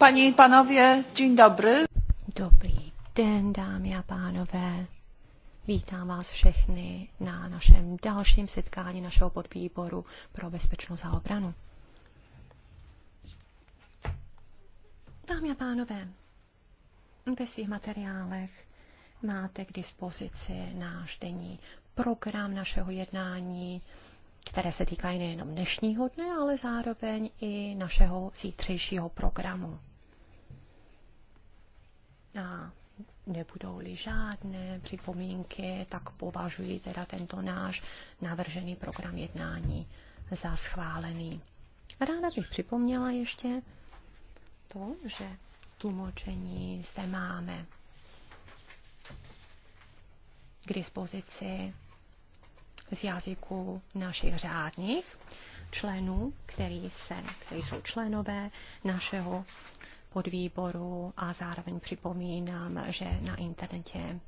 Paní, panově, dzień dobry. Dobrý den, dámy a pánové. Vítám vás všechny na našem dalším setkání našeho podvýboru pro bezpečnost a obranu. Dámy a pánové, ve svých materiálech máte k dispozici náš denní program našeho jednání, které se týkají nejenom dnešního dne, ale zároveň i našeho zítřejšího programu. A nebudou-li žádné připomínky, tak považuji teda tento náš navržený program jednání za schválený. Ráda bych připomněla ještě to, že tlumočení zde máme k dispozici z jazyku našich řádných členů, který, se, který jsou členové našeho podvýboru a zároveň připomínám, že na internetě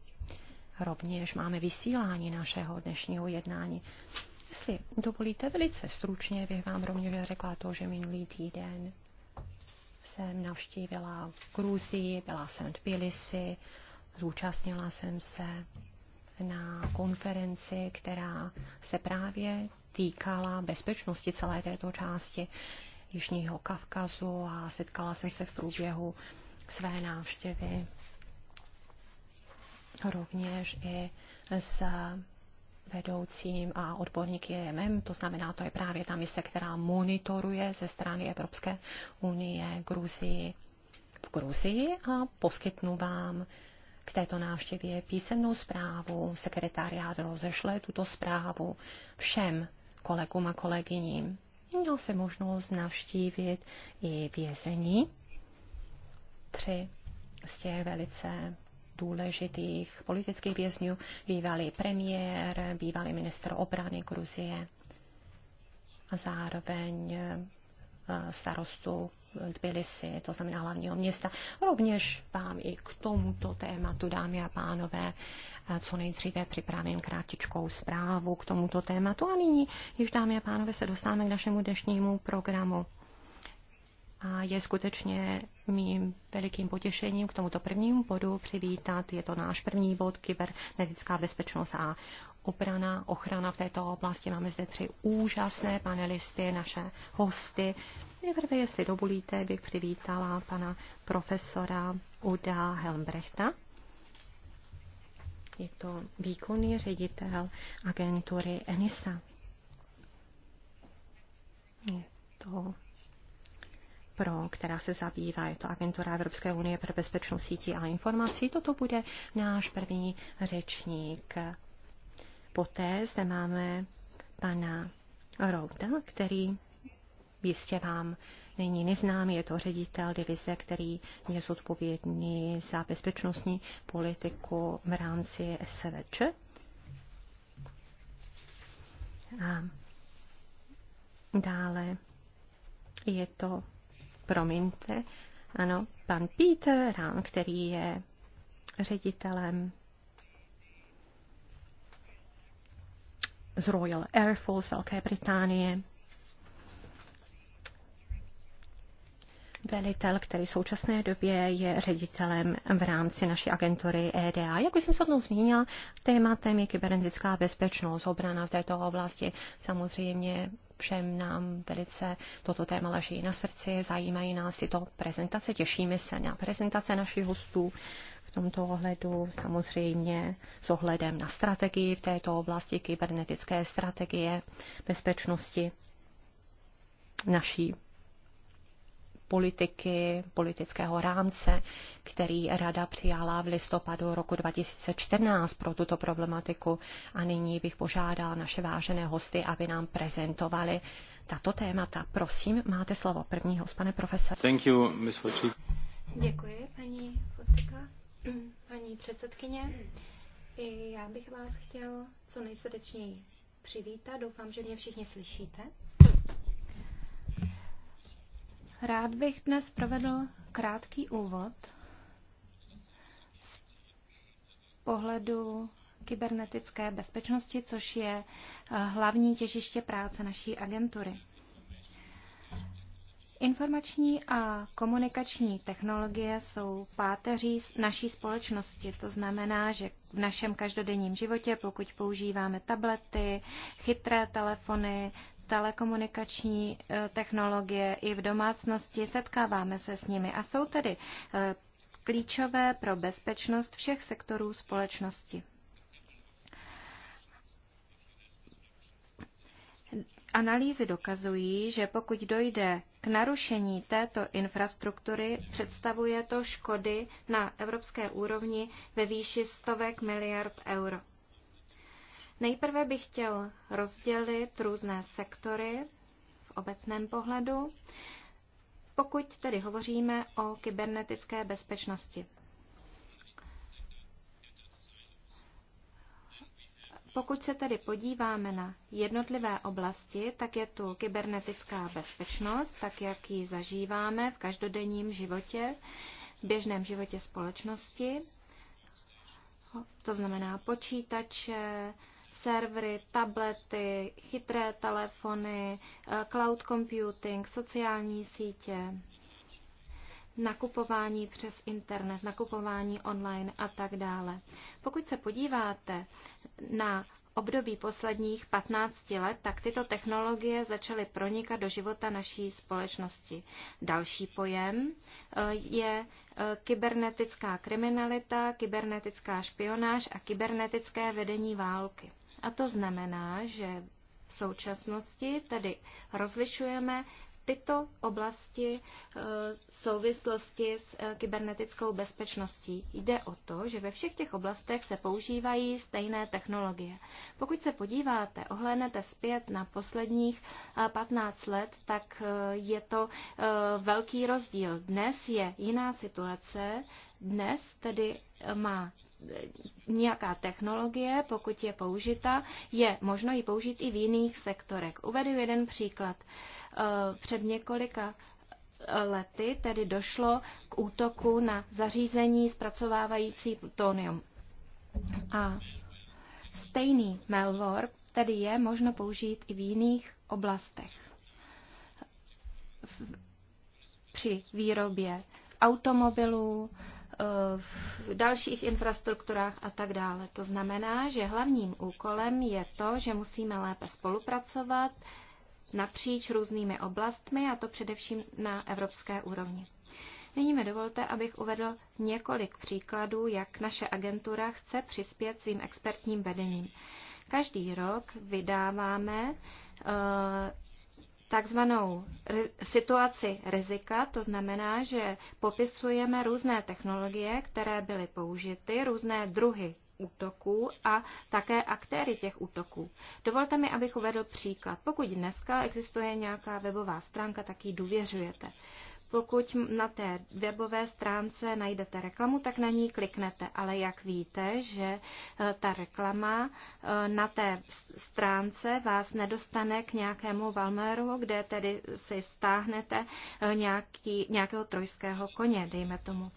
rovněž máme vysílání našeho dnešního jednání. Jestli dovolíte velice stručně, bych vám rovněž řekla to, že minulý týden jsem navštívila Gruzii, byla jsem v Tbilisi, zúčastnila jsem se na konferenci, která se právě týkala bezpečnosti celé této části Jižního Kavkazu a setkala jsem se v průběhu své návštěvy rovněž i s vedoucím a odborníky EMM, to znamená, to je právě ta mise, která monitoruje ze strany Evropské unie Gruzii v Gruzii a poskytnu vám k této návštěvě písemnou zprávu. Sekretariát rozešle tuto zprávu všem kolegům a kolegyním. Měl se možnost navštívit i vězení. Tři z těch velice důležitých politických vězňů, bývalý premiér, bývalý minister obrany Gruzie a zároveň eh, starostu Tbilisi, to znamená hlavního města. Rovněž vám i k tomuto tématu, dámy a pánové, eh, co nejdříve připravím krátičkou zprávu k tomuto tématu. A nyní, již dámy a pánové, se dostáváme k našemu dnešnímu programu a je skutečně mým velikým potěšením k tomuto prvnímu bodu přivítat. Je to náš první bod, kybernetická bezpečnost a obrana, ochrana v této oblasti. Máme zde tři úžasné panelisty, naše hosty. Nejprve, jestli dovolíte, bych přivítala pana profesora Uda Helmbrechta. Je to výkonný ředitel agentury ENISA. Je to pro, která se zabývá, je to Agentura Evropské unie pro bezpečnost sítí a informací. Toto bude náš první řečník. Poté zde máme pana Routa, který jistě vám není neznámý, je to ředitel divize, který je zodpovědný za bezpečnostní politiku v rámci SVČ. A dále je to promiňte, ano, pan Peter Rang, který je ředitelem z Royal Air Force Velké Británie, velitel, který v současné době je ředitelem v rámci naší agentury EDA. Jak už jsem se o tom zmínila, tématem je kybernetická bezpečnost, obrana v této oblasti. Samozřejmě všem nám velice toto téma leží na srdci, zajímají nás tyto prezentace, těšíme se na prezentace našich hostů v tomto ohledu, samozřejmě s ohledem na strategii v této oblasti, kybernetické strategie bezpečnosti naší politiky, politického rámce, který Rada přijala v listopadu roku 2014 pro tuto problematiku. A nyní bych požádal naše vážené hosty, aby nám prezentovali tato témata. Prosím, máte slovo. První host, pane profesor. Thank you, Ms. Děkuji, paní Fotika, paní předsedkyně. I já bych vás chtěl co nejsrdečněji přivítat. Doufám, že mě všichni slyšíte. Rád bych dnes provedl krátký úvod z pohledu kybernetické bezpečnosti, což je eh, hlavní těžiště práce naší agentury. Informační a komunikační technologie jsou páteří naší společnosti. To znamená, že v našem každodenním životě, pokud používáme tablety, chytré telefony, telekomunikační eh, technologie i v domácnosti, setkáváme se s nimi a jsou tedy eh, klíčové pro bezpečnost všech sektorů společnosti. Analýzy dokazují, že pokud dojde k narušení této infrastruktury, představuje to škody na evropské úrovni ve výši stovek miliard euro. Nejprve bych chtěl rozdělit různé sektory v obecném pohledu, pokud tedy hovoříme o kybernetické bezpečnosti. Pokud se tedy podíváme na jednotlivé oblasti, tak je tu kybernetická bezpečnost, tak jak ji zažíváme v každodenním životě, v běžném životě společnosti. To znamená počítače, servery, tablety, chytré telefony, eh, cloud computing, sociální sítě, nakupování přes internet, nakupování online a tak dále. Pokud se podíváte na období posledních 15 let, tak tyto technologie začaly pronikat do života naší společnosti. Další pojem eh, je eh, kybernetická kriminalita, kybernetická špionáž a kybernetické vedení války. A to znamená, že v současnosti tedy rozlišujeme tyto oblasti v e, souvislosti s e, kybernetickou bezpečností. Jde o to, že ve všech těch oblastech se používají stejné technologie. Pokud se podíváte, ohlédnete zpět na posledních 15 e, let, tak je to velký rozdíl. Dnes je jiná situace, dnes tedy má nějaká technologie, pokud je použita, je možno ji použít i v jiných sektorech. Uvedu jeden příklad. Eh, před několika eh, lety tedy došlo k útoku na zařízení zpracovávající plutonium. A stejný malware tedy je možno použít i v jiných oblastech. Při výrobě automobilů, v dalších infrastrukturách a tak dále. To znamená, že hlavním úkolem je to, že musíme lépe spolupracovat napříč různými oblastmi a to především na evropské úrovni. Nyní mi dovolte, abych uvedl několik příkladů, jak naše agentura chce přispět svým expertním vedením. Každý rok vydáváme eh, takzvanou situaci rizika, to znamená, že popisujeme různé technologie, které byly použity, různé druhy útoků a také aktéry těch útoků. Dovolte mi, abych uvedl příklad. Pokud dneska existuje nějaká webová stránka, tak ji důvěřujete. Pokud na té webové stránce najdete reklamu, tak na ní kliknete. Ale jak víte, že eh, ta reklama eh, na té stránce vás nedostane k nějakému Valmeru, kde tedy si stáhnete eh, nějaký, nějakého trojského koně, dejme tomu.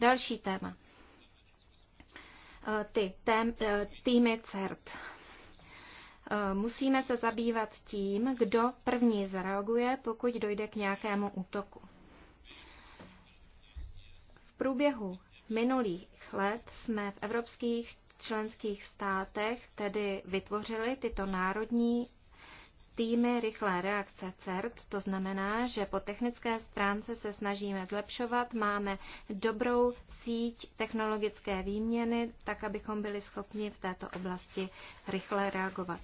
Další téma. Ty tém, týmy CERT musíme se zabývat tím, kdo první zareaguje, pokud dojde k nějakému útoku průběhu minulých let jsme v evropských členských státech tedy vytvořili tyto národní týmy rychlé reakce CERT, to znamená, že po technické stránce se snažíme zlepšovat, máme dobrou síť technologické výměny, tak abychom byli schopni v této oblasti rychle reagovat.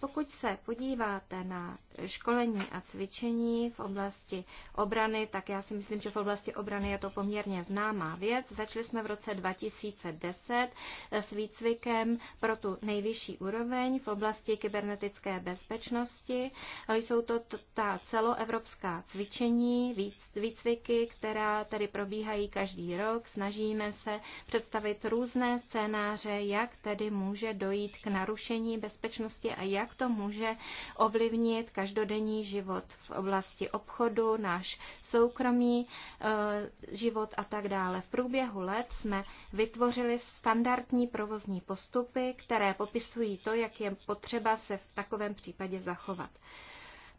Pokud se podíváte na školení a cvičení v oblasti obrany, tak já si myslím, že v oblasti obrany je to poměrně známá věc. Začali jsme v roce 2010 s výcvikem pro tu nejvyšší úroveň v oblasti kybernetické bezpečnosti. Jsou to ta celoevropská cvičení, výcviky, která tedy probíhají každý rok. Snažíme se představit různé scénáře, jak tedy může dojít k narušení bezpečnosti a jak to může ovlivnit každý každodenní život v oblasti obchodu, náš soukromý eh, život a tak dále. V průběhu let jsme vytvořili standardní provozní postupy, které popisují to, jak je potřeba se v takovém případě zachovat.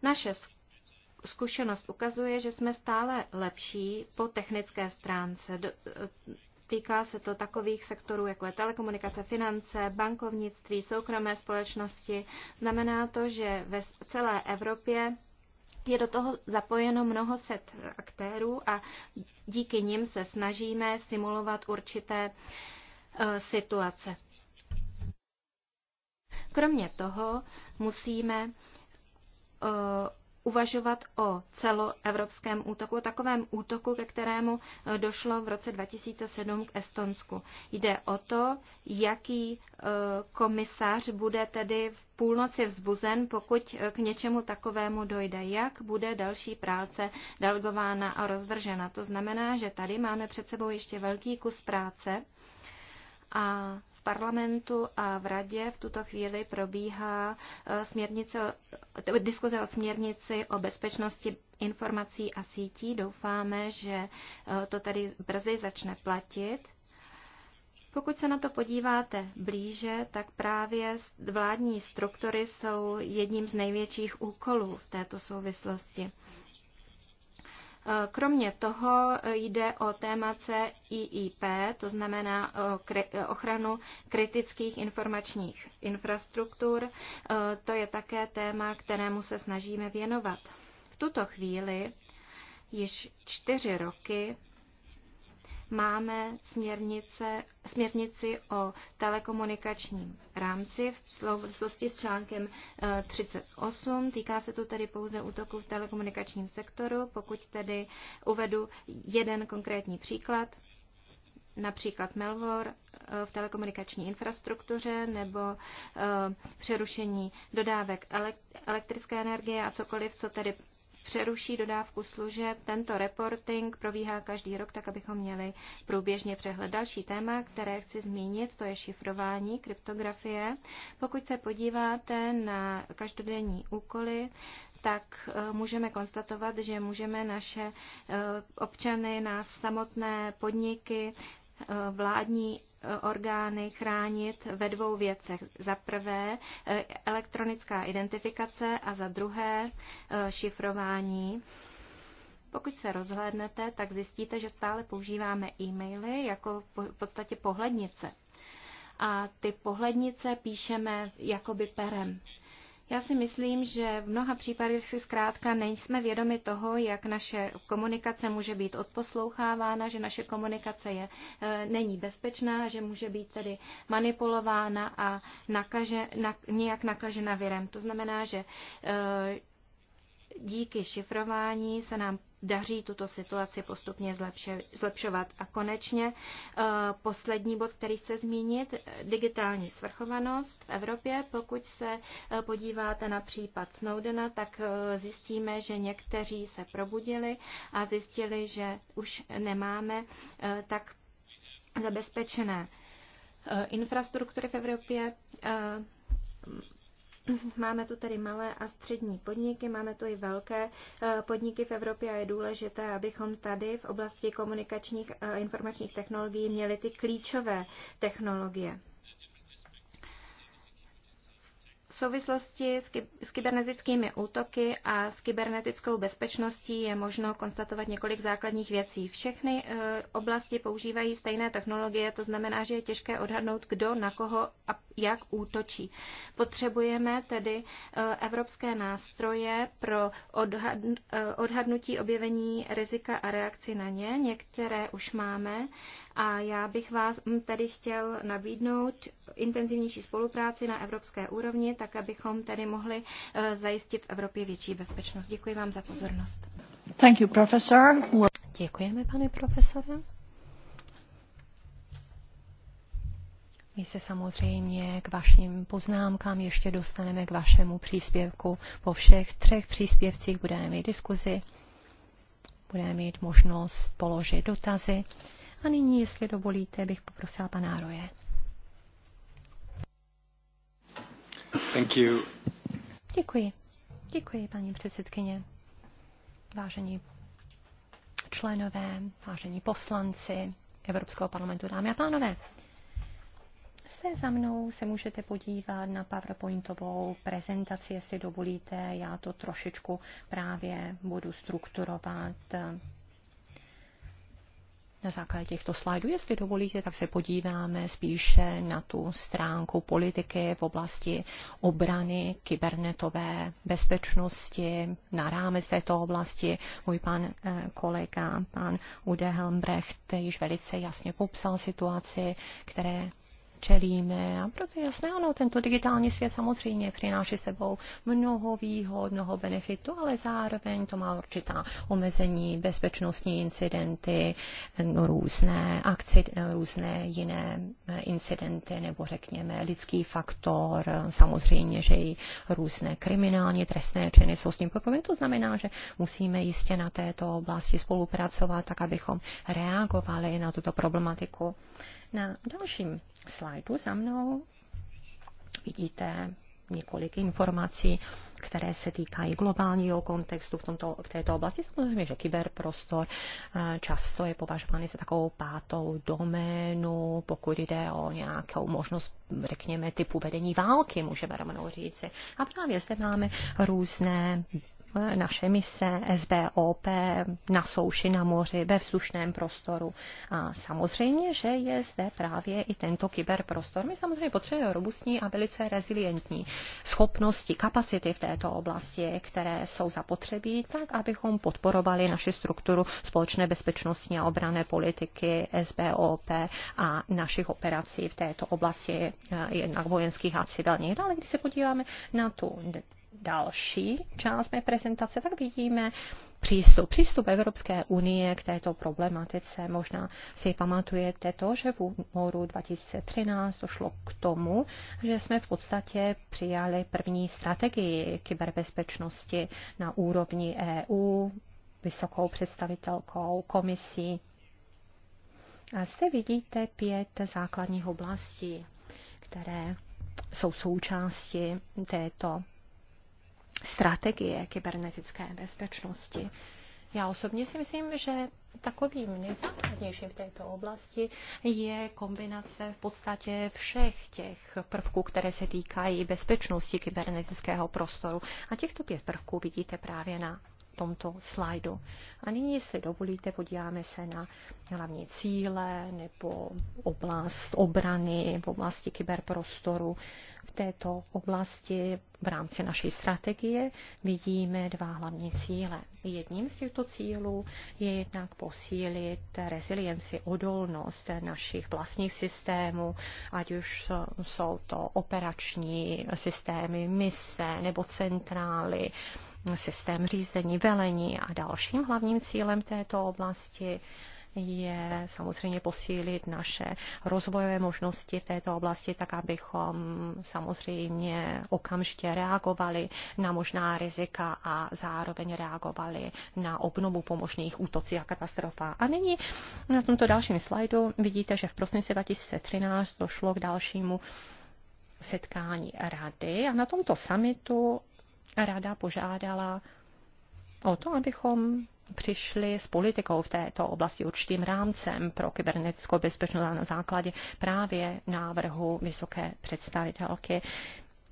Naše zkušenost ukazuje, že jsme stále lepší po technické stránce. Týká se to takových sektorů, jako je telekomunikace, finance, bankovnictví, soukromé společnosti. Znamená to, že ve celé Evropě je do toho zapojeno mnoho set aktérů a díky nim se snažíme simulovat určité e, situace. Kromě toho musíme e, uvažovat o celoevropském útoku, o takovém útoku, ke kterému eh, došlo v roce 2007 k Estonsku. Jde o to, jaký eh, komisař bude tedy v půlnoci vzbuzen, pokud eh, k něčemu takovému dojde, jak bude další práce delegována a rozvržena. To znamená, že tady máme před sebou ještě velký kus práce a v parlamentu a v radě v tuto chvíli probíhá eh, směrnice, diskuze o směrnici o bezpečnosti informací a sítí. Doufáme, že eh, to tady brzy začne platit. Pokud se na to podíváte blíže, tak právě vládní struktury jsou jedním z největších úkolů v této souvislosti. E, kromě toho jde o téma CIIP, to znamená e, e, ochranu kritických informačních infrastruktur. To je také téma, kterému se snažíme věnovat. V tuto chvíli již čtyři roky máme směrnice, směrnici o telekomunikačním rámci v souvislosti s článkem 38. Eh, Týká se to tedy pouze útoku v telekomunikačním sektoru. Pokud tedy uvedu jeden konkrétní příklad, například Melvor eh, v telekomunikační infrastruktuře nebo eh, přerušení dodávek elektrické energie a cokoliv, co tedy přeruší dodávku služeb. Tento reporting probíhá každý rok, tak abychom měli průběžně přehled. Další téma, které chci zmínit, to je šifrování, kryptografie. Pokud se podíváte na každodenní úkoly, tak e, můžeme konstatovat, že můžeme naše e, občany, nás samotné podniky Eh, vládní eh, orgány chránit ve dvou věcech. Za prvé eh, elektronická identifikace a za druhé šifrování. Pokud se rozhlédnete, tak zjistíte, že stále používáme e-maily jako v podstatě pohlednice. A ty pohlednice píšeme jakoby perem. Já si myslím, že v mnoha případech si zkrátka nejsme vědomi toho, jak naše komunikace může být odposlouchávána, že naše komunikace je, eh, není bezpečná, že může být tedy manipulována a nakaže, na, nějak nakažena virem. To znamená, že eh, díky šifrování se nám daří tuto situaci postupně zlepšovat. A konečně eh, poslední bod, který chce zmínit, digitální svrchovanost v Evropě. Pokud se eh, podíváte na případ Snowdena, tak eh, zjistíme, že někteří se probudili a zjistili, že už nemáme tak zabezpečené infrastruktury v Evropě Máme tu tedy malé a střední podniky, máme tu i velké eh, podniky v Evropě a je důležité, abychom tady v oblasti komunikačních a eh, informačních technologií měli ty klíčové technologie. V souvislosti s kybernetickými útoky a s kybernetickou bezpečností je možno konstatovat několik základních věcí. Všechny eh, oblasti používají stejné technologie, to znamená, že je těžké odhadnout, kdo na koho a jak útočí. Potřebujeme tedy eh, evropské nástroje pro eh, odhadnutí objevení rizika a reakci na ně. Některé už máme a já bych vás hm, tedy chtěl nabídnout intenzivnější spolupráci na evropské úrovni tak abychom tedy mohli eh, zajistit v Evropě větší bezpečnost. Děkuji vám za pozornost. Thank you, professor. Děkujeme, pane profesore. My se samozřejmě k vašim poznámkám ještě dostaneme k vašemu příspěvku. Po všech třech příspěvcích budeme mít diskuzi, budeme mít možnost položit dotazy. A nyní, jestli dovolíte, bych poprosila pana Roje. Thank you. Děkuji. Děkuji, paní předsedkyně. Vážení členové, vážení poslanci Evropského parlamentu, dámy a pánové. Jste za mnou, se můžete podívat na PowerPointovou prezentaci, jestli dovolíte. Já to trošičku právě budu strukturovat na základě těchto slajdů. Jestli dovolíte, tak se podíváme spíše na tu stránku politiky v oblasti obrany, kybernetové bezpečnosti, na rámec této oblasti. Můj pan eh, kolega, pan Ude Helmbrecht, již velice jasně popsal situaci, které čelíme. A proto jasné, ano, tento digitální svět samozřejmě přináší sebou mnoho výhod, mnoho benefitů, ale zároveň to má určitá omezení, bezpečnostní incidenty, no, různé akci, různé jiné incidenty, nebo řekněme lidský faktor, samozřejmě, že i různé kriminální trestné činy jsou s tím propojené. To znamená, že musíme jistě na této oblasti spolupracovat, tak abychom reagovali na tuto problematiku. Na dalším slajdu za mnou vidíte několik informací, které se týkají globálního kontextu v, tomto, v této oblasti. Samozřejmě, že kyberprostor eh, často je považovaný za takovou pátou doménu, pokud jde o nějakou možnost, řekněme, typu vedení války, můžeme rovnou říci. A právě zde máme různé naše mise SBOP na souši, na moři, ve vzdušném prostoru. A samozřejmě, že je zde právě i tento kyberprostor. My samozřejmě potřebujeme robustní a velice rezilientní schopnosti, kapacity v této oblasti, které jsou zapotřebí, tak abychom podporovali naši strukturu společné bezpečnostní a obrané politiky SBOP a našich operací v této oblasti eh, jednak vojenských a civilních. Ale když se podíváme na tu další část mé prezentace, tak vidíme přístup. Přístup Evropské unie k této problematice. Možná si pamatujete to, že v únoru 2013 došlo k tomu, že jsme v podstatě přijali první strategii kyberbezpečnosti na úrovni EU, vysokou představitelkou, komisí. A zde vidíte pět základních oblastí, které jsou součástí této strategie kybernetické bezpečnosti. Já osobně si myslím, že takovým nejzákladnějším v této oblasti je kombinace v podstatě všech těch prvků, které se týkají bezpečnosti kybernetického prostoru. A těchto pět prvků vidíte právě na tomto slajdu. A nyní, jestli dovolíte, podíváme se na hlavní cíle nebo oblast obrany v oblasti kyberprostoru v této oblasti v rámci naší strategie vidíme dva hlavní cíle. Jedním z těchto cílů je jednak posílit rezilienci, odolnost našich vlastních systémů, ať už jsou to operační systémy, mise nebo centrály, systém řízení, velení a dalším hlavním cílem této oblasti je samozřejmě posílit naše rozvojové možnosti v této oblasti, tak abychom samozřejmě okamžitě reagovali na možná rizika a zároveň reagovali na obnovu pomožných útocí a katastrofa. A nyní na tomto dalším slajdu vidíte, že v prosinci 2013 došlo k dalšímu setkání rady a na tomto summitu rada požádala o to, abychom přišli s politikou v této oblasti určitým rámcem pro kybernetickou bezpečnost na základě právě návrhu vysoké představitelky.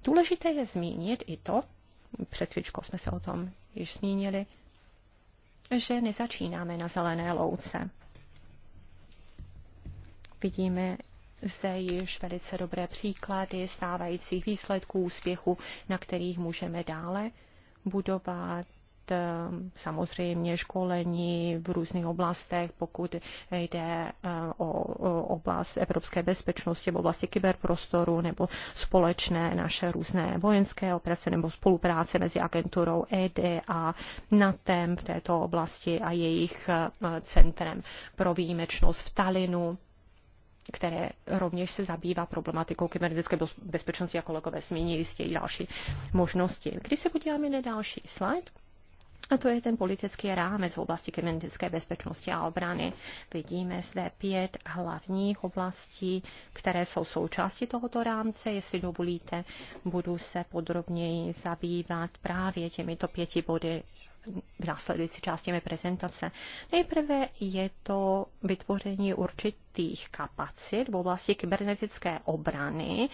Důležité je zmínit i to, před chvíličkou jsme se o tom již zmínili, že nezačínáme na zelené louce. Vidíme zde již velice dobré příklady stávajících výsledků úspěchu, na kterých můžeme dále budovat Eh, samozřejmě školení v různých oblastech, pokud jde eh, o oblast evropské bezpečnosti, v oblasti kyberprostoru nebo společné naše různé vojenské operace nebo spolupráce mezi agenturou ED a NATEM v této oblasti a jejich eh, centrem pro výjimečnost v Talinu které rovněž se zabývá problematikou kybernetické bezpečnosti a kolegové zmínili jistě i další možnosti. Když se podíváme na další slide, a to je ten politický rámec v oblasti kybernetické bezpečnosti a obrany. Vidíme zde pět hlavních oblastí, které jsou součástí tohoto rámce. Jestli dovolíte, budu se podrobněji zabývat právě těmito pěti body v následující části mé prezentace. Nejprve je to vytvoření určitých kapacit v oblasti kybernetické obrany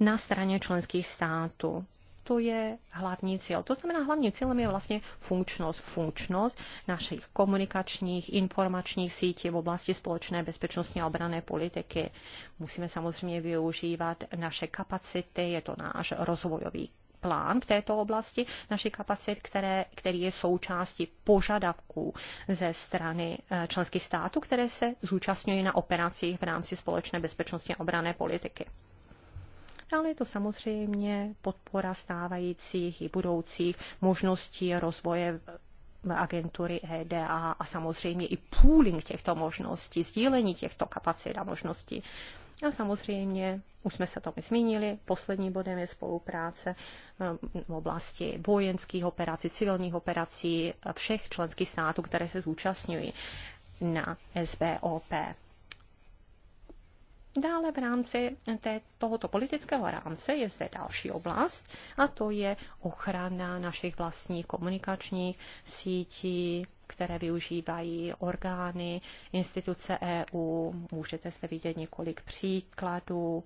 na straně členských států to je hlavní cíl. To znamená, hlavním cílem je vlastně funkčnost. Funkčnost našich komunikačních, informačních sítí v oblasti společné bezpečnostní a obrané politiky. Musíme samozřejmě využívat naše kapacity, je to náš rozvojový plán v této oblasti našich kapacit, které, který je součástí požadavků ze strany eh, členských států, které se zúčastňují na operacích v rámci společné bezpečnostní a obrané politiky ale je to samozřejmě podpora stávajících i budoucích možností rozvoje agentury EDA a samozřejmě i pooling těchto možností, sdílení těchto kapacit a možností. A samozřejmě, už jsme se tomu zmínili, Poslední bodem je spolupráce ehm, v oblasti vojenských operací, civilních operací všech členských států, které se zúčastňují na SBOP. Dále v rámci té, tohoto politického rámce je zde další oblast a to je ochrana našich vlastních komunikačních sítí, které využívají orgány, instituce EU. Můžete zde vidět několik příkladů,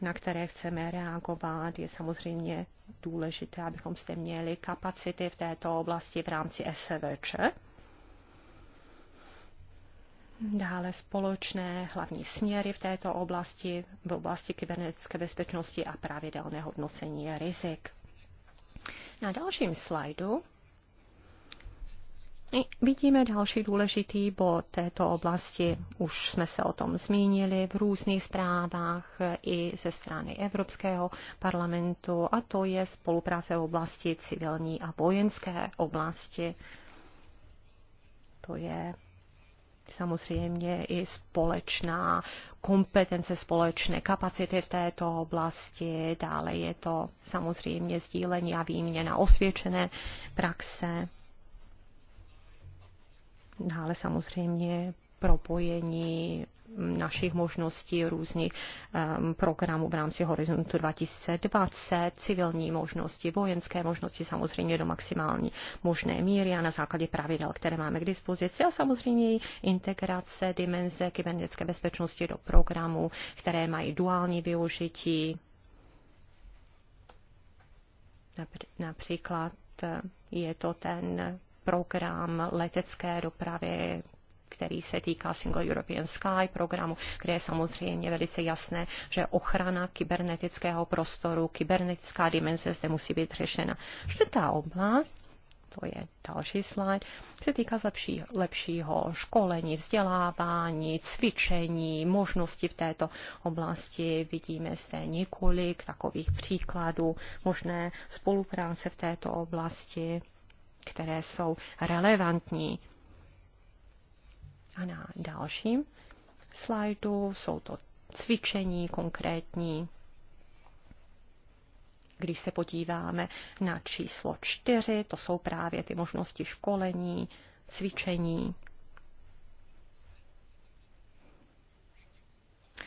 na které chceme reagovat. Je samozřejmě důležité, abychom zde měli kapacity v této oblasti v rámci SVČ dále společné hlavní směry v této oblasti, v oblasti kybernetické bezpečnosti a pravidelné hodnocení rizik. Na dalším slajdu Vidíme další důležitý bod této oblasti. Už jsme se o tom zmínili v různých zprávách i ze strany Evropského parlamentu, a to je spolupráce v oblasti civilní a vojenské oblasti. To je samozřejmě i společná kompetence, společné kapacity v této oblasti, dále je to samozřejmě sdílení a výměna osvědčené praxe, dále samozřejmě propojení našich možností různých um, programů v rámci Horizontu 2020, civilní možnosti, vojenské možnosti samozřejmě do maximální možné míry a na základě pravidel, které máme k dispozici a samozřejmě i integrace dimenze kybernetické bezpečnosti do programů, které mají duální využití, například eh, je to ten program letecké dopravy, který se týká Single European Sky programu, kde je samozřejmě velice jasné, že ochrana kybernetického prostoru, kybernetická dimenze zde musí být řešena. Čtvrtá oblast to je další slide, se týká lepší, lepšího školení, vzdělávání, cvičení, možnosti v této oblasti. Vidíme zde několik takových příkladů možné spolupráce v této oblasti, které jsou relevantní a na dalším slajdu jsou to cvičení konkrétní. Když se podíváme na číslo čtyři, to jsou právě ty možnosti školení, cvičení.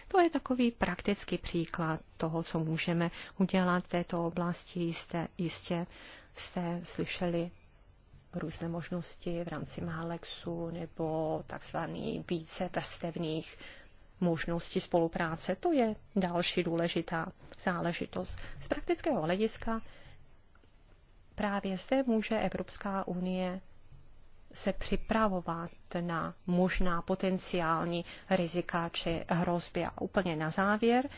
To je takový praktický příklad toho, co můžeme udělat v této oblasti. Jste, jistě jste slyšeli různé možnosti v rámci Málexu nebo takzvaný více vrstevných možností spolupráce. To je další důležitá záležitost. Z praktického hlediska právě zde může Evropská unie se připravovat na možná potenciální rizika či hrozby. A úplně na závěr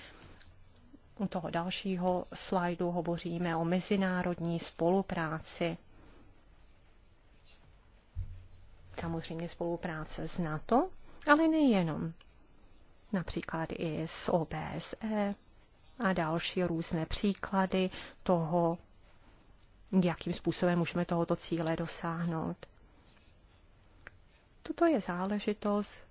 u toho dalšího slajdu hovoříme o mezinárodní spolupráci samozřejmě spolupráce s NATO, ale nejenom. Například i s OBSE a další různé příklady toho, jakým způsobem můžeme tohoto cíle dosáhnout. Toto je záležitost,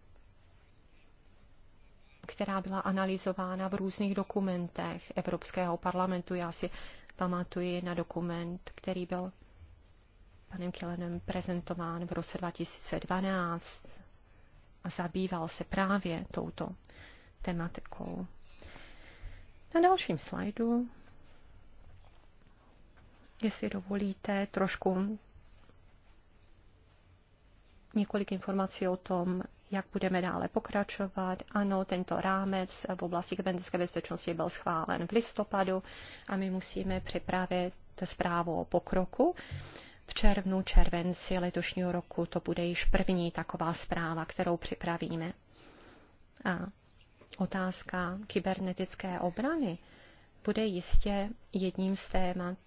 která byla analyzována v různých dokumentech Evropského parlamentu. Já si pamatuji na dokument, který byl panem Kilenem prezentován v roce 2012 a zabýval se právě touto tematikou. Na dalším slajdu, jestli dovolíte, trošku několik informací o tom, jak budeme dále pokračovat. Ano, tento rámec v oblasti kybernetické bezpečnosti byl schválen v listopadu a my musíme připravit zprávu o pokroku. Uh, v červnu, červenci letošního roku to bude již první taková zpráva, kterou připravíme. A otázka kybernetické obrany bude jistě jedním z témat,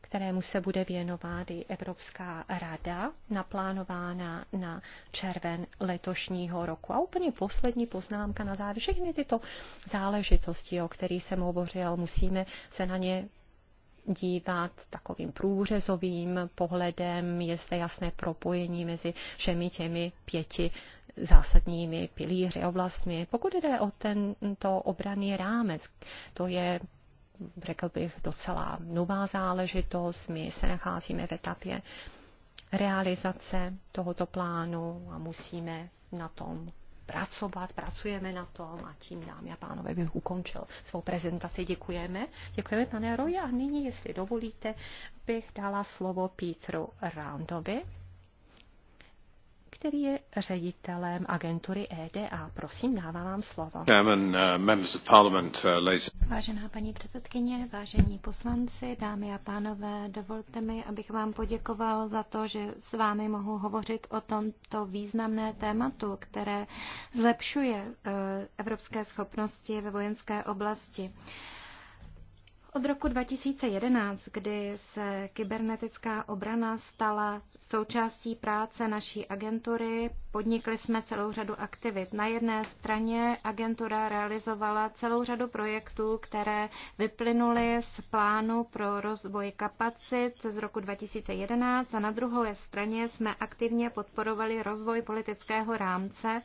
kterému se bude věnovat i Evropská rada, naplánována na červen letošního roku. A úplně poslední poznámka na závěr. Všechny tyto záležitosti, o kterých jsem hovořil, musíme se na ně dívat takovým průřezovým pohledem. Je zde jasné propojení mezi všemi těmi pěti zásadními pilíři oblastmi. Pokud jde o tento obraný rámec, to je řekl bych, docela nová záležitost. My se nacházíme v etapě realizace tohoto plánu a musíme na tom pracovat, pracujeme na tom a tím, dámy a pánové, bych ukončil svou prezentaci. Děkujeme. Děkujeme, pane Roji. A nyní, jestli dovolíte, bych dala slovo Pítru Randovi který je ředitelem agentury EDA. Prosím, dávám vám slovo. Uh, uh, Vážená paní předsedkyně, vážení poslanci, dámy a pánové, dovolte mi, abych vám poděkoval za to, že s vámi mohu hovořit o tomto významné tématu, které zlepšuje uh, evropské schopnosti ve vojenské oblasti. Od roku 2011, kdy se kybernetická obrana stala součástí práce naší agentury, podnikli jsme celou řadu aktivit. Na jedné straně agentura realizovala celou řadu projektů, které vyplynuly z plánu pro rozvoj kapacit z roku 2011 a na druhé straně jsme aktivně podporovali rozvoj politického rámce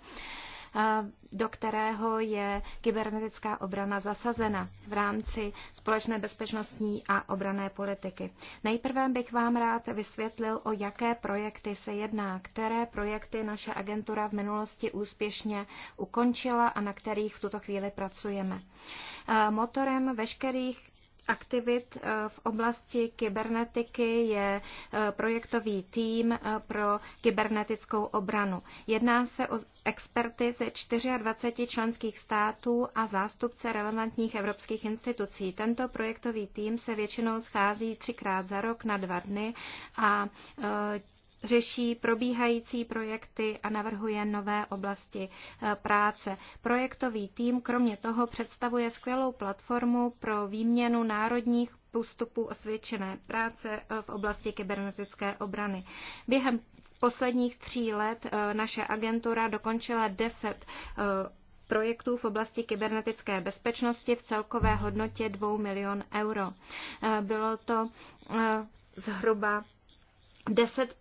do kterého je kybernetická obrana zasazena v rámci společné bezpečnostní a obrané politiky. Nejprve bych vám rád vysvětlil, o jaké projekty se jedná, které projekty naše agentura v minulosti úspěšně ukončila a na kterých v tuto chvíli pracujeme. Motorem veškerých aktivit eh, v oblasti kybernetiky je eh, projektový tým eh, pro kybernetickou obranu. Jedná se o experty ze 24 členských států a zástupce relevantních evropských institucí. Tento projektový tým se většinou schází třikrát za rok na dva dny a řeší probíhající projekty a navrhuje nové oblasti eh, práce. Projektový tým kromě toho představuje skvělou platformu pro výměnu národních postupů osvědčené práce eh, v oblasti kybernetické obrany. Během posledních tří let eh, naše agentura dokončila deset projektů v oblasti kybernetické bezpečnosti v celkové hodnotě 2 milion euro. Bylo to zhruba 10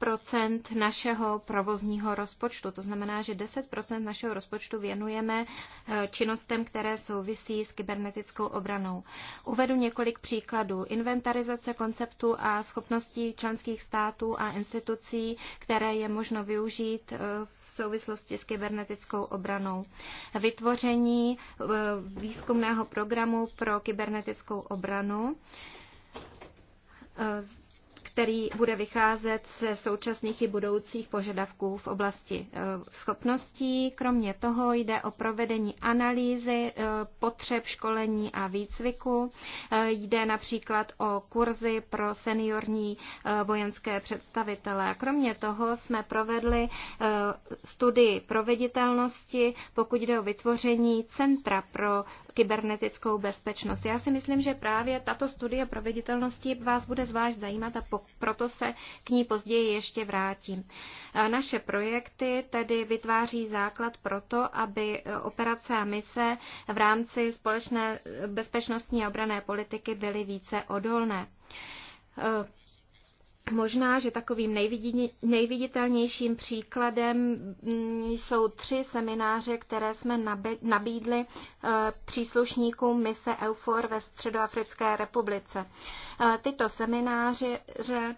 našeho provozního rozpočtu. To znamená, že 10 našeho rozpočtu věnujeme eh, činnostem, které souvisí s kybernetickou obranou. Uvedu několik příkladů. Inventarizace konceptů a schopností členských států a institucí, které je možno využít eh, v souvislosti s kybernetickou obranou. Vytvoření eh, výzkumného programu pro kybernetickou obranu který bude vycházet ze současných i budoucích požadavků v oblasti eh, schopností. Kromě toho jde o provedení analýzy eh, potřeb školení a výcviku. Eh, jde například o kurzy pro seniorní vojenské představitele. Kromě toho jsme provedli studii proveditelnosti, pokud jde o vytvoření Centra pro kybernetickou bezpečnost. Já si myslím, že právě tato studie proveditelnosti vás bude zvlášť zajímat a pokud proto se k ní později ještě vrátím. Naše projekty tedy vytváří základ pro to, aby e, operace a mise v rámci společné bezpečnostní a obrané politiky byly více odolné. E, Možná, že takovým nejviditelnějším příkladem mm, jsou tři semináře, které jsme nabídli eh, příslušníkům mise EUFOR ve Středoafrické republice. Eh, tyto semináře eh,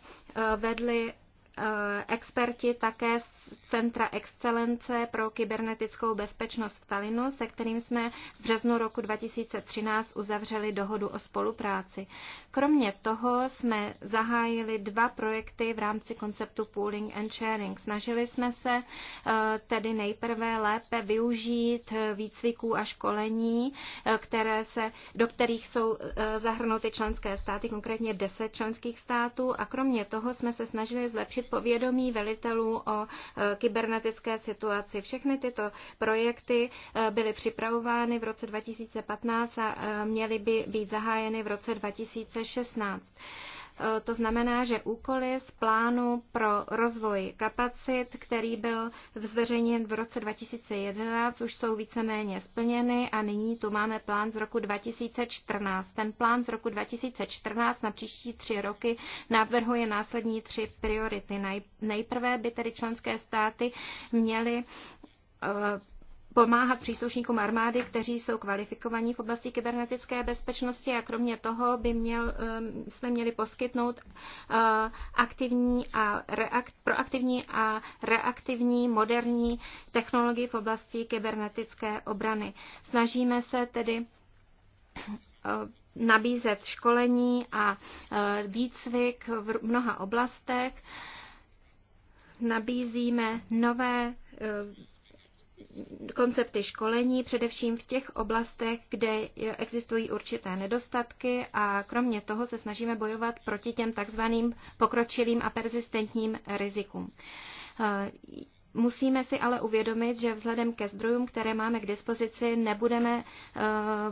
vedli Eh, experti také z Centra excelence pro kybernetickou bezpečnost v Talinu, se kterým jsme v březnu roku 2013 uzavřeli dohodu o spolupráci. Kromě toho jsme zahájili dva projekty v rámci konceptu pooling and sharing. Snažili jsme se eh, tedy nejprve lépe využít výcviků a školení, eh, které se, do kterých jsou zahrnuty členské státy, konkrétně 10 členských států a kromě toho jsme se snažili zlepšit povědomí velitelů o e, kybernetické situaci. Všechny tyto projekty e, byly připravovány v roce 2015 a e, měly by být zahájeny v roce 2016. Eh, to znamená, že úkoly z plánu pro rozvoj kapacit, který byl zveřejněn v roce 2011, už jsou víceméně splněny a nyní tu máme plán z roku 2014. Ten plán z roku 2014 na příští tři roky navrhuje následní tři priority. Nejprve by tedy členské státy měly eh, pomáhat příslušníkům armády, kteří jsou kvalifikovaní v oblasti kybernetické bezpečnosti a kromě toho by měl, um, jsme měli poskytnout uh, aktivní a reakt, proaktivní a reaktivní moderní technologii v oblasti kybernetické obrany. Snažíme se tedy uh, nabízet školení a uh, výcvik v mnoha oblastech. Nabízíme nové koncepty školení, především v těch oblastech, kde existují určité nedostatky a kromě toho se snažíme bojovat proti těm takzvaným pokročilým a persistentním rizikům. Eh, musíme si ale uvědomit, že vzhledem ke zdrojům, které máme k dispozici, nebudeme eh,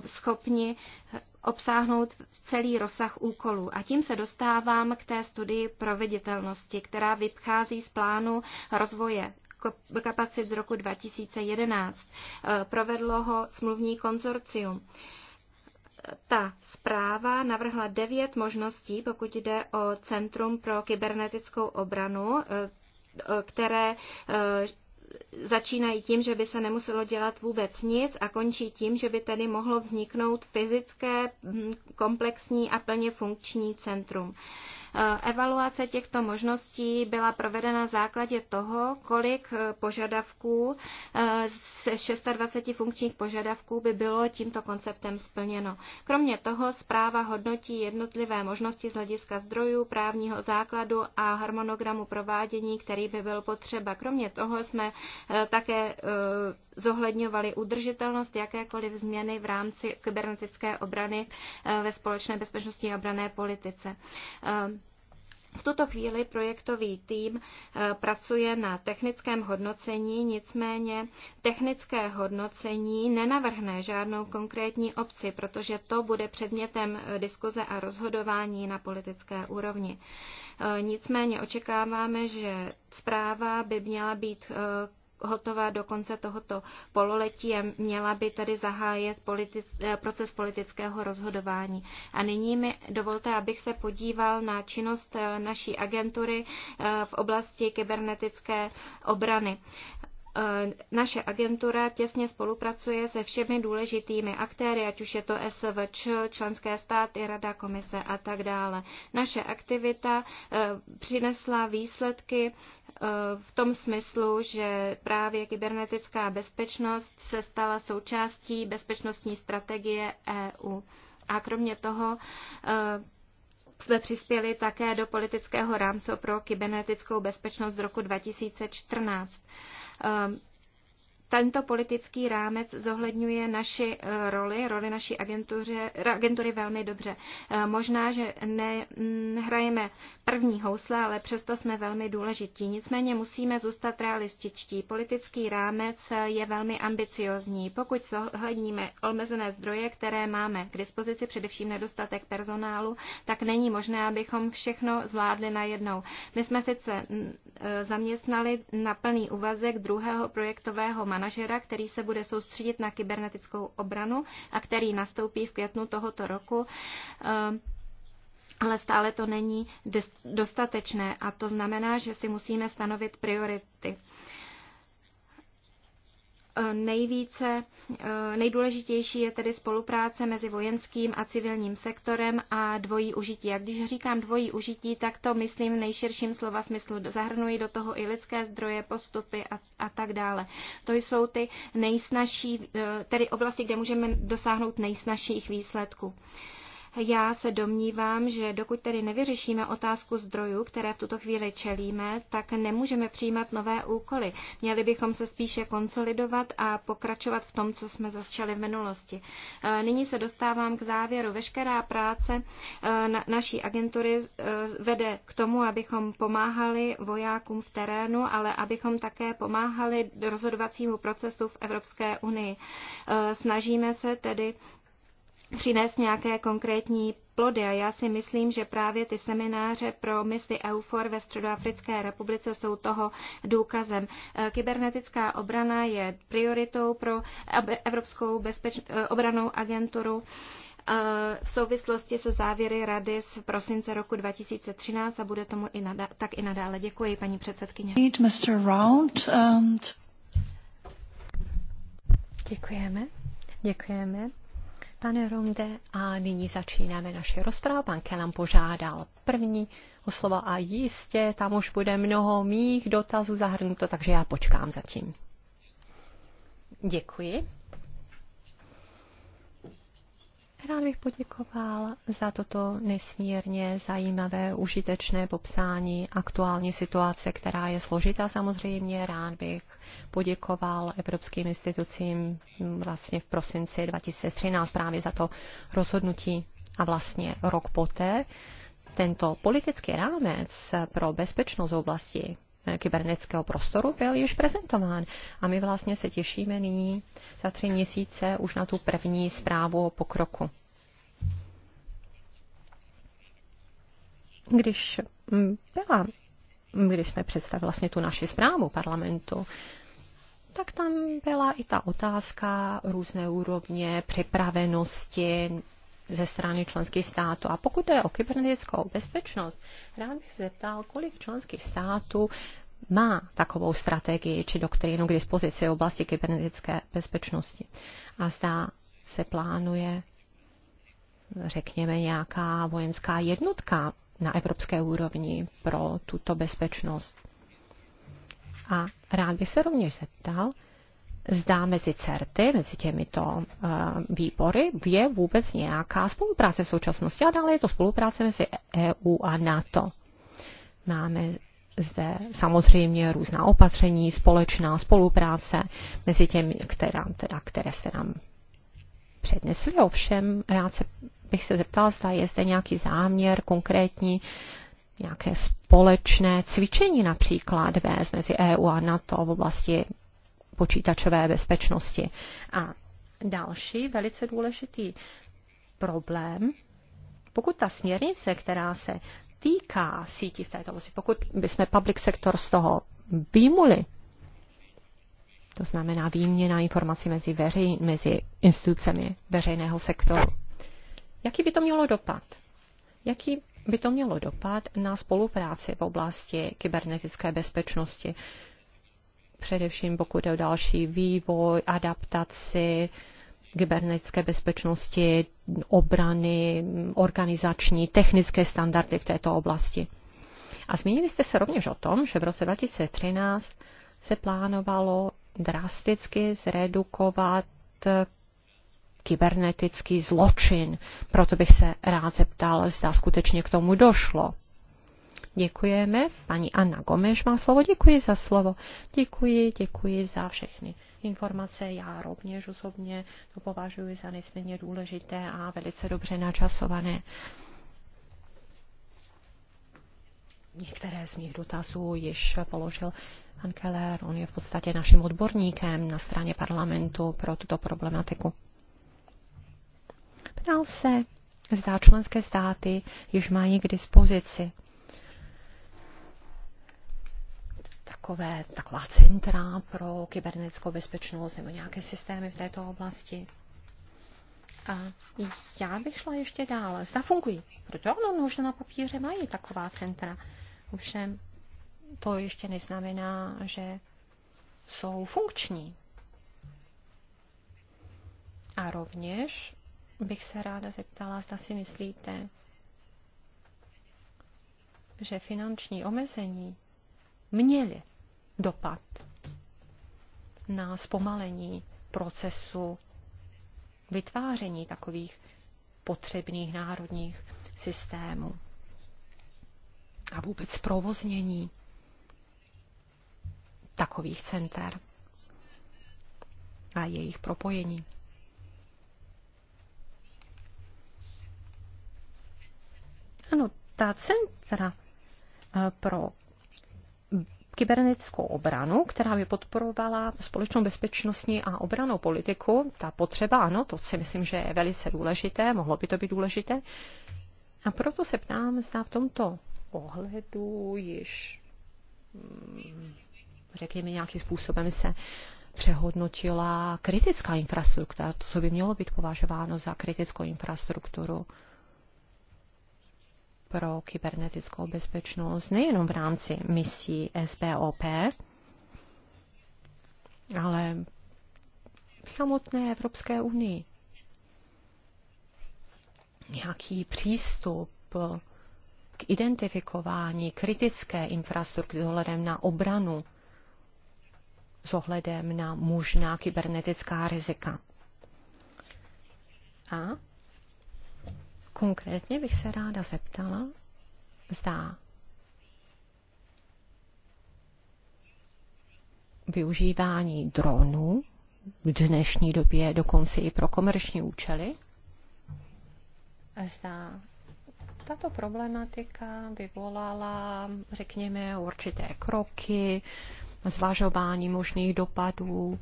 schopni eh, obsáhnout celý rozsah úkolů. A tím se dostávám k té studii proveditelnosti, která vychází z plánu rozvoje kapacit z roku 2011. Provedlo ho smluvní konzorcium. Ta zpráva navrhla devět možností, pokud jde o Centrum pro kybernetickou obranu, které eh, začínají tím, že by se nemuselo dělat vůbec nic a končí tím, že by tedy mohlo vzniknout fyzické, hm, komplexní a plně funkční centrum. Evaluace těchto možností byla provedena na základě toho, kolik eh, požadavků eh, ze 26 funkčních požadavků by bylo tímto konceptem splněno. Kromě toho zpráva hodnotí jednotlivé možnosti z hlediska zdrojů, právního základu a harmonogramu provádění, který by byl potřeba. Kromě toho jsme eh, také zohledňovali udržitelnost jakékoliv změny v rámci kybernetické obrany ve společné bezpečnostní obrané politice. V tuto chvíli projektový tým eh, pracuje na technickém hodnocení, nicméně technické hodnocení nenavrhne žádnou konkrétní obci, protože to bude předmětem eh, diskuze a rozhodování na politické úrovni. Eh, nicméně očekáváme, že zpráva by měla být hotová do konce tohoto pololetí a měla by tady zahájit politic, eh, proces politického rozhodování. A nyní mi dovolte, abych se podíval na činnost eh, naší agentury eh, v oblasti kybernetické obrany. Eh, naše agentura těsně spolupracuje se všemi důležitými aktéry, ať už je to SVČ, členské státy, Rada, Komise a tak dále. Naše aktivita eh, přinesla výsledky eh, v tom smyslu, že právě kybernetická bezpečnost se stala součástí bezpečnostní strategie EU. A kromě toho jsme přispěli také do politického rámce pro kybernetickou bezpečnost z roku 2014 um, tento politický rámec zohledňuje naši eh, roli, roli naší agentuře, eh, agentury velmi dobře. Eh, možná, že nehrajeme mm, první housle, ale přesto jsme velmi důležití. Nicméně musíme zůstat realističtí. Politický rámec je velmi ambiciozní. Pokud zohledníme omezené zdroje, které máme k dispozici, především nedostatek personálu, tak není možné, abychom všechno zvládli najednou. My jsme sice mm, zaměstnali na plný úvazek druhého projektového manažera, který se bude soustředit na kybernetickou obranu a který nastoupí v květnu tohoto roku eh, ale stále to není dostatečné a to znamená, že si musíme stanovit priority. Eh, nejvíce, eh, nejdůležitější je tedy spolupráce mezi vojenským a civilním sektorem a dvojí užití. A když říkám dvojí užití, tak to myslím v nejširším slova smyslu. Zahrnují do toho i lidské zdroje, postupy a, a tak dále. To jsou ty nejsnažší, eh, tedy oblasti, kde můžeme dosáhnout nejsnažších výsledků. Já se domnívám, že dokud tedy nevyřešíme otázku zdrojů, které v tuto chvíli čelíme, tak nemůžeme přijímat nové úkoly. Měli bychom se spíše konsolidovat a pokračovat v tom, co jsme začali v minulosti. E, nyní se dostávám k závěru. Veškerá práce e, naší agentury e, vede k tomu, abychom pomáhali vojákům v terénu, ale abychom také pomáhali rozhodovacímu procesu v Evropské unii. Snažíme se tedy přinést nějaké konkrétní plody a já si myslím, že právě ty semináře pro misi EUFOR ve Středoafrické republice jsou toho důkazem. E, kybernetická obrana je prioritou pro Evropskou bezpeč- e, obranou agenturu e, v souvislosti se závěry rady z prosince roku 2013 a bude tomu i nadá- tak i nadále. Děkuji, paní předsedkyně. Děkujeme. Děkujeme pane Ronde, a nyní začínáme naše rozprávu. Pan Kelam požádal první o slovo a jistě tam už bude mnoho mých dotazů zahrnuto, takže já počkám zatím. Děkuji. Rád bych poděkoval za toto nesmírně zajímavé, užitečné popsání aktuální situace, která je složitá samozřejmě. Rád bych poděkoval evropským institucím vlastně v prosinci 2013 právě za to rozhodnutí a vlastně rok poté. Tento politický rámec pro bezpečnost oblasti Eh, kybernetického prostoru byl již prezentován. A my vlastně se těšíme nyní za tři měsíce už na tu první zprávu o pokroku. Když mm, byla, mm, když jsme představili vlastně tu naši zprávu parlamentu, tak tam byla i ta otázka různé úrovně připravenosti ze strany členských států. A pokud je o kybernetickou bezpečnost, rád bych zeptal, kolik členských států má takovou strategii či doktrínu k dispozici v oblasti kybernetické bezpečnosti. A zdá se plánuje, řekněme, nějaká vojenská jednotka na evropské úrovni pro tuto bezpečnost. A rád bych se rovněž zeptal, zda mezi CERTy, mezi těmito eh, výbory, je vůbec nějaká spolupráce v současnosti a dále je to spolupráce mezi EU a NATO. Máme zde samozřejmě různá opatření, společná spolupráce mezi těmi, která, teda, které jste nám přednesli. Ovšem, rád se, bych se zeptal, zda je zde nějaký záměr konkrétní, nějaké společné cvičení například vést mezi EU a NATO v oblasti počítačové bezpečnosti. A další velice důležitý problém, pokud ta směrnice, která se týká sítí v této oblasti, pokud bychom public sektor z toho výmuli, to znamená výměna informací mezi, veřej, mezi institucemi veřejného sektoru. Jaký by to mělo dopad? Jaký by to mělo dopad na spolupráci v oblasti kybernetické bezpečnosti? především pokud je o další vývoj, adaptaci, kybernetické bezpečnosti, obrany, organizační, technické standardy v této oblasti. A zmínili jste se rovněž o tom, že v roce 2013 se plánovalo drasticky zredukovat kybernetický zločin. Proto bych se rád zeptal, zda skutečně k tomu došlo. Děkujeme. Paní Anna Gomeš má slovo. Děkuji za slovo. Děkuji, děkuji za všechny informace. Já rovněž osobně to považuji za nesmírně důležité a velice dobře načasované. Některé z mých dotazů již položil pan Keller. On je v podstatě naším odborníkem na straně parlamentu pro tuto problematiku. Ptal se, zda členské státy již mají k dispozici takové, taková centra pro kybernetickou bezpečnost nebo nějaké systémy v této oblasti. A já bych šla ještě dále. Zda fungují. Proto ano, možná no, na papíře mají taková centra. Ovšem, to ještě neznamená, že jsou funkční. A rovněž bych se ráda zeptala, zda si myslíte, že finanční omezení měly dopad na zpomalení procesu vytváření takových potřebných národních systémů a vůbec provoznění takových center a jejich propojení. Ano, ta centra eh, pro kybernetickou obranu, která by podporovala společnou bezpečnostní a obranou politiku. Ta potřeba, ano, to si myslím, že je velice důležité, mohlo by to být důležité. A proto se ptám, zda v tomto ohledu již, mm, řekněme, nějakým způsobem se přehodnotila kritická infrastruktura, to, co by mělo být považováno za kritickou infrastrukturu pro kybernetickou bezpečnost nejenom v rámci misí SBOP, ale v samotné Evropské unii. Nějaký přístup k identifikování kritické infrastruktury s ohledem na obranu, s ohledem na možná kybernetická rizika. A Konkrétně bych se ráda zeptala, zda využívání dronů v dnešní době dokonce i pro komerční účely. Zda tato problematika vyvolala, řekněme, určité kroky, zvažování možných dopadů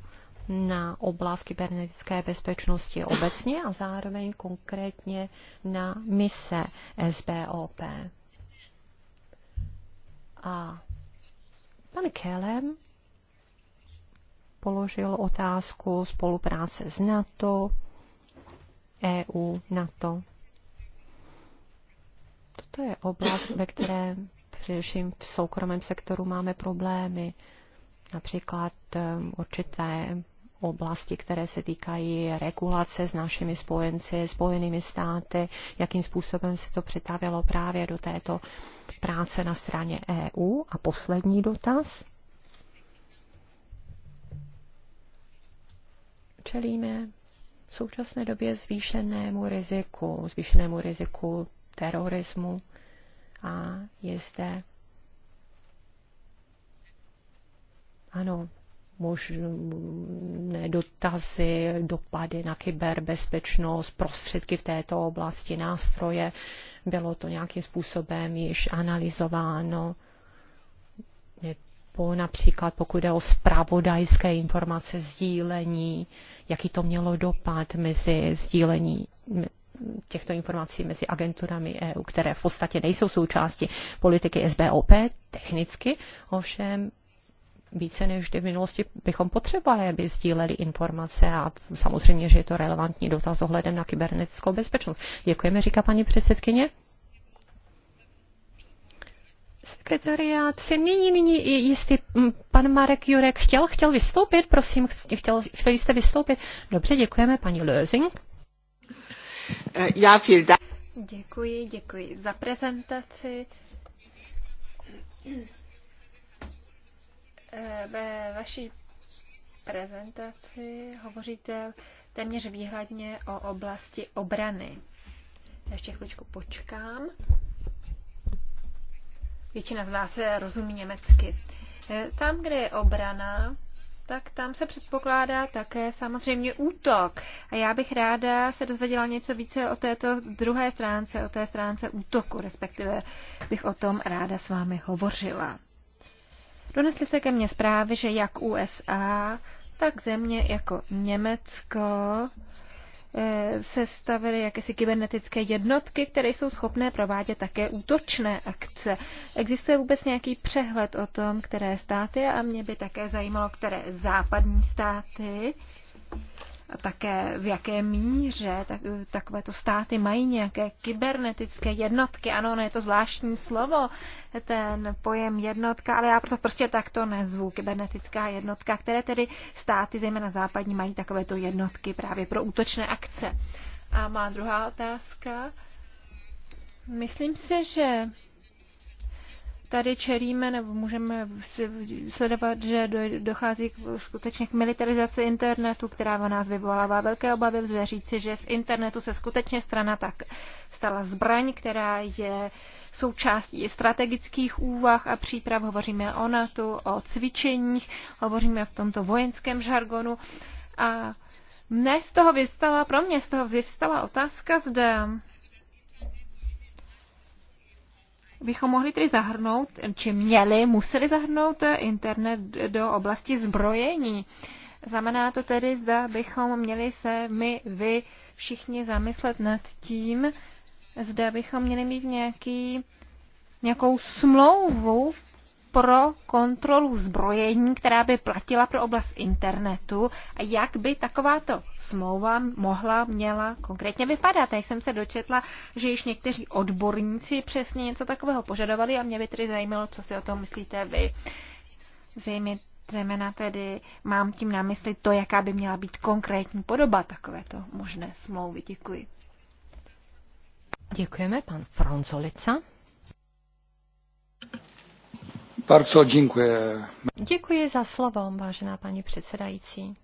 na oblast kybernetické bezpečnosti obecně a zároveň konkrétně na mise SBOP. A pan Kelem položil otázku spolupráce s NATO, EU, NATO. Toto je oblast, ve které především v soukromém sektoru máme problémy. Například eh, určité oblasti, které se týkají regulace s našimi spojenci, spojenými státy, jakým způsobem se to přetavilo právě do této práce na straně EU. A poslední dotaz. Čelíme v současné době zvýšenému riziku, zvýšenému riziku terorismu a je zde ano, možné dotazy, dopady na kyberbezpečnost, prostředky v této oblasti, nástroje. Bylo to nějakým způsobem již analyzováno. Nebo například pokud jde o spravodajské informace, sdílení, jaký to mělo dopad mezi sdílení těchto informací mezi agenturami EU, které v podstatě nejsou součástí politiky SBOP, technicky ovšem více než v minulosti bychom potřebovali, aby sdíleli informace a samozřejmě, že je to relevantní dotaz ohledem na kybernetickou bezpečnost. Děkujeme, říká paní předsedkyně. Sekretariát se mění nyní jistý mm, pan Marek Jurek. Chtěl, chtěl vystoupit, prosím, chtěl, chtěl jste vystoupit. Dobře, děkujeme, paní Lözing. Já Děkuji, děkuji za prezentaci. Ve vaší prezentaci hovoříte téměř výhledně o oblasti obrany. Já Ještě chvíličku počkám. Většina z vás rozumí německy. E, tam, kde je obrana, tak tam se předpokládá také samozřejmě útok. A já bych ráda se dozvěděla něco více o této druhé stránce, o té stránce útoku, respektive bych o tom ráda s vámi hovořila. Donesly se ke mně zprávy, že jak USA, tak země jako Německo eh, se stavily jakési kybernetické jednotky, které jsou schopné provádět také útočné akce. Existuje vůbec nějaký přehled o tom, které státy a mě by také zajímalo, které západní státy a také v jaké míře tak, takovéto státy mají nějaké kybernetické jednotky. Ano, ono je to zvláštní slovo, ten pojem jednotka, ale já proto prostě takto nezvu kybernetická jednotka, které tedy státy, zejména západní, mají takovéto jednotky právě pro útočné akce. A má druhá otázka. Myslím si, že tady čelíme nebo můžeme sledovat, že dochází k skutečně k militarizaci internetu, která v nás vyvolává velké obavy. Lze říci, že z internetu se skutečně strana tak stala zbraň, která je součástí strategických úvah a příprav. Hovoříme o NATO, o cvičeních, hovoříme v tomto vojenském žargonu. A mne z toho vystala, pro mě z toho vystala otázka, zda bychom mohli tedy zahrnout, či měli, museli zahrnout internet do oblasti zbrojení. Znamená to tedy, zda bychom měli se my, vy všichni zamyslet nad tím, zda bychom měli mít nějaký, nějakou smlouvu pro kontrolu zbrojení, která by platila pro oblast internetu a jak by takováto smlouva mohla, měla konkrétně vypadat. Já jsem se dočetla, že již někteří odborníci přesně něco takového požadovali a mě by tedy zajímalo, co si o tom myslíte vy. mi zejména tedy mám tím na mysli to, jaká by měla být konkrétní podoba takovéto možné smlouvy. Děkuji. Děkujeme, pan Fronzolica. Děkuji za slovo, vážená paní předsedající.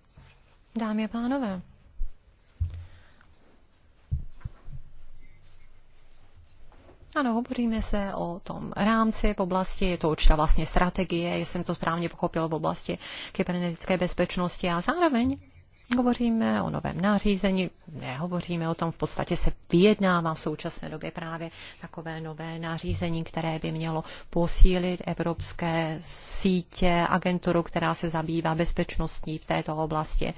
Dámy a pánové. Ano, hovoříme se o tom rámci v oblasti, je to určitá vlastně strategie, jestli jsem to správně pochopil, v oblasti kybernetické bezpečnosti a zároveň Hovoříme o novém nářízení, nehovoříme o tom, v podstatě se vyjednává v současné době právě takové nové nářízení, které by mělo posílit evropské sítě, agenturu, která se zabývá bezpečností v této oblasti.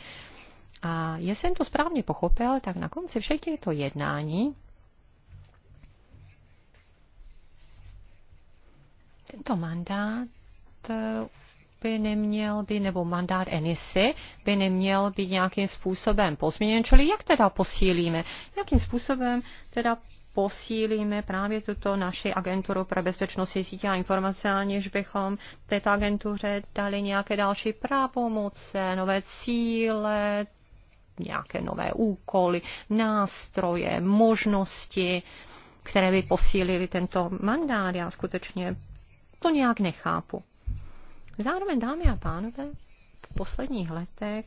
A jestli jsem to správně pochopil, tak na konci všech těchto jednání tento mandát by neměl by nebo mandát Enisy by neměl být nějakým způsobem pozměněn, čili jak teda posílíme, jakým způsobem teda posílíme právě tuto naši agenturu pro bezpečnost sítě a informace, aniž bychom této agentuře dali nějaké další právomoce, nové cíle, nějaké nové úkoly, nástroje, možnosti, které by posílili tento mandát. Já skutečně to nějak nechápu. Zároveň, dámy a pánové, v posledních letech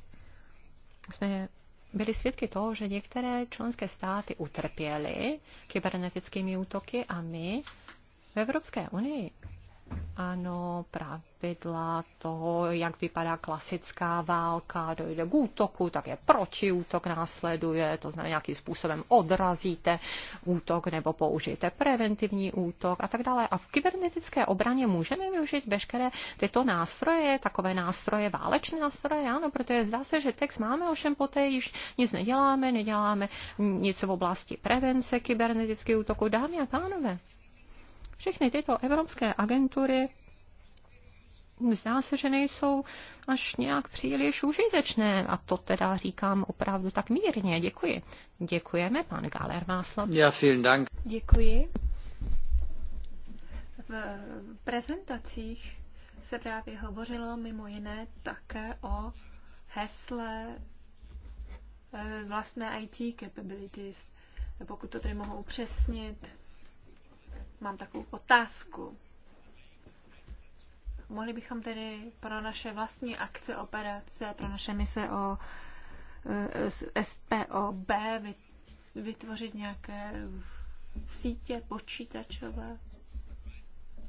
jsme byli svědky toho, že některé členské státy utrpěly kybernetickými útoky a my v Evropské unii ano, pravidla toho, jak vypadá klasická válka, dojde k útoku, tak je proti útok následuje, to znamená nějakým způsobem odrazíte útok nebo použijete preventivní útok a tak dále. A v kybernetické obraně můžeme využít veškeré tyto nástroje, takové nástroje, válečné nástroje, ano, protože zdá se, že text máme, ovšem poté již nic neděláme, neděláme nic v oblasti prevence kybernetických útoků. Dámy a pánové, všechny tyto evropské agentury zdá se, že nejsou až nějak příliš užitečné. A to teda říkám opravdu tak mírně. Děkuji. Děkujeme. Pan Galer má slovo. Ja, vielen Dank. Děkuji. V prezentacích se právě hovořilo mimo jiné také o hesle eh, vlastné IT capabilities, pokud to tedy mohu upřesnit. Mám takovou otázku. Mohli bychom tedy pro naše vlastní akce, operace, pro naše mise o e, SPOB vytvořit nějaké sítě počítačové,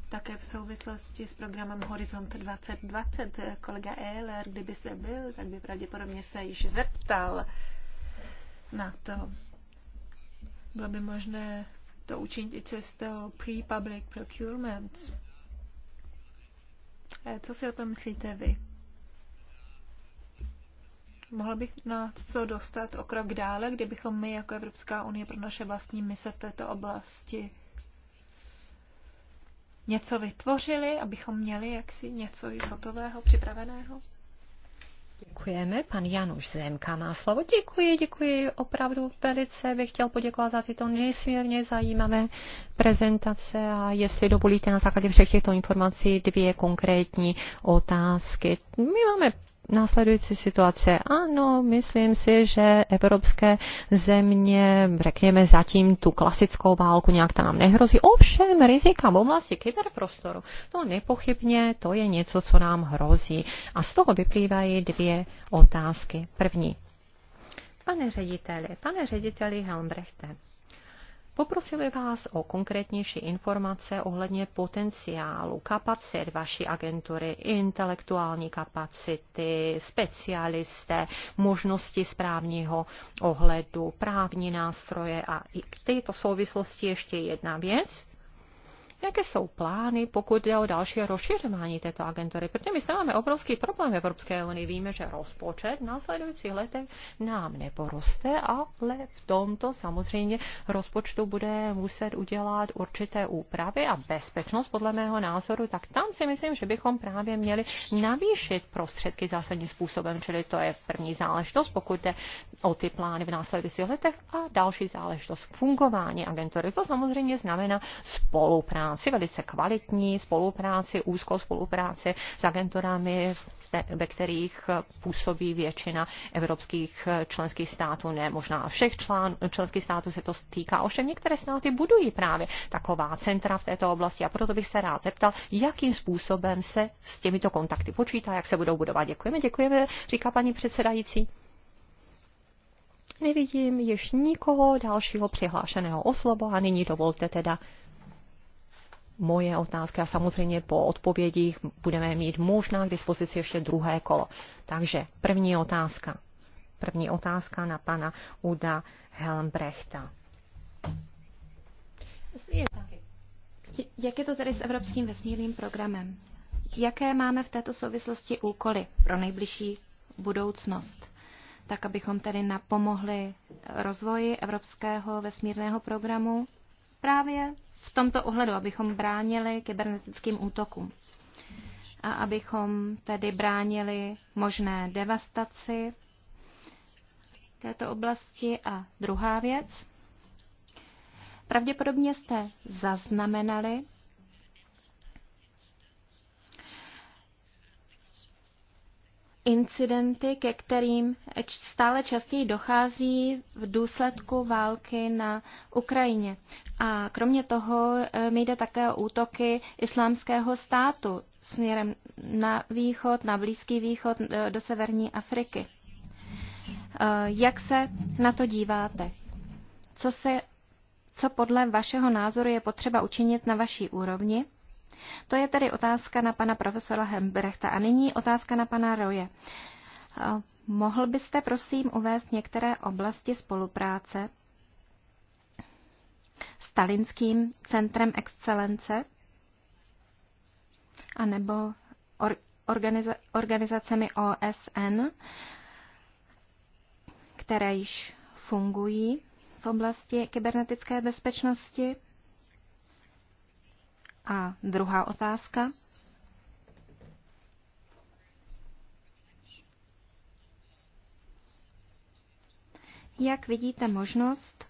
také v souvislosti s programem Horizont 2020. Kolega Ehler, kdyby se byl, tak by pravděpodobně se již zeptal na to. Bylo by možné to učinit cestou pre-public procurement. E, co si o tom myslíte vy? Mohla bych na to dostat o krok dále, kdybychom my jako Evropská unie pro naše vlastní mise v této oblasti něco vytvořili, abychom měli jaksi něco již hotového, připraveného? Děkujeme. Pan Januš Zemka má slovo. Děkuji, děkuji. Opravdu velice bych chtěl poděkovat za tyto nesmírně zajímavé prezentace a jestli dovolíte na základě všech těchto informací dvě konkrétní otázky. My máme následující situace. Ano, myslím si, že evropské země, řekněme zatím tu klasickou válku, nějak ta nám nehrozí. Ovšem, rizika v oblasti kyberprostoru, to nepochybně, to je něco, co nám hrozí. A z toho vyplývají dvě otázky. První. Pane řediteli, pane řediteli Helmbrechte, Poprosili vás o konkrétnější informace ohledně potenciálu, kapacit vaší agentury, intelektuální kapacity, specialisté, možnosti správního ohledu, právní nástroje a i k této souvislosti ještě jedna věc. Jaké jsou plány, pokud jde o další rozšiřování této agentury? Protože my se máme obrovský problém v Evropské unii. Víme, že rozpočet v následujících letech nám neporoste, ale v tomto samozřejmě rozpočtu bude muset udělat určité úpravy a bezpečnost, podle mého názoru, tak tam si myslím, že bychom právě měli navýšit prostředky zásadním způsobem, čili to je první záležitost, pokud jde o ty plány v následujících letech a další záležitost fungování agentury. To samozřejmě znamená spolupráce spolupráci, velice kvalitní spolupráci, úzkou spolupráci s agenturami ve kterých působí většina evropských členských států, ne možná všech člán, členských států se to týká, ovšem některé státy budují právě taková centra v této oblasti a proto bych se rád zeptal, jakým způsobem se s těmito kontakty počítá, jak se budou budovat. Děkujeme, děkujeme, říká paní předsedající. Nevidím již nikoho dalšího přihlášeného o slovo a nyní dovolte teda moje otázky a samozřejmě po odpovědích budeme mít možná k dispozici ještě druhé kolo. Takže první otázka. První otázka na pana Uda Helmbrechta. Jak je to tedy s Evropským vesmírným programem? Jaké máme v této souvislosti úkoly pro nejbližší budoucnost? tak abychom tedy napomohli rozvoji Evropského vesmírného programu právě v tomto ohledu, abychom bránili kybernetickým útokům a abychom tedy bránili možné devastaci této oblasti. A druhá věc, pravděpodobně jste zaznamenali, incidenty, ke kterým stále častěji dochází v důsledku války na Ukrajině. A kromě toho e, mi jde také o útoky islámského státu směrem na východ, na Blízký východ, e, do severní Afriky. E, jak se na to díváte? Co, se, co podle vašeho názoru je potřeba učinit na vaší úrovni? To je tedy otázka na pana profesora Hembrechta. A nyní otázka na pana Roje. Eh, mohl byste prosím uvést některé oblasti spolupráce s Talinským centrem excelence nebo or, organiza, organizacemi OSN, které již fungují v oblasti kybernetické bezpečnosti? A druhá otázka. Jak vidíte možnost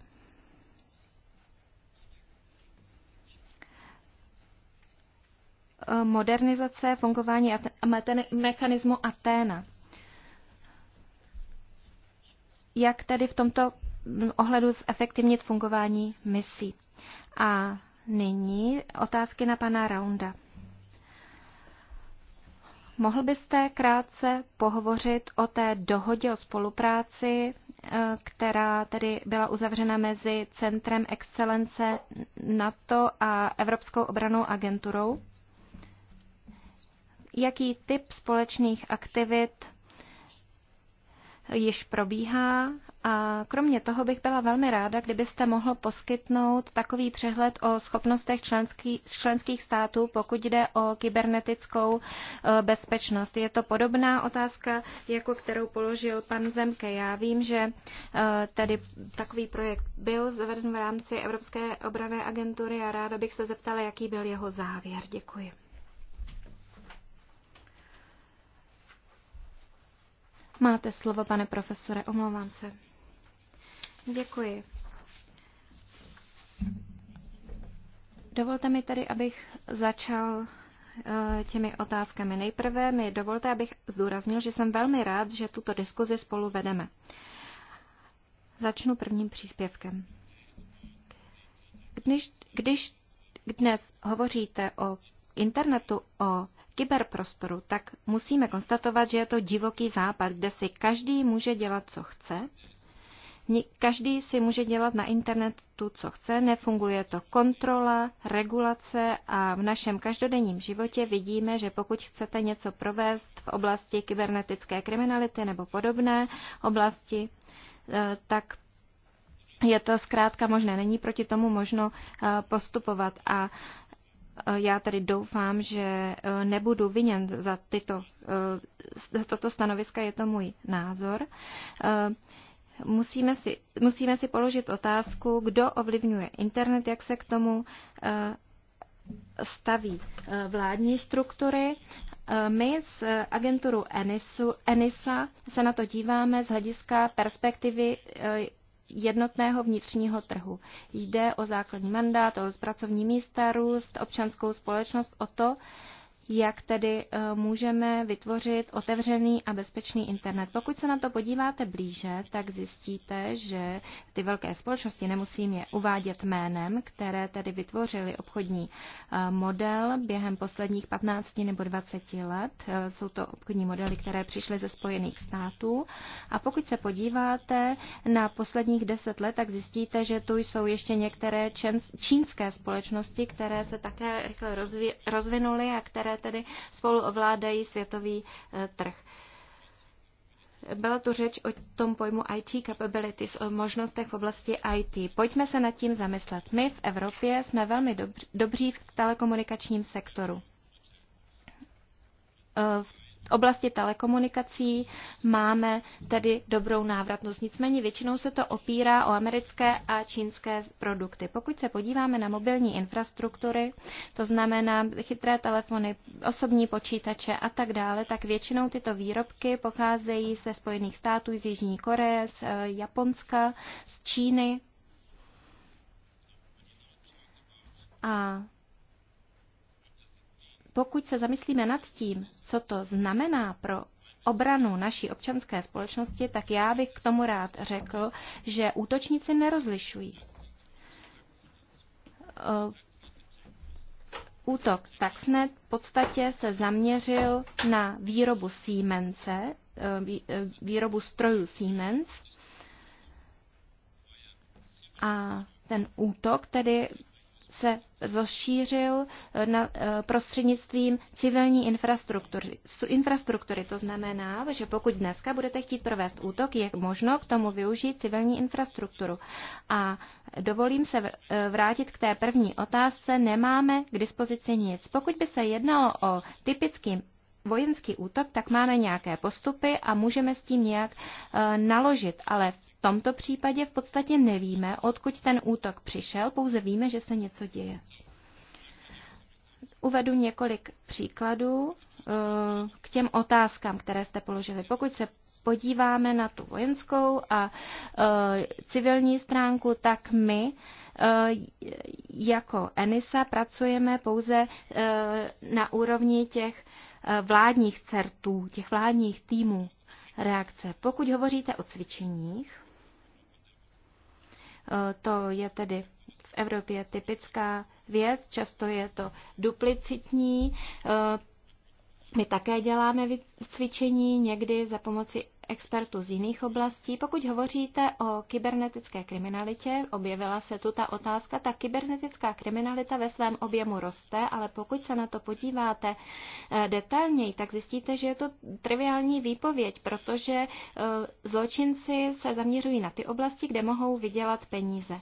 modernizace fungování mechanismu Aténa? Jak tedy v tomto ohledu zefektivnit fungování misí? A nyní otázky na pana Raunda. Mohl byste krátce pohovořit o té dohodě o spolupráci, eh, která tedy byla uzavřena mezi Centrem excelence NATO a Evropskou obranou agenturou? Jaký typ společných aktivit již probíhá a kromě toho bych byla velmi ráda, kdybyste mohl poskytnout takový přehled o schopnostech členský, členských států, pokud jde o kybernetickou e, bezpečnost. Je to podobná otázka, jako kterou položil pan Zemke. Já vím, že e, tedy takový projekt byl zaveden v rámci Evropské obrané agentury a ráda bych se zeptala, jaký byl jeho závěr. Děkuji. Máte slovo, pane profesore, omlouvám se. Děkuji. Dovolte mi tedy, abych začal eh, těmi otázkami. Nejprve mi dovolte, abych zdůraznil, že jsem velmi rád, že tuto diskuzi spolu vedeme. Začnu prvním příspěvkem. Když, když dnes hovoříte o internetu, o kyberprostoru, tak musíme konstatovat, že je to divoký západ, kde si každý může dělat, co chce. Každý si může dělat na internetu, co chce, nefunguje to kontrola, regulace a v našem každodenním životě vidíme, že pokud chcete něco provést v oblasti kybernetické kriminality nebo podobné oblasti, eh, tak je to zkrátka možné, není proti tomu možno eh, postupovat. A Eh, já tedy doufám, že eh, nebudu viněn za, tyto, eh, za toto stanoviska, je to můj názor. Musíme si, musíme si položit otázku, kdo ovlivňuje internet, jak se k tomu staví vládní struktury. My z agenturu ENISA se na to díváme z hlediska perspektivy jednotného vnitřního trhu. Jde o základní mandát, o pracovní místa, růst, občanskou společnost, o to, jak tedy eh, můžeme vytvořit otevřený a bezpečný internet. Pokud se na to podíváte blíže, tak zjistíte, že ty velké společnosti, nemusím je uvádět jménem, které tedy vytvořily obchodní eh, model během posledních 15 nebo 20 let. Eh, jsou to obchodní modely, které přišly ze Spojených států. A pokud se podíváte na posledních 10 let, tak zjistíte, že tu jsou ještě některé čínské společnosti, které se také rychle rozvinuly a které tedy spolu ovládají světový eh, trh. Byla tu řeč o tom pojmu IT capabilities, o možnostech v oblasti IT. Pojďme se nad tím zamyslet. My v Evropě jsme velmi dobří v telekomunikačním sektoru. Eh, v oblasti telekomunikací máme tedy dobrou návratnost. Nicméně většinou se to opírá o americké a čínské produkty. Pokud se podíváme na mobilní infrastruktury, to znamená chytré telefony, osobní počítače a tak dále, tak většinou tyto výrobky pocházejí ze Spojených států, z Jižní Koreje, z eh, Japonska, z Číny. A pokud se zamyslíme nad tím, co to znamená pro obranu naší občanské společnosti, tak já bych k tomu rád řekl, že útočníci nerozlišují. Eh, útok Taxnet v podstatě se zaměřil na výrobu Siemence, eh, eh, výrobu strojů Siemens. A ten útok tedy se rozšířil eh, na, eh, prostřednictvím civilní infrastruktury. infrastruktury. To znamená, že pokud dneska budete chtít provést útok, je možno k tomu využít civilní infrastrukturu. A dovolím se eh, vrátit k té první otázce. Nemáme k dispozici nic. Pokud by se jednalo o typický vojenský útok, tak máme nějaké postupy a můžeme s tím nějak naložit. Ale tomto případě v podstatě nevíme, odkud ten útok přišel, pouze víme, že se něco děje. Uvedu několik příkladů eh, k těm otázkám, které jste položili. Pokud se podíváme na tu vojenskou a eh, civilní stránku, tak my eh, jako ENISA pracujeme pouze na úrovni těch vládních certů, těch vládních týmů reakce. Pokud hovoříte o cvičeních, Eh, to je tedy v Evropě typická věc, často je to duplicitní. Eh, my také děláme cvičení, někdy za pomoci expertů z jiných oblastí. Pokud hovoříte o kybernetické kriminalitě, objevila se tu ta otázka, ta kybernetická kriminalita ve svém objemu roste, ale pokud se na to podíváte eh, detailněji, tak zjistíte, že je to triviální výpověď, protože eh, zločinci se zaměřují na ty oblasti, kde mohou vydělat peníze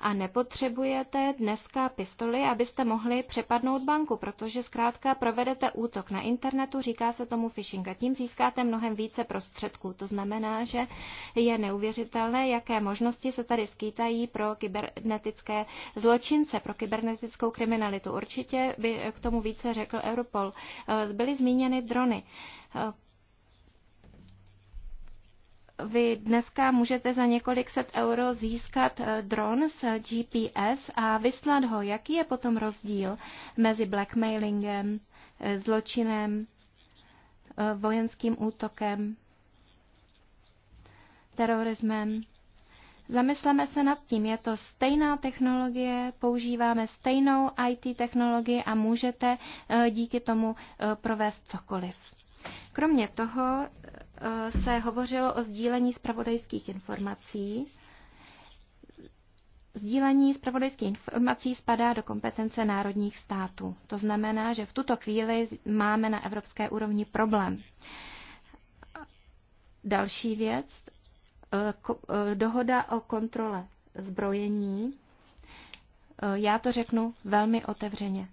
a nepotřebujete dneska pistoli, abyste mohli přepadnout banku, protože zkrátka provedete útok na internetu, říká se tomu phishing a tím získáte mnohem více prostředků. To znamená, že je neuvěřitelné, jaké možnosti se tady skýtají pro kybernetické zločince, pro kybernetickou kriminalitu. Určitě by k tomu více řekl Europol. Byly zmíněny drony vy dneska můžete za několik set euro získat eh, dron s GPS a vyslat ho. Jaký je potom rozdíl mezi blackmailingem, eh, zločinem, eh, vojenským útokem, terorismem? Zamysleme se nad tím, je to stejná technologie, používáme stejnou IT technologii a můžete díky tomu provést cokoliv. Kromě toho Eh, se hovořilo o sdílení zpravodajských informací. Sdílení zpravodajských informací spadá do kompetence národních států. To znamená, že v tuto chvíli máme na evropské úrovni problém. Další věc, eh, eh, dohoda o kontrole zbrojení. Já to řeknu velmi otevřeně.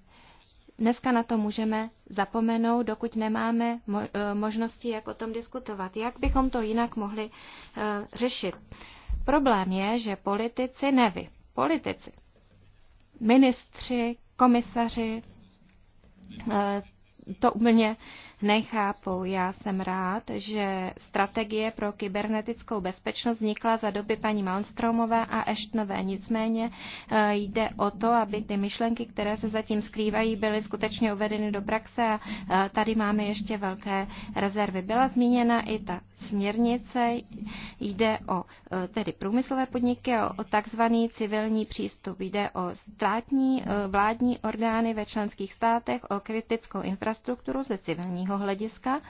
Dneska na to můžeme zapomenout, dokud nemáme eh, možnosti, jak o tom diskutovat. Jak bychom to jinak mohli eh, řešit? Problém je, že politici, ne vy, politici, ministři, komisaři, eh, to úplně nechápou. Já jsem rád, že strategie pro kybernetickou bezpečnost vznikla za doby paní Malmstromové a Eštnové. Nicméně eh, jde o to, aby ty myšlenky, které se zatím skrývají, byly skutečně uvedeny do praxe a eh, tady máme ještě velké rezervy. Byla zmíněna i ta směrnice, jde o eh, tedy průmyslové podniky, o, o takzvaný civilní přístup. Jde o státní vládní orgány ve členských státech, o kritickou infrastrukturu ze civilního právního hlediska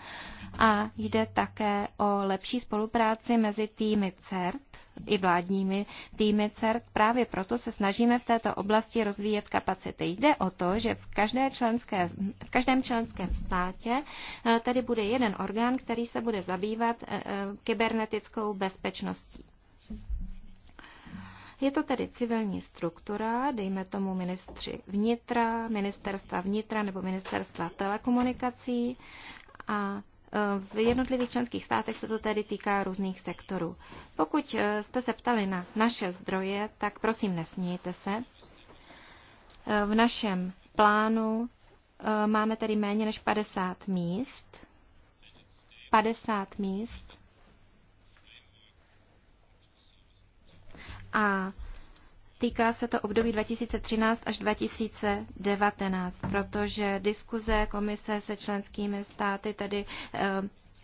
a jde také o lepší spolupráci mezi týmy CERT i vládními týmy CERT. Právě proto se snažíme v této oblasti rozvíjet kapacity. Jde o to, že v, každé členské, v každém členském státě eh, tedy bude jeden orgán, který se bude zabývat eh, eh, kybernetickou bezpečností. Je to tedy civilní struktura, dejme tomu ministři vnitra, ministerstva vnitra nebo ministerstva telekomunikací a e, v jednotlivých členských státech se to tedy týká různých sektorů. Pokud e, jste se ptali na naše zdroje, tak prosím nesmějte se. E, v našem plánu máme tedy méně než 50 míst. 50 míst a týká se to období 2013 až 2019, protože diskuze komise se členskými státy tedy eh,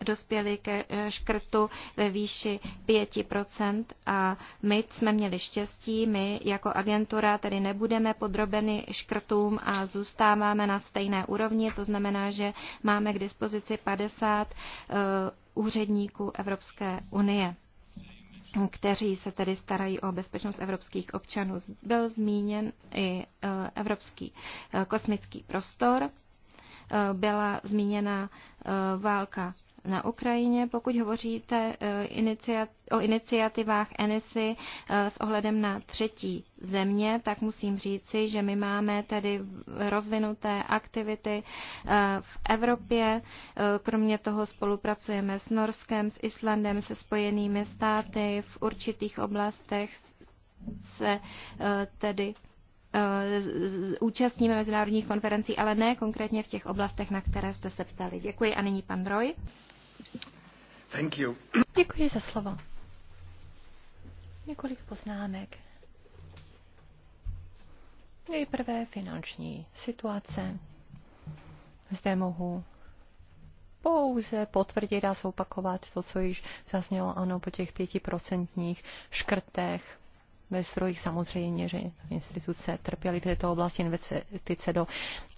dospěly ke eh, škrtu ve výši 5% a my jsme měli štěstí, my jako agentura tedy nebudeme podrobeny škrtům a zůstáváme na stejné úrovni, to znamená, že máme k dispozici 50 eh, úředníků Evropské unie kteří se tedy starají o bezpečnost evropských občanů. Byl zmíněn i e, evropský e, kosmický prostor, e, byla zmíněna válka na Ukrajině. Pokud hovoříte eh, o iniciativách ENISY eh, s ohledem na třetí země, tak musím říci, že my máme tedy rozvinuté aktivity eh, v Evropě. Kromě toho spolupracujeme s Norskem, s Islandem, se Spojenými státy v určitých oblastech se tedy účastníme mezinárodních konferencí, ale ne konkrétně v těch oblastech, na které jste se ptali. Děkuji a nyní pan Roy. Thank you. Děkuji za slovo. Několik poznámek. Nejprve finanční situace. Zde mohu pouze potvrdit a zopakovat to, co již zaznělo ano po těch pětiprocentních škrtech ve strojích. Samozřejmě, že instituce trpěly v této oblasti investice do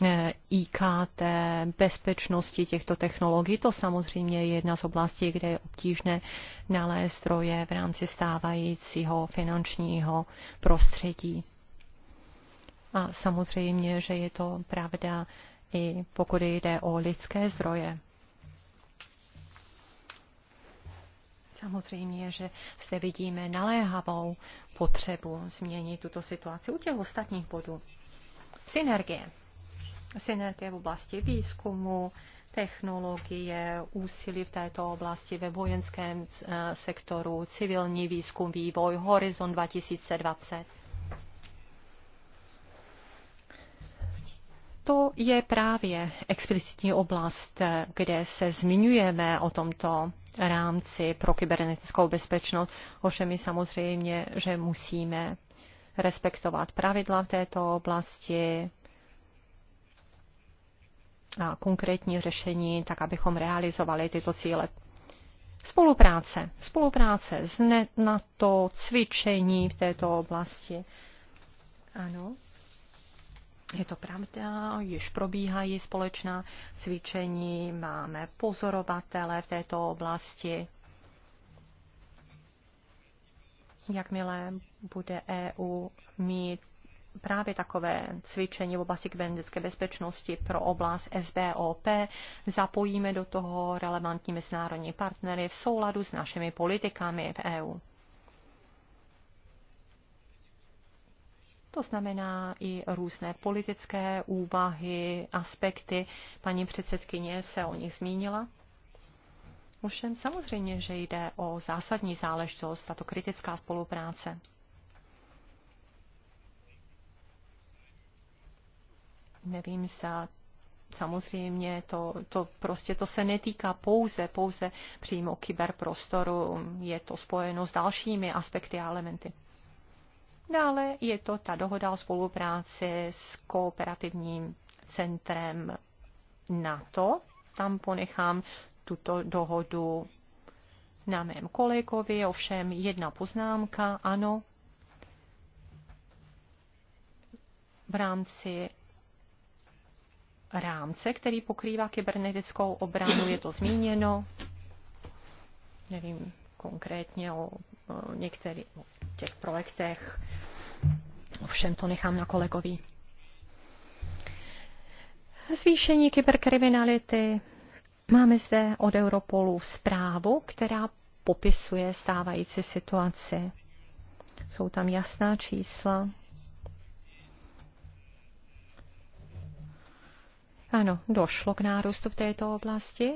eh, IKT, bezpečnosti těchto technologií. To samozřejmě je jedna z oblastí, kde je obtížné nalézt stroje v rámci stávajícího finančního prostředí. A samozřejmě, že je to pravda i pokud jde o lidské zdroje. Samozřejmě, že zde vidíme naléhavou potřebu změnit tuto situaci u těch ostatních bodů. Synergie. Synergie v oblasti výzkumu, technologie, úsilí v této oblasti ve vojenském eh, sektoru, civilní výzkum, vývoj, Horizon 2020. To je právě explicitní oblast, eh, kde se zmiňujeme o tomto rámci pro kybernetickou bezpečnost. Ovšem my samozřejmě, že musíme respektovat pravidla v této oblasti a konkrétní řešení, tak abychom realizovali tyto cíle. Spolupráce. Spolupráce na to cvičení v této oblasti. Ano. Je to pravda, již probíhají společná cvičení, máme pozorovatele v této oblasti. Jakmile bude EU mít právě takové cvičení v oblasti kybernetické bezpečnosti pro oblast SBOP. Zapojíme do toho relevantní mezinárodní partnery v souladu s našimi politikami v EU. To znamená i různé politické úvahy, aspekty. Paní předsedkyně se o nich zmínila. Ovšem samozřejmě, že jde o zásadní záležitost, tato kritická spolupráce. Nevím, za samozřejmě to, to prostě to se netýká pouze, pouze přímo kyberprostoru, je to spojeno s dalšími aspekty a elementy. Dále je to ta dohoda o spolupráci s kooperativním centrem NATO. Tam ponechám tuto dohodu na mém kolegovi, ovšem jedna poznámka, ano, v rámci rámce, který pokrývá kybernetickou obranu, je to zmíněno, nevím konkrétně o, o některých těch projektech. Ovšem to nechám na kolegovi. Zvýšení kyberkriminality. Máme zde od Europolu zprávu, která popisuje stávající situaci. Jsou tam jasná čísla. Ano, došlo k nárůstu v této oblasti.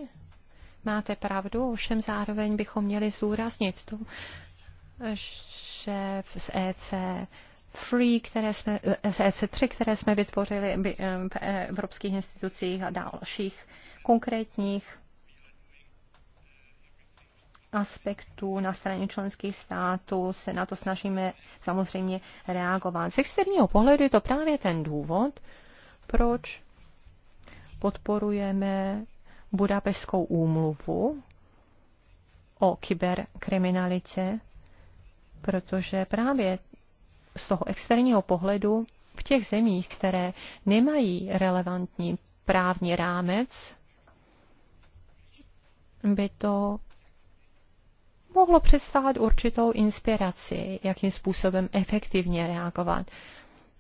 Máte pravdu, ovšem zároveň bychom měli zúraznit to, služeb, z EC, Free, které jsme, eh, z EC3, které jsme vytvořili eh, v evropských institucích a dalších konkrétních aspektů na straně členských států se na to snažíme samozřejmě reagovat. Z externího pohledu je to právě ten důvod, proč podporujeme Budapešskou úmluvu o kyberkriminalitě protože právě z toho externího pohledu v těch zemích, které nemají relevantní právní rámec, by to mohlo představovat určitou inspiraci, jakým způsobem efektivně reagovat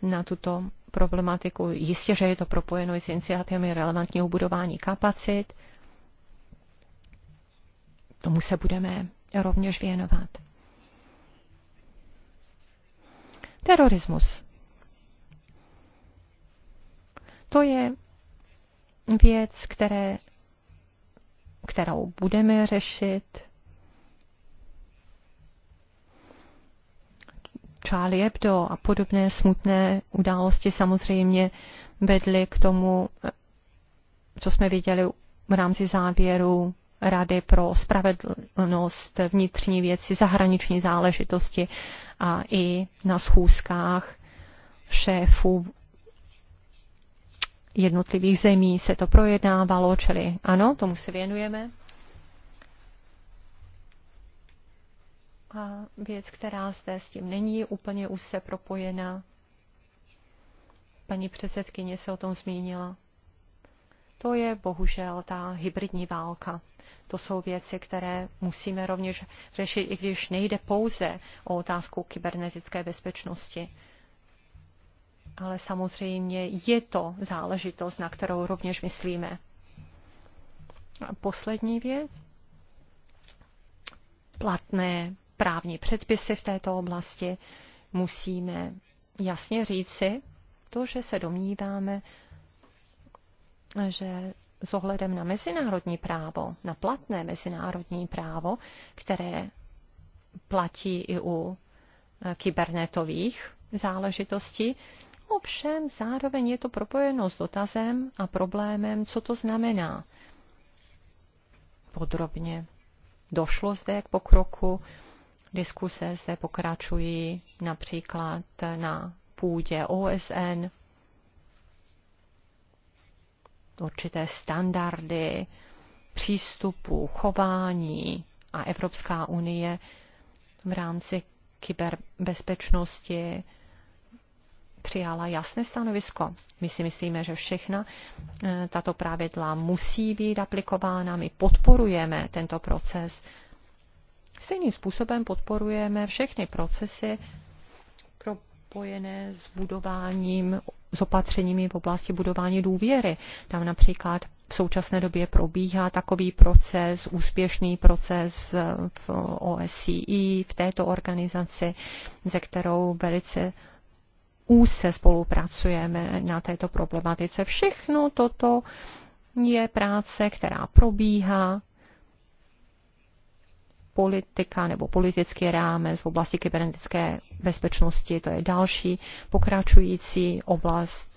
na tuto problematiku. Jistě, že je to propojeno i s iniciativami relevantního budování kapacit. Tomu se budeme rovněž věnovat. Terorismus. To je věc, které, kterou budeme řešit. Charlie Hebdo a podobné smutné události samozřejmě vedly k tomu, co jsme viděli v rámci závěru Rady pro spravedlnost, vnitřní věci, zahraniční záležitosti a i na schůzkách šéfů jednotlivých zemí se to projednávalo, čili ano, tomu se věnujeme. A věc, která zde s tím není úplně už se propojena, paní předsedkyně se o tom zmínila, to je bohužel ta hybridní válka. To jsou věci, které musíme rovněž řešit, i když nejde pouze o otázku kybernetické bezpečnosti. Ale samozřejmě je to záležitost, na kterou rovněž myslíme. A poslední věc. Platné právní předpisy v této oblasti musíme jasně říci to, že se domníváme, že s ohledem na mezinárodní právo, na platné mezinárodní právo, které platí i u eh, kybernetových záležitostí. Ovšem zároveň je to propojeno s dotazem a problémem, co to znamená. Podrobně. Došlo zde k pokroku, diskuse zde pokračují například na půdě OSN, určité standardy přístupu, chování a Evropská unie v rámci kyberbezpečnosti přijala jasné stanovisko. My si myslíme, že všechna eh, tato pravidla musí být aplikována. My podporujeme tento proces. Stejným způsobem podporujeme všechny procesy propojené s budováním s opatřeními v oblasti budování důvěry. Tam například v současné době probíhá takový proces, úspěšný proces v OSCE, v této organizaci, ze kterou velice úzce spolupracujeme na této problematice. Všechno toto je práce, která probíhá politika nebo politický rámec v oblasti kybernetické bezpečnosti, to je další pokračující oblast.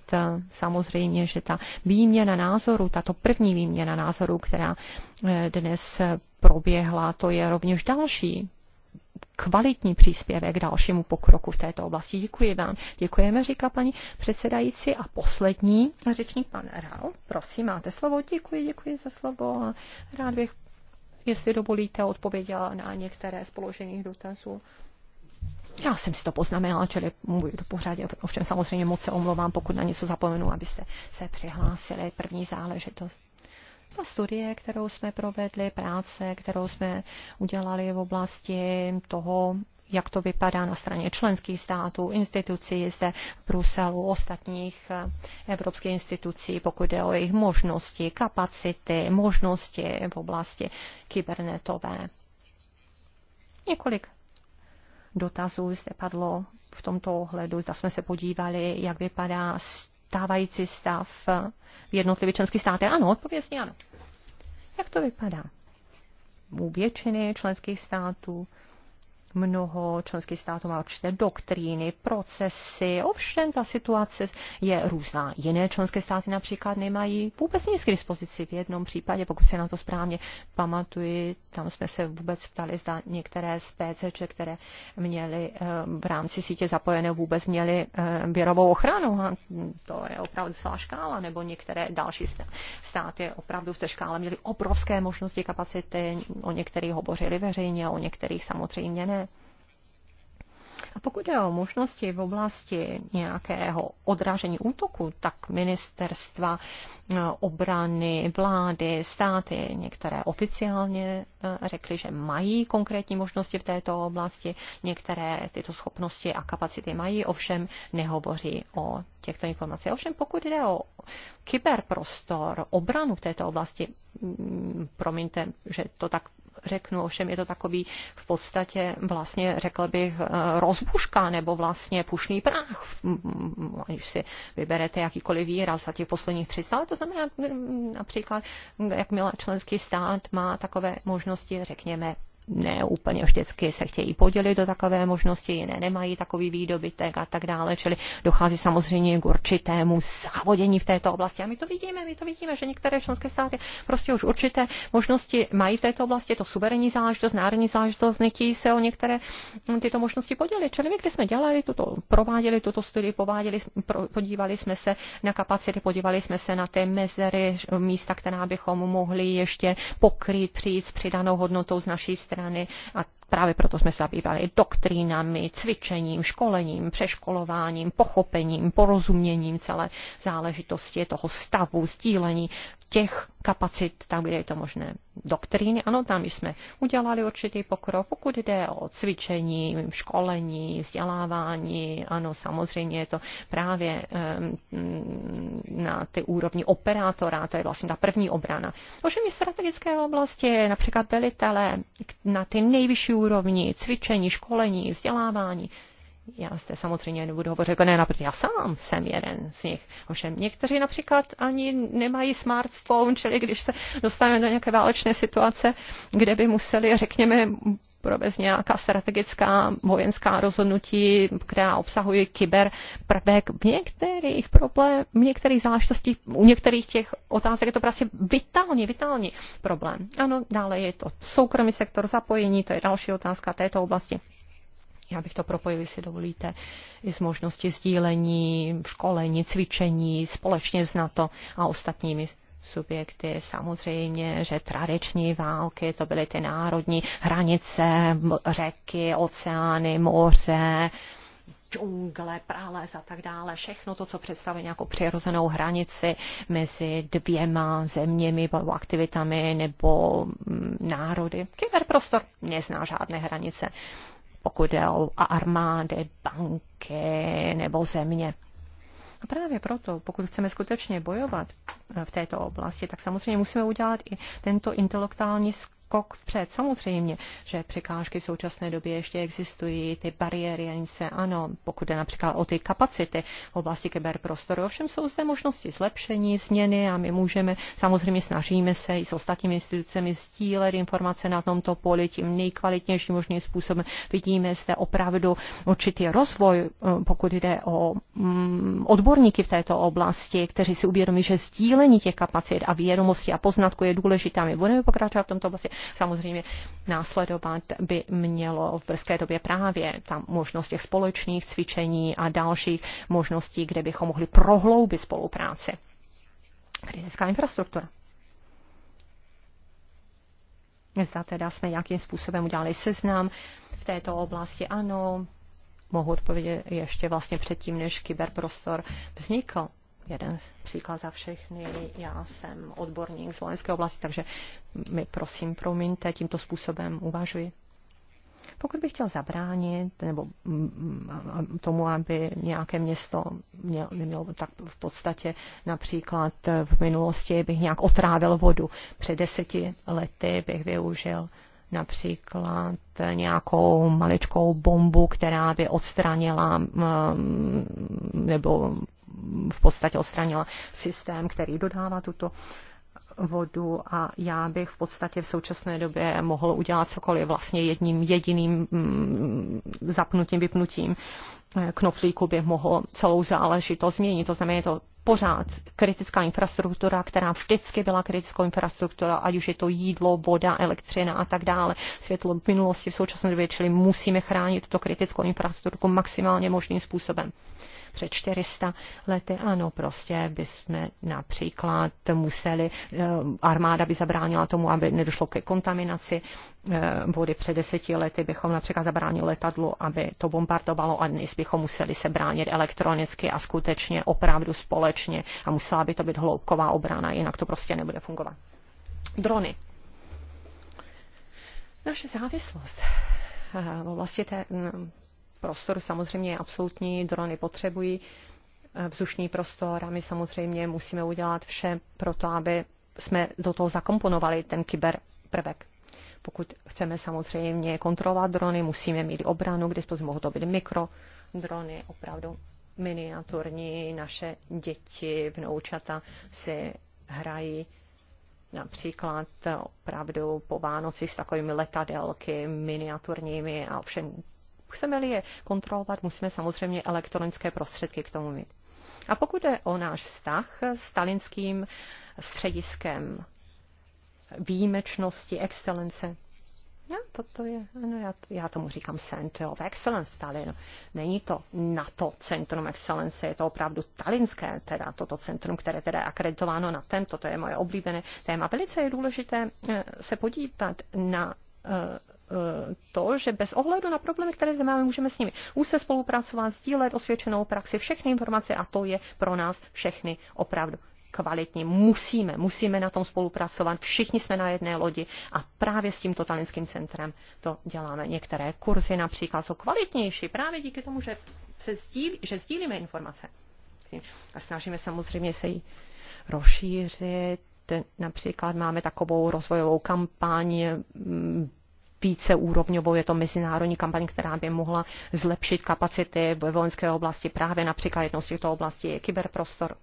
Samozřejmě, že ta výměna názoru, tato první výměna názoru, která eh, dnes proběhla, to je rovněž další kvalitní příspěvek k dalšímu pokroku v této oblasti. Děkuji vám. Děkujeme, říká paní předsedající. A poslední řečník, pan Rao. Prosím, máte slovo. Děkuji, děkuji za slovo. Rád bych jestli dovolíte, odpověděla na některé z položených dotazů. Já jsem si to poznamenala, čili můj pořádě, ovšem samozřejmě moc se omlouvám, pokud na něco zapomenu, abyste se přihlásili. První záležitost. Ta studie, kterou jsme provedli, práce, kterou jsme udělali v oblasti toho, jak to vypadá na straně členských států, institucí zde v Bruselu, ostatních eh, evropských institucí, pokud jde o jejich možnosti, kapacity, možnosti v oblasti kybernetové. Několik dotazů zde padlo v tomto ohledu. Zda jsme se podívali, jak vypadá stávající stav v jednotlivých členských státech. Ano, odpovězně ano. Jak to vypadá? U většiny členských států Mnoho členských států má určité doktríny, procesy, ovšem ta situace je různá. Jiné členské státy například nemají vůbec nic k dispozici. V jednom případě, pokud se na to správně pamatuji, tam jsme se vůbec ptali, zda některé z PCČ, které měly eh, v rámci sítě zapojené, vůbec měly věrovou eh, ochranu. A to je opravdu celá škála, nebo některé další státy opravdu v té škále měly obrovské možnosti kapacity, o některých hovořili veřejně, o některých samozřejmě ne. A pokud je o možnosti v oblasti nějakého odražení útoku, tak ministerstva eh, obrany, vlády, státy, některé oficiálně eh, řekly, že mají konkrétní možnosti v této oblasti, některé tyto schopnosti a kapacity mají, ovšem nehovoří o těchto informacích. Ovšem pokud jde o kyberprostor, obranu v této oblasti, mm, promiňte, že to tak řeknu, ovšem je to takový v podstatě vlastně řekl bych eh, rozbuška nebo vlastně pušný prach, když si vyberete jakýkoliv výraz za těch posledních 300 let, to znamená mm, například, jakmile členský stát má takové možnosti, řekněme, ne úplně vždycky se chtějí podělit do takové možnosti, jiné nemají takový výdobytek a tak dále, čili dochází samozřejmě k určitému závodění v této oblasti. A my to vidíme, my to vidíme, že některé členské státy prostě už určité možnosti mají v této oblasti, to suverénní záležitost, národní záležitost, nechtějí se o některé tyto možnosti podělit. Čili my, když jsme dělali tuto, prováděli tuto studii, pováděli, pro, podívali jsme se na kapacity, podívali jsme se na ty mezery, místa, která bychom mohli ještě pokrýt, přijít s přidanou hodnotou z naší strany strany a Právě proto jsme se zabývali doktrínami, cvičením, školením, přeškolováním, pochopením, porozuměním celé záležitosti toho stavu, sdílení těch kapacit, tam, kde je to možné. Doktríny, ano, tam jsme udělali určitý pokrok, pokud jde o cvičení, školení, vzdělávání, ano, samozřejmě je to právě um, na ty úrovni operátora, to je vlastně ta první obrana. Ovšem i strategické oblasti, například velitele, na ty nejvyšší úrovni, cvičení, školení, vzdělávání, já zde samozřejmě nebudu hovořit, jako ne, například já sám jsem jeden z nich. Ovšem někteří například ani nemají smartphone, čili když se dostaneme do nějaké válečné situace, kde by museli, řekněme, provést nějaká strategická vojenská rozhodnutí, která obsahuje kyber prvek. V některých problém, v některých záležitostí, u některých těch otázek je to prostě vitální, vitální problém. Ano, dále je to soukromý sektor zapojení, to je další otázka této oblasti. Já bych to propojil, si dovolíte, i s možností sdílení, školení, cvičení společně s NATO a ostatními subjekty. Samozřejmě, že tradiční války, to byly ty národní hranice, řeky, oceány, moře, džungle, prales a tak dále. Všechno to, co představuje nějakou přirozenou hranici mezi dvěma zeměmi nebo aktivitami nebo národy. Kyberprostor nezná žádné hranice pokud jde o armády, banky nebo země. A právě proto, pokud chceme skutečně bojovat eh, v této oblasti, tak samozřejmě musíme udělat i tento intelektuální skok vpřed. Samozřejmě, že překážky v současné době ještě existují, ty bariéry ani se ano, pokud jde například o ty kapacity v oblasti kyberprostoru. Ovšem jsou zde možnosti zlepšení, změny a my můžeme, samozřejmě snažíme se i s ostatními institucemi sdílet informace na tomto poli tím nejkvalitnějším možným způsobem. Vidíme zde opravdu určitý rozvoj, eh, pokud jde o mm, odborníky v této oblasti, kteří si uvědomí, že sdílení těch kapacit a vědomostí a poznatku je důležité. My budeme pokračovat v tomto oblasti samozřejmě následovat by mělo v brzké době právě ta možnost těch společných cvičení a dalších možností, kde bychom mohli prohloubit spolupráci. Kritická infrastruktura. Zda teda jsme nějakým způsobem udělali seznam v této oblasti. Ano, mohu odpovědět ještě vlastně předtím, než kyberprostor vznikl jeden příklad za všechny. Já jsem odborník z vojenské oblasti, takže mi prosím promiňte, tímto způsobem uvažuji. Pokud bych chtěl zabránit nebo mm, mm, tomu, aby nějaké město měl, nemělo, tak v podstatě například v minulosti bych nějak otrávil vodu. Před deseti lety bych využil například nějakou maličkou bombu, která by odstranila mm, nebo v podstatě odstranila systém, který dodává tuto vodu a já bych v podstatě v současné době mohl udělat cokoliv vlastně jedním jediným mm, zapnutím, vypnutím eh, knoflíku by mohl celou záležitost změnit. To znamená, je to pořád kritická infrastruktura, která vždycky byla kritickou infrastruktura, ať už je to jídlo, voda, elektřina a tak dále, světlo v minulosti, v současné době, čili musíme chránit tuto kritickou infrastrukturu maximálně možným způsobem před 400 lety. Ano, prostě jsme například museli, eh, armáda by zabránila tomu, aby nedošlo ke kontaminaci eh, vody před deseti lety, bychom například zabránili letadlu, aby to bombardovalo a dnes bychom museli se bránit elektronicky a skutečně opravdu společně a musela by to být hloubková obrana, jinak to prostě nebude fungovat. Drony. Naše závislost eh, v oblasti té mm, prostor samozřejmě je absolutní, drony potřebují eh, vzdušný prostor a my samozřejmě musíme udělat vše pro to, aby jsme do toho zakomponovali ten kyberprvek. Pokud chceme samozřejmě kontrolovat drony, musíme mít obranu, Kde spolu mohou to být mikro drony, opravdu miniaturní. Naše děti, vnoučata si hrají například opravdu po Vánoci s takovými letadelky miniaturními a ovšem Chceme-li je kontrolovat, musíme samozřejmě elektronické prostředky k tomu mít. A pokud je o náš vztah s talinským střediskem výjimečnosti, excelence, No, toto je, no já, já tomu říkám Center of Excellence v Není to to Centrum Excellence, je to opravdu talinské, teda toto centrum, které teda je akreditováno na tento, to je moje oblíbené téma. Velice je důležité eh, se podívat na eh, Eh, to, že bez ohledu na problémy, které zde máme, můžeme s nimi úzce spolupracovat, sdílet osvědčenou praxi, všechny informace a to je pro nás všechny opravdu kvalitní. Musíme, musíme na tom spolupracovat. Všichni jsme na jedné lodi a právě s tímto talentským centrem to děláme. Některé kurzy například jsou kvalitnější právě díky tomu, že, se sdíl, že sdílíme informace. A snažíme samozřejmě se ji rozšířit. Například máme takovou rozvojovou kampaň mm, úrovňovou, je to mezinárodní kampaň, která by mohla zlepšit kapacity ve vojenské oblasti. Právě například jednou z těchto oblastí je kyberprostor.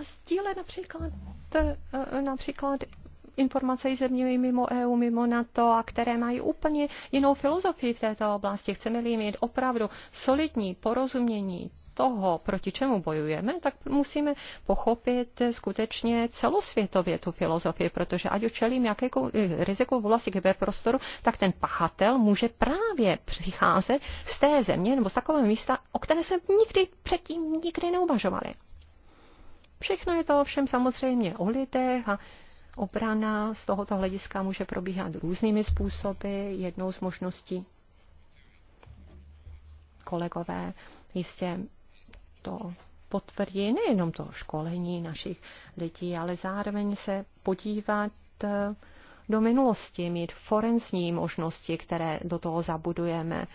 A sdíle například, eh, například informace i zeměmi mimo EU, mimo NATO a které mají úplně jinou filozofii v této oblasti. Chceme-li mít opravdu solidní porozumění toho, proti čemu bojujeme, tak musíme pochopit skutečně celosvětově tu filozofii, protože ať učelím jakékoliv eh, riziku v oblasti kyberprostoru, tak ten pachatel může právě přicházet z té země nebo z takového místa, o které jsme nikdy předtím nikdy neuvažovali. Všechno je to ovšem samozřejmě o lidech a Obrana z tohoto hlediska může probíhat různými způsoby. Jednou z možností kolegové jistě to potvrdí nejenom to školení našich lidí, ale zároveň se podívat eh, do minulosti, mít forenzní možnosti, které do toho zabudujeme.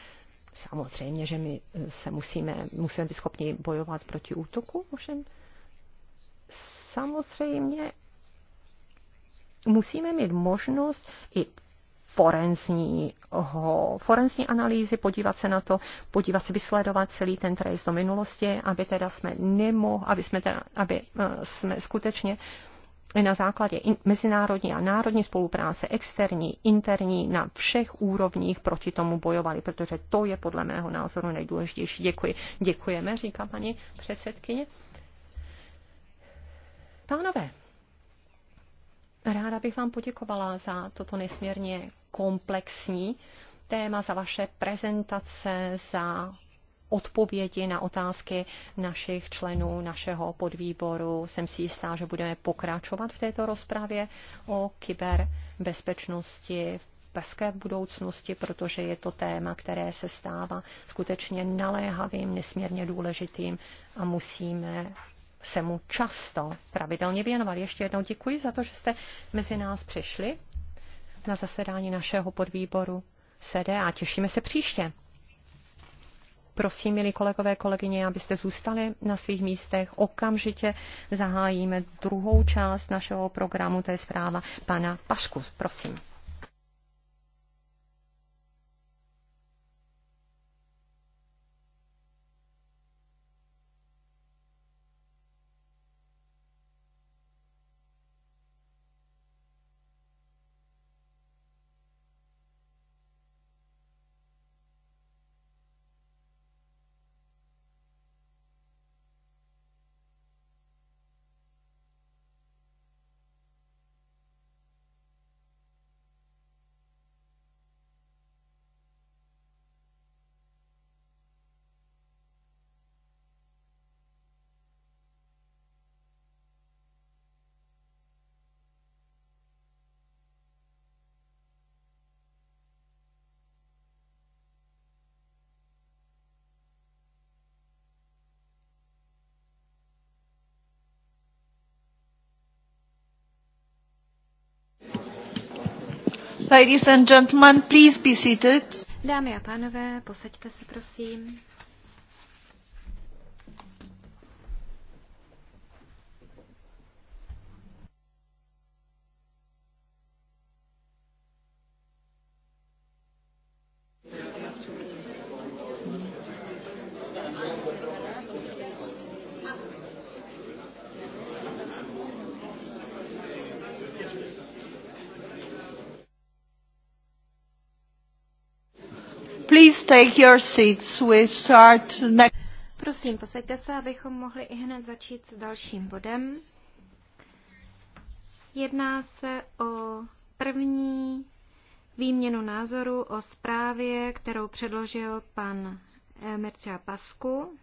Samozřejmě, že my eh, se musíme, musíme být schopni bojovat proti útoku, ovšem samozřejmě musíme mít možnost i forenzního, forenzní analýzy, podívat se na to, podívat se, vysledovat celý ten trest do minulosti, aby teda jsme nemohli, aby jsme, teda, aby eh, jsme skutečně na základě mezinárodní a národní spolupráce, externí, interní, na všech úrovních proti tomu bojovali, protože to je podle mého názoru nejdůležitější. Děkuji. Děkujeme, říká paní předsedkyně. Pánové, Ráda bych vám poděkovala za toto nesmírně komplexní téma, za vaše prezentace, za odpovědi na otázky našich členů našeho podvýboru. Jsem si jistá, že budeme pokračovat v této rozpravě o kyberbezpečnosti v brzké budoucnosti, protože je to téma, které se stává skutečně naléhavým, nesmírně důležitým a musíme se mu často pravidelně věnoval. Ještě jednou děkuji za to, že jste mezi nás přišli na zasedání našeho podvýboru SED a těšíme se příště. Prosím, milí kolegové, kolegyně, abyste zůstali na svých místech. Okamžitě zahájíme druhou část našeho programu, to je zpráva pana Pašku. Prosím. Ladies and gentlemen, please be seated. Dámy a pánové, posaďte se prosím. Prosím, posaďte se, abychom mohli i hned začít s dalším bodem. Jedná se o první výměnu názoru o zprávě, kterou předložil pan eh, Mircea Pasku.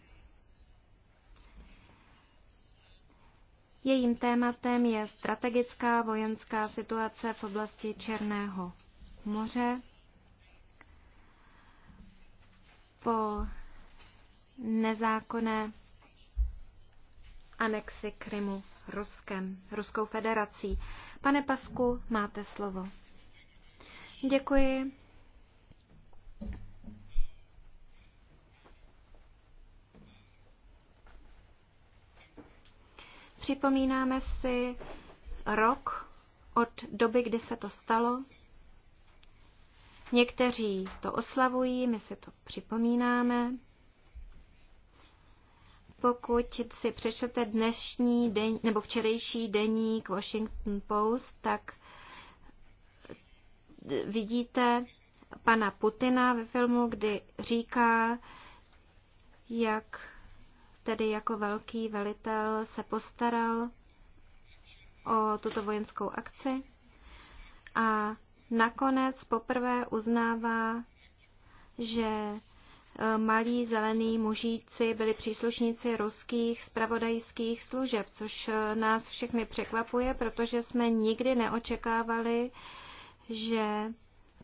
Jejím tématem je strategická vojenská situace v oblasti Černého moře. po nezákonné anexi Krymu Ruskem, Ruskou federací. Pane Pasku, máte slovo. Děkuji. Připomínáme si rok od doby, kdy se to stalo, Někteří to oslavují, my si to připomínáme. Pokud si přečtete dnešní den, nebo včerejší deník Washington Post, tak vidíte pana Putina ve filmu, kdy říká, jak tedy jako velký velitel se postaral o tuto vojenskou akci a nakonec poprvé uznává, že e, malí zelení mužíci byli příslušníci ruských spravodajských služeb, což e, nás všechny překvapuje, protože jsme nikdy neočekávali, že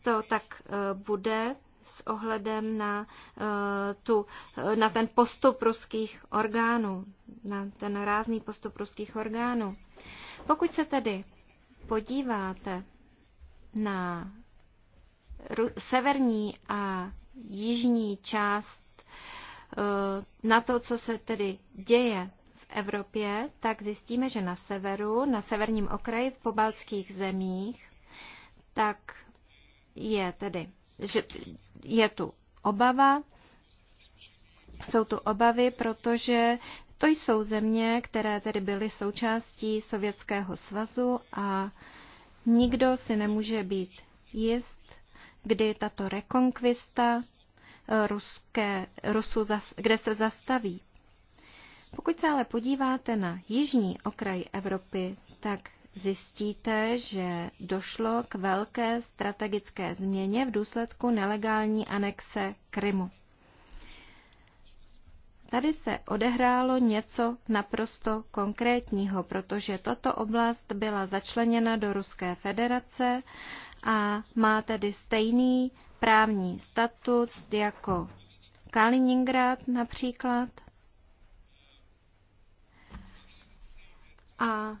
to tak e, bude s ohledem na, tu, na ten postup ruských orgánů, na ten rázný postup ruských orgánů. Pokud se tedy podíváte na severní a jižní část eh, na to, co se tedy děje v Evropě, tak zjistíme, že na severu, na severním okraji v pobaltských zemích, tak je tedy, že je tu obava, jsou tu obavy, protože to jsou země, které tedy byly součástí Sovětského svazu a Nikdo si nemůže být jist, kdy tato rekonkvista eh, ruské, Rusu, kde se zastaví. Pokud se ale podíváte na jižní okraj Evropy, tak zjistíte, že došlo k velké strategické změně v důsledku nelegální anexe Krymu. Tady se odehrálo něco naprosto konkrétního, protože tato oblast byla začleněna do Ruské federace a má tedy stejný právní statut jako Kaliningrad například. A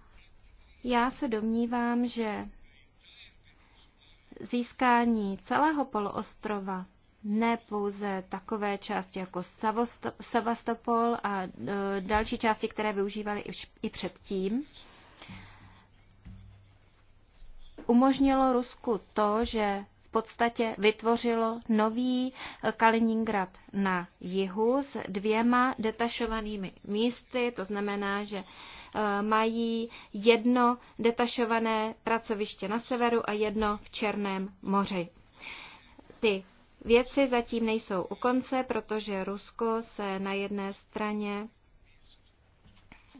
já se domnívám, že získání celého poloostrova ne pouze takové části jako Savastopol a e, další části, které využívali i předtím. Umožnilo Rusku to, že v podstatě vytvořilo nový e, Kaliningrad na jihu s dvěma detašovanými místy, to znamená, že e, mají jedno detašované pracoviště na severu a jedno v Černém moři. Ty Věci zatím nejsou u konce, protože Rusko se na jedné straně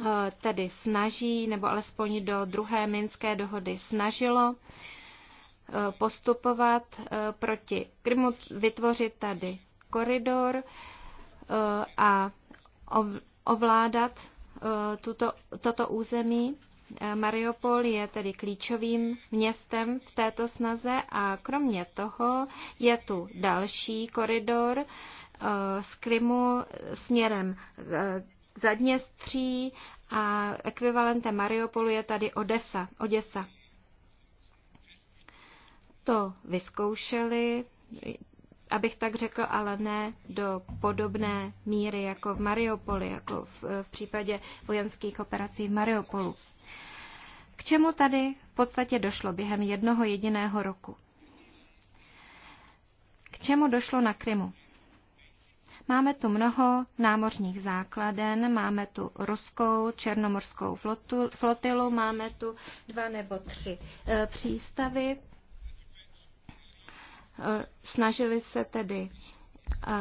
eh, tedy snaží, nebo alespoň do druhé minské dohody snažilo eh, postupovat eh, proti Krymu, vytvořit tady koridor a ovládat tuto, toto území. Mariupol je tedy klíčovým městem v této snaze a kromě toho je tu další koridor eh, z Krymu směrem k eh, Zadněstří a ekvivalentem Mariupolu je tady Odessa. Oděsa. To vyzkoušeli, abych tak řekl, ale ne do podobné míry jako v Mariupoli, jako v, v případě vojenských operací v Mariupolu. K čemu tady v podstatě došlo během jednoho jediného roku? K čemu došlo na Krymu? Máme tu mnoho námořních základen, máme tu ruskou černomorskou flotu, flotilu, máme tu dva nebo tři e, přístavy. E, snažili se tedy e,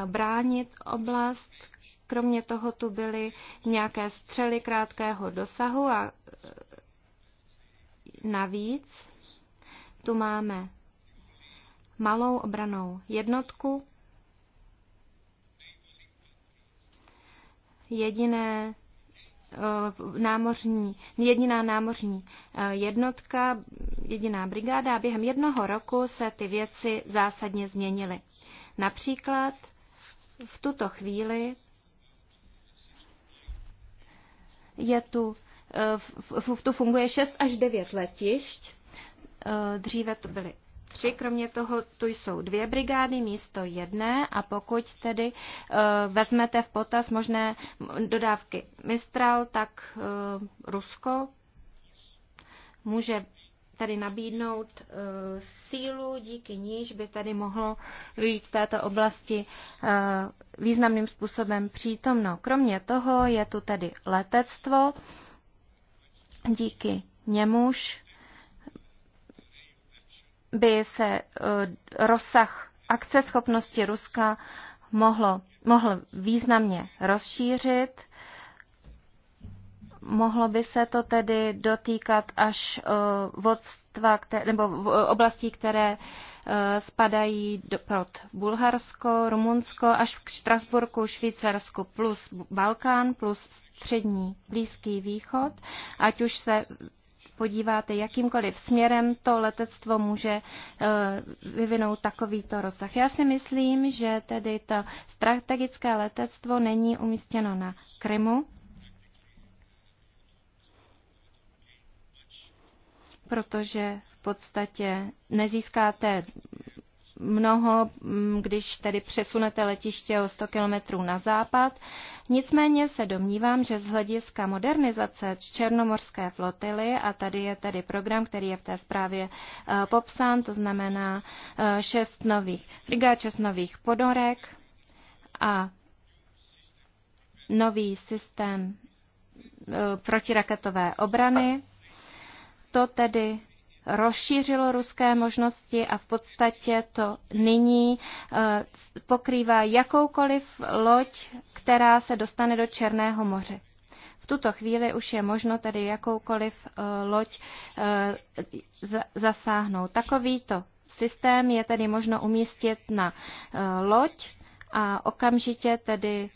bránit oblast. Kromě toho tu byly nějaké střely krátkého dosahu a e, Navíc tu máme malou obranou jednotku, jediné eh, námořní, jediná námořní eh, jednotka, jediná brigáda a během jednoho roku se ty věci zásadně změnily. Například v tuto chvíli je tu v eh, tu funguje 6 až 9 letišť. Eh, dříve to byly tři, kromě toho tu jsou dvě brigády místo jedné a pokud tedy eh, vezmete v potaz možné dodávky Mistral, tak Rusko může tady nabídnout sílu, díky níž by tady mohlo být v této oblasti významným způsobem přítomno. Kromě toho je tu tedy letectvo, díky němuž by se eh, rozsah akceschopnosti Ruska mohlo, mohl významně rozšířit. Mohlo by se to tedy dotýkat až eh, vodstva, které, nebo eh, oblastí, které eh, spadají do, pod Bulharsko, Rumunsko, až k Štrasburku, Švýcarsku, plus Balkán, plus střední Blízký východ, ať už se podíváte jakýmkoliv směrem, to letectvo může vyvinout takovýto rozsah. Já si myslím, že tedy to strategické letectvo není umístěno na Krymu, protože v podstatě nezískáte mnoho, mm, když tedy přesunete letiště o 100 kilometrů na západ. Nicméně se domnívám, že z hlediska modernizace černomorské flotily, a tady je tedy program, který je v té zprávě eh, popsán, to znamená eh, šest nových frigát, šest nových podorek a nový systém eh, protiraketové obrany to tedy rozšířilo ruské možnosti a v podstatě to nyní eh, pokrývá jakoukoliv loď, která se dostane do Černého moře. V tuto chvíli už je možno tedy jakoukoliv eh, loď eh, zasáhnout. Takovýto systém je tedy možno umístit na loď a okamžitě tedy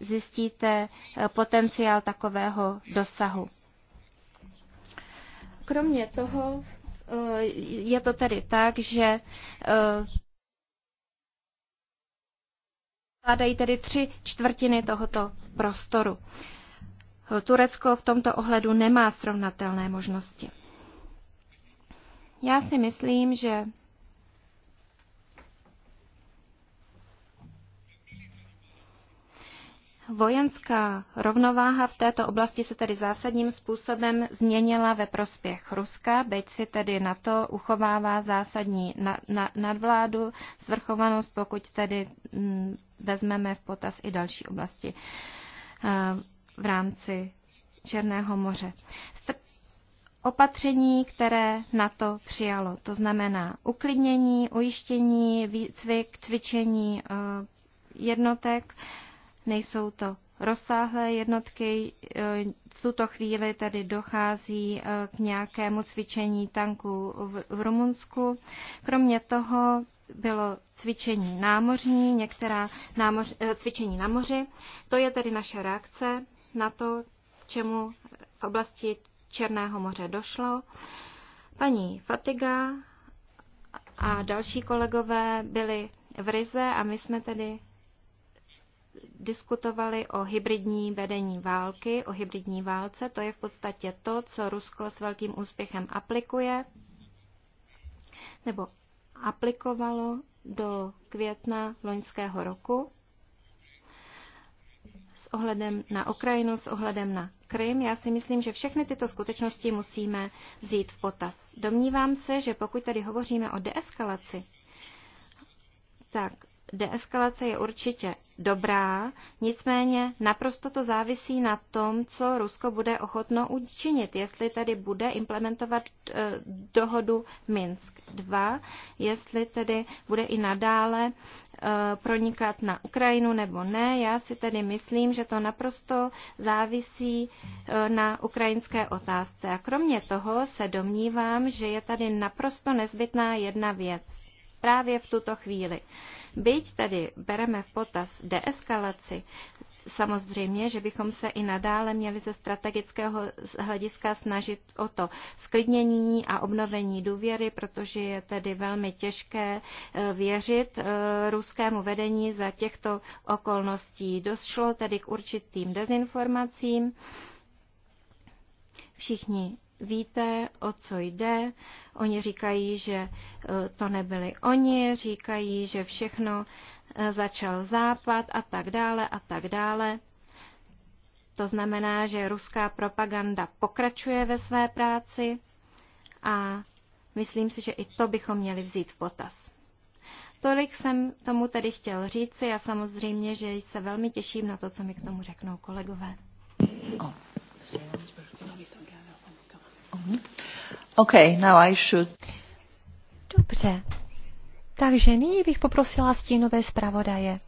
zjistíte potenciál takového dosahu. Kromě toho eh, je to tedy tak, že eh, vládají tedy tři čtvrtiny tohoto prostoru. Turecko v tomto ohledu nemá srovnatelné možnosti. Já si myslím, že Vojenská rovnováha v této oblasti se tedy zásadním způsobem změnila ve prospěch Ruska, byť si tedy na to uchovává zásadní na, na, nadvládu, svrchovanost, pokud tedy m, mm, vezmeme v potaz i další oblasti eh, v rámci Černého moře. Opatření, které na to přijalo, to znamená uklidnění, ujištění, výcvik, cvičení eh, jednotek, Nejsou to rozsáhlé jednotky. E, v tuto chvíli tedy dochází e, k nějakému cvičení tanků v Rumunsku. Kromě toho bylo cvičení námořní, některá námoř, e, cvičení na moři. To je tedy naše reakce na to, čemu v oblasti Černého moře došlo. Paní Fatiga a další kolegové byli v Rize a my jsme tedy diskutovali o hybridní vedení války, o hybridní válce. To je v podstatě to, co Rusko s velkým úspěchem aplikuje nebo aplikovalo do května loňského roku s ohledem na Ukrajinu, s ohledem na Krym. Já si myslím, že všechny tyto skutečnosti musíme vzít v potaz. Domnívám se, že pokud tady hovoříme o deeskalaci, tak deeskalace je určitě dobrá, nicméně naprosto to závisí na tom, co Rusko bude ochotno učinit, jestli tedy bude implementovat eh, dohodu Minsk 2, jestli tedy bude i nadále eh, pronikat na Ukrajinu nebo ne. Já si tedy myslím, že to naprosto závisí eh, na ukrajinské otázce. A kromě toho se domnívám, že je tady naprosto nezbytná jedna věc právě v tuto chvíli. Byť tedy bereme v potaz deeskalaci, Samozřejmě, že bychom se i nadále měli ze strategického hlediska snažit o to sklidnění a obnovení důvěry, protože je tedy velmi těžké e, věřit e, ruskému vedení za těchto okolností. Došlo tedy k určitým dezinformacím. Všichni víte, o co jde. Oni říkají, že e, to nebyli oni, říkají, že všechno e, začal západ a tak dále a tak dále. To znamená, že ruská propaganda pokračuje ve své práci a myslím si, že i to bychom měli vzít v potaz. Tolik jsem tomu tedy chtěl říci a samozřejmě, že se velmi těším na to, co mi k tomu řeknou kolegové. Oh. Mhm. Okay, now I should... Dobře. Takže nyní bych poprosila stínové zpravodaje.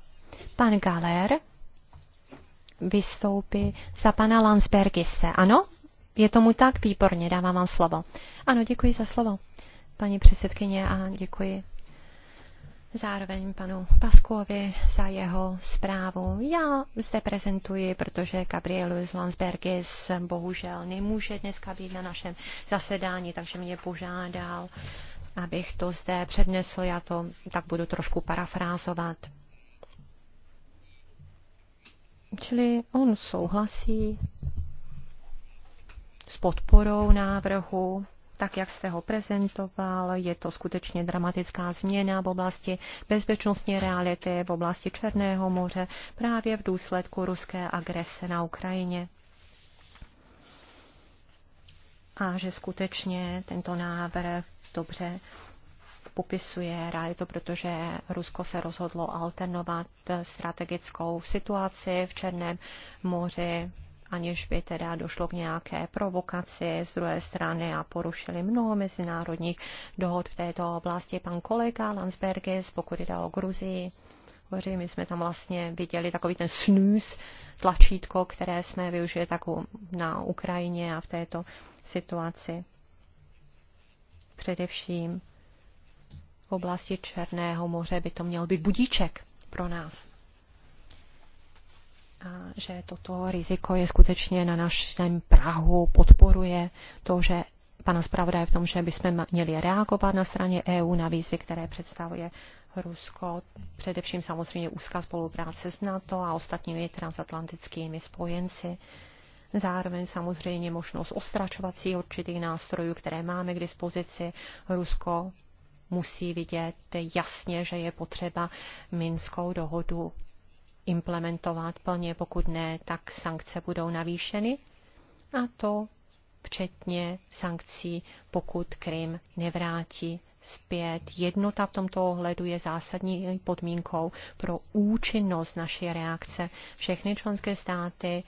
Pan Galer vystoupí za pana Landsbergise. Ano? Je tomu tak? Výborně, dávám vám slovo. Ano, děkuji za slovo, paní předsedkyně, a děkuji zároveň panu Paskovi za jeho zprávu. Já zde prezentuji, protože Gabrielus Landsbergis bohužel nemůže dneska být na našem zasedání, takže mě požádal, abych to zde přednesl. Já to tak budu trošku parafrázovat. Čili on souhlasí s podporou návrhu tak jak jste ho prezentoval, je to skutečně dramatická změna v oblasti bezpečnostní reality, v oblasti Černého moře, právě v důsledku ruské agrese na Ukrajině. A že skutečně tento návrh dobře popisuje, ráje to, protože Rusko se rozhodlo alternovat strategickou situaci v Černém moři aniž by teda došlo k nějaké provokaci z druhé strany a porušili mnoho mezinárodních dohod v této oblasti. Pan kolega Landsbergis, pokud jde o Gruzii, hovoří, my jsme tam vlastně viděli takový ten snus tlačítko, které jsme využili tak na Ukrajině a v této situaci. Především v oblasti Černého moře by to měl být budíček pro nás že toto riziko je skutečně na našem Prahu, podporuje to, že pana zpravodaje v tom, že bychom měli reagovat na straně EU na výzvy, které představuje Rusko, především samozřejmě úzká spolupráce s NATO a ostatními transatlantickými spojenci. Zároveň samozřejmě možnost ostračovací určitých nástrojů, které máme k dispozici. Rusko musí vidět jasně, že je potřeba Minskou dohodu implementovat plně, pokud ne, tak sankce budou navýšeny a to včetně sankcí, pokud Krym nevrátí zpět. Jednota v tomto ohledu je zásadní podmínkou pro účinnost naší reakce. Všechny členské státy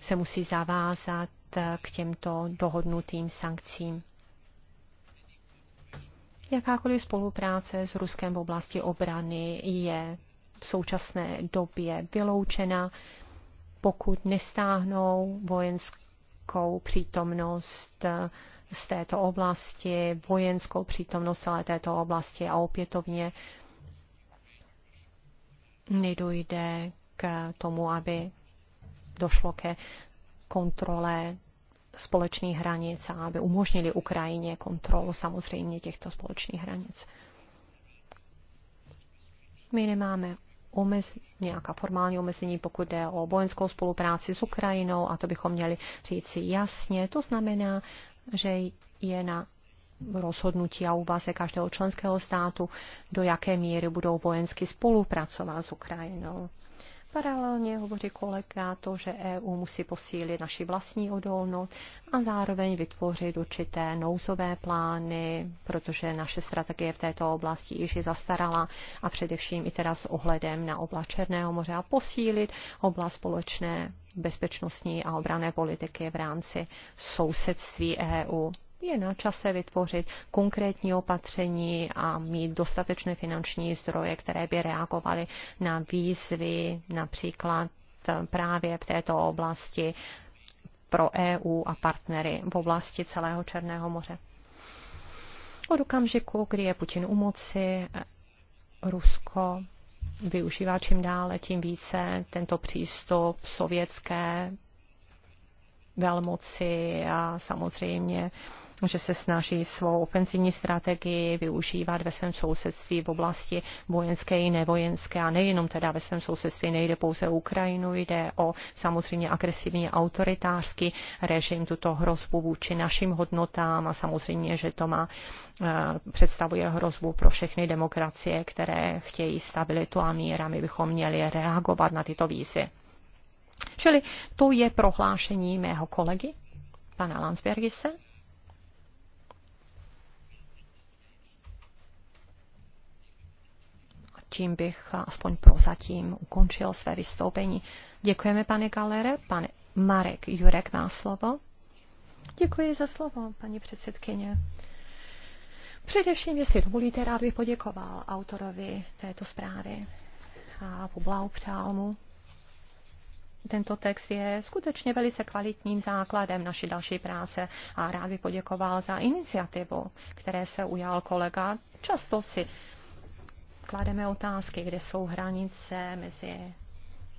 se musí zavázat k těmto dohodnutým sankcím. Jakákoliv spolupráce s Ruskem v oblasti obrany je v současné době vyloučena, pokud nestáhnou vojenskou přítomnost eh, z této oblasti, vojenskou přítomnost celé této oblasti a opětovně nedojde k tomu, aby došlo ke kontrole společných hranic a aby umožnili Ukrajině kontrolu samozřejmě těchto společných hranic. My nemáme omez, nějaká formální omezení, pokud jde o vojenskou spolupráci s Ukrajinou, a to bychom měli říct si jasně. To znamená, že je na rozhodnutí a úvaze každého členského státu, do jaké míry budou vojensky spolupracovat s Ukrajinou. Paralelně hovoří kolega to, že EU musí posílit naši vlastní odolnost a zároveň vytvořit určité nouzové plány, protože naše strategie v této oblasti již je zastarala a především i teda s ohledem na oblast Černého moře a posílit oblast společné bezpečnostní a obrané politiky v rámci sousedství EU je na čase vytvořit konkrétní opatření a mít dostatečné finanční zdroje, které by reagovaly na výzvy, například eh, právě v této oblasti pro EU a partnery v oblasti celého Černého moře. Od okamžiku, kdy je Putin u moci, eh, Rusko využívá čím dále, tím více tento přístup sovětské velmoci a samozřejmě že se snaží svou ofenzivní strategii využívat ve svém sousedství v oblasti vojenské i nevojenské a nejenom teda ve svém sousedství nejde pouze o Ukrajinu, jde o samozřejmě agresivní autoritářský režim, tuto hrozbu vůči našim hodnotám a samozřejmě, že to má eh, představuje hrozbu pro všechny demokracie, které chtějí stabilitu a míra. my bychom měli reagovat na tyto výzvy. Čili to je prohlášení mého kolegy, pana Landsbergise. tím bych aspoň prozatím ukončil své vystoupení. Děkujeme, pane Galere. Pane Marek Jurek má slovo. Děkuji za slovo, paní předsedkyně. Především, jestli dovolíte, rád bych poděkoval autorovi této zprávy a poblahu mu. Tento text je skutečně velice kvalitním základem naší další práce a rád bych poděkoval za iniciativu, které se ujal kolega. Často si klademe otázky, kde jsou hranice mezi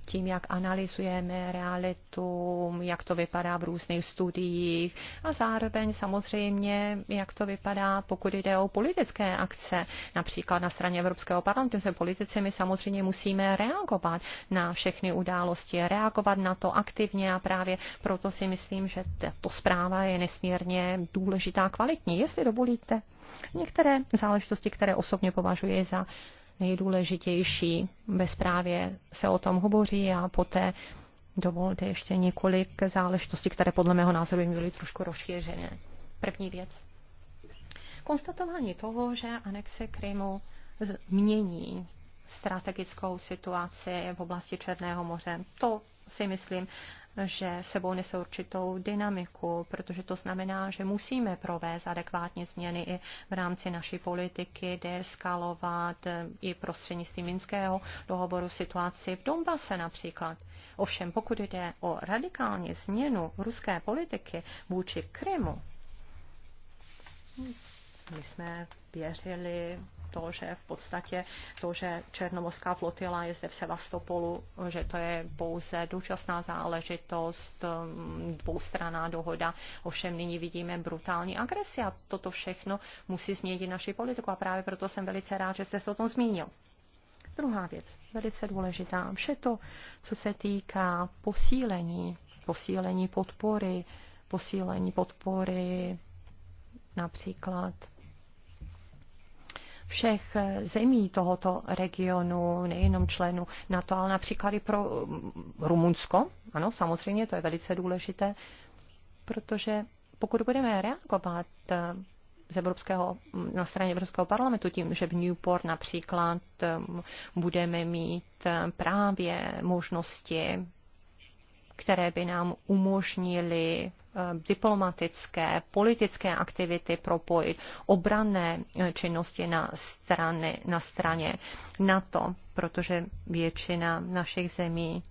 tím, jak analyzujeme realitu, jak to vypadá v různých studiích a zároveň samozřejmě, jak to vypadá, pokud jde o politické akce. Například na straně Evropského parlamentu se politici my samozřejmě musíme reagovat na všechny události, reagovat na to aktivně a právě proto si myslím, že tato zpráva je nesmírně důležitá, kvalitní, jestli dovolíte. Některé záležitosti, které osobně považuji za nejdůležitější. Ve zprávě se o tom hovoří a poté dovolte ještě několik záležitostí, které podle mého názoru by měly trošku rozšířené. První věc. Konstatování toho, že anexe Krymu změní strategickou situaci v oblasti Černého moře. To si myslím, že sebou nese určitou dynamiku, protože to znamená, že musíme provést adekvátní změny i v rámci naší politiky, deeskalovat eh, i prostřednictvím Minského dohovoru situaci v Donbase například. Ovšem, pokud jde o radikální změnu ruské politiky vůči Krymu, my jsme věřili to, že v podstatě to, že Černomorská flotila je zde v Sevastopolu, že to je pouze dočasná záležitost, mm, dvoustraná dohoda. Ovšem nyní vidíme brutální agresi a toto všechno musí změnit naši politiku a právě proto jsem velice rád, že jste se o tom zmínil. Druhá věc, velice důležitá, vše to, co se týká posílení, posílení podpory, posílení podpory například všech eh, zemí tohoto regionu, nejenom členů NATO, ale například i pro mm, Rumunsko. Ano, samozřejmě, to je velice důležité, protože pokud budeme reagovat eh, z Evropského, mm, na straně Evropského parlamentu tím, že v Newport například eh, budeme mít právě možnosti které by nám umožnily eh, diplomatické, politické aktivity propojit, obranné eh, činnosti na, strany, na straně NATO, protože většina našich zemí,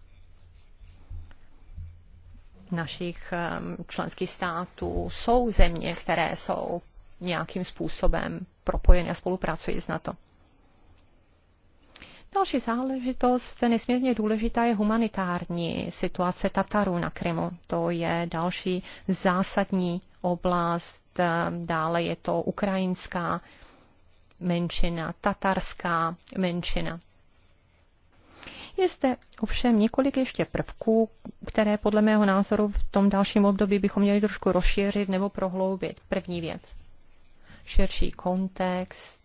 našich eh, členských států jsou země, které jsou nějakým způsobem propojené a spolupracují s NATO. Další záležitost, nesmírně důležitá, je humanitární situace Tatarů na Krymu. To je další zásadní oblast. Dále je to ukrajinská menšina, tatarská menšina. Je zde ovšem několik ještě prvků, které podle mého názoru v tom dalším období bychom měli trošku rozšířit nebo prohloubit. První věc. Širší kontext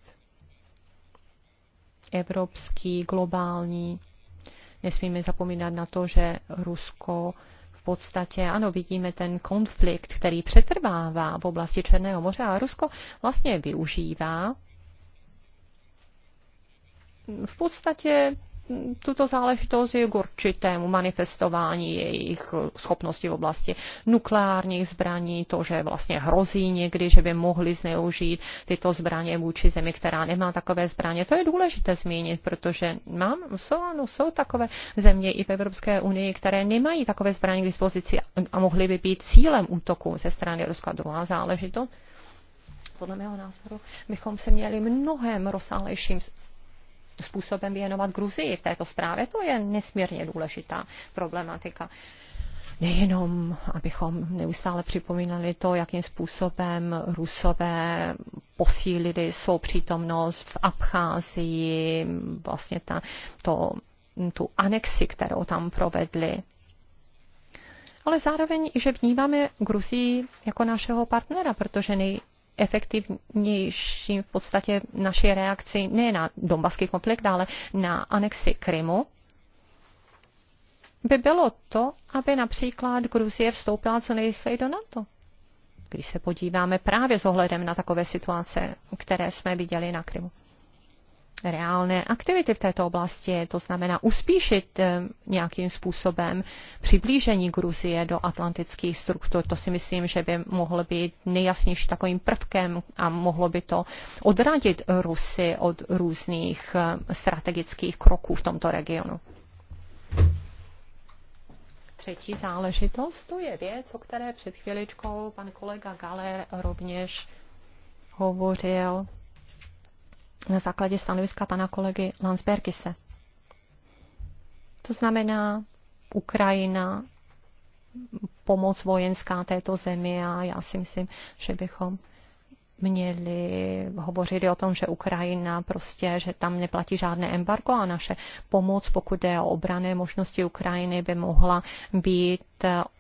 evropský, globální. Nesmíme zapomínat na to, že Rusko v podstatě, ano, vidíme ten konflikt, který přetrvává v oblasti Černého moře a Rusko vlastně využívá v podstatě tuto záležitost je k určitému manifestování jejich schopnosti v oblasti nukleárních zbraní, to, že vlastně hrozí někdy, že by mohli zneužít tyto zbraně vůči zemi, která nemá takové zbraně. To je důležité zmínit, protože mám, jsou, ano, jsou takové země i v Evropské unii, které nemají takové zbraně k dispozici a mohly by být cílem útoku ze strany Ruska. Druhá záležitost podle mého názoru bychom se měli mnohem rozsáhlejším způsobem věnovat Gruzii v této zprávě. To je nesmírně důležitá problematika. Nejenom, abychom neustále připomínali to, jakým způsobem Rusové posílili svou přítomnost v Abcházii, vlastně ta, to, tu anexi, kterou tam provedli, ale zároveň, že vnímáme Gruzii jako našeho partnera, protože nej, efektivnější v podstatě naší reakci ne na Donbaský konflikt, ale na anexi Krymu, by bylo to, aby například Gruzie vstoupila co nejrychleji do NATO. Když se podíváme právě s ohledem na takové situace, které jsme viděli na Krymu reálné aktivity v této oblasti, to znamená uspíšit eh, nějakým způsobem přiblížení Gruzie do atlantických struktur. To si myslím, že by mohlo být nejjasnější takovým prvkem a mohlo by to odradit Rusy od různých eh, strategických kroků v tomto regionu. Třetí záležitost, to je věc, o které před chvíličkou pan kolega Galer rovněž hovořil na základě stanoviska pana kolegy Landsbergise. To znamená, Ukrajina, pomoc vojenská této zemi a já si myslím, že bychom měli hovořit o tom, že Ukrajina prostě, že tam neplatí žádné embargo a naše pomoc, pokud je o obrané možnosti Ukrajiny, by mohla být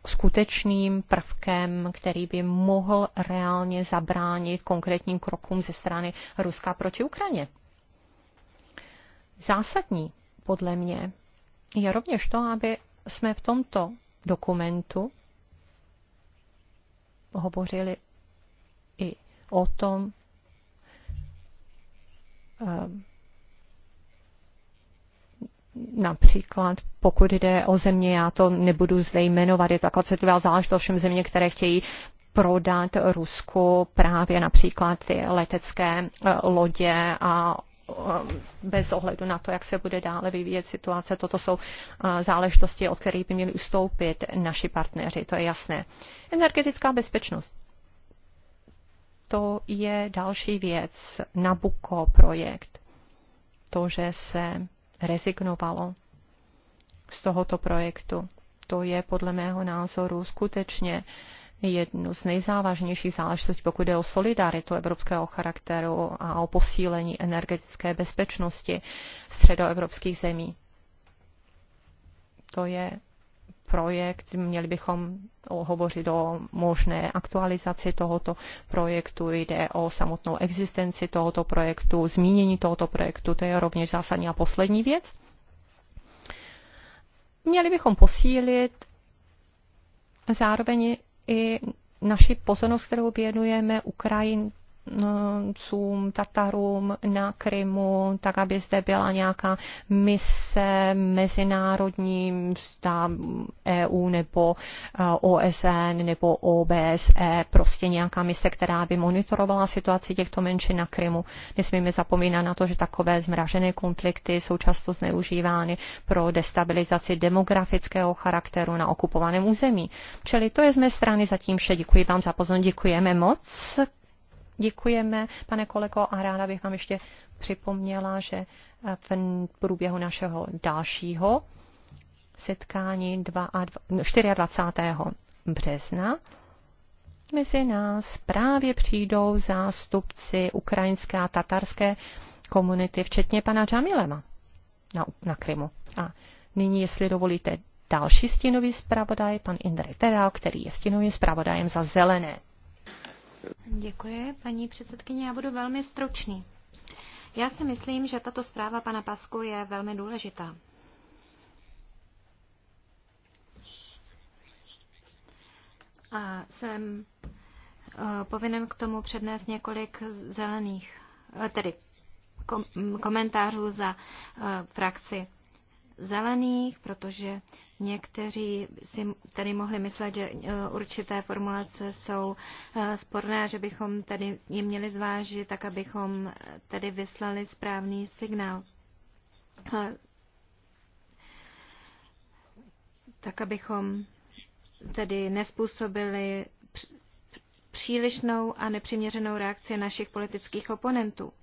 skutečným prvkem, který by mohl reálně zabránit konkrétním krokům ze strany Ruska proti Ukrajině. Zásadní podle mě je rovněž to, aby jsme v tomto dokumentu hovořili o tom, ehm, například pokud jde o země, já to nebudu zde jmenovat, je to taková citlivá záležitost všem země, které chtějí prodat Rusku právě například ty letecké e, lodě a e, bez ohledu na to, jak se bude dále vyvíjet situace. Toto jsou e, záležitosti, od kterých by měli ustoupit naši partneři, to je jasné. Energetická bezpečnost to je další věc, Nabuko projekt. To, že se rezignovalo z tohoto projektu, to je podle mého názoru skutečně jednu z nejzávažnějších záležitostí, pokud jde o solidaritu evropského charakteru a o posílení energetické bezpečnosti středoevropských zemí. To je projekt, měli bychom hovořit o možné aktualizaci tohoto projektu, jde o samotnou existenci tohoto projektu, zmínění tohoto projektu, to je rovněž zásadní a poslední věc. Měli bychom posílit zároveň i naši pozornost, kterou věnujeme Ukrajin, Ukrajincům, Tatarům na Krymu, tak aby zde byla nějaká mise mezinárodní, zda EU nebo eh, OSN nebo OBSE, prostě nějaká mise, která by monitorovala situaci těchto menšin na Krymu. Nesmíme zapomínat na to, že takové zmražené konflikty jsou často zneužívány pro destabilizaci demografického charakteru na okupovaném území. Čili to je z mé strany zatím vše. Děkuji vám za pozornost. Děkujeme moc Děkujeme, pane kolego, a ráda bych vám ještě připomněla, že eh, v průběhu našeho dalšího setkání 24. No, března mezi nás právě přijdou zástupci ukrajinské a tatarské komunity, včetně pana Džamilema na, na Krymu. A nyní, jestli dovolíte, další stínový zpravodaj, pan Indre Teral, který je stínovým zpravodajem za zelené. Děkuji, paní předsedkyně. Já budu velmi stručný. Já si myslím, že tato zpráva pana Pasku je velmi důležitá. A jsem eh, povinen k tomu přednést několik zelených, eh, tedy komentářů za eh, frakci zelených, protože někteří si tedy mohli myslet, že eh, určité formulace jsou eh, sporné, a že bychom tedy je měli zvážit, tak abychom eh, tedy vyslali správný signál. Tak abychom tedy nespůsobili přílišnou a nepřiměřenou reakci našich politických oponentů.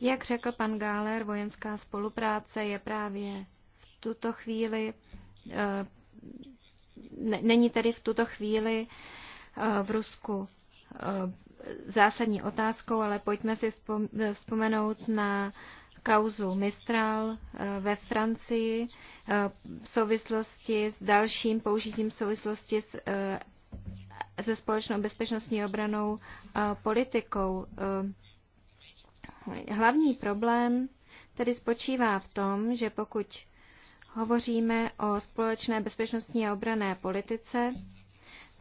Jak řekl pan Gáler, vojenská spolupráce je právě v tuto chvíli, eh, není tedy v tuto chvíli eh, v Rusku eh, zásadní otázkou, ale pojďme si vzpomenout na kauzu Mistral ve Francii v souvislosti s dalším použitím v souvislosti s, se společnou bezpečnostní obranou politikou. Hlavní problém tedy spočívá v tom, že pokud hovoříme o společné bezpečnostní a obrané politice,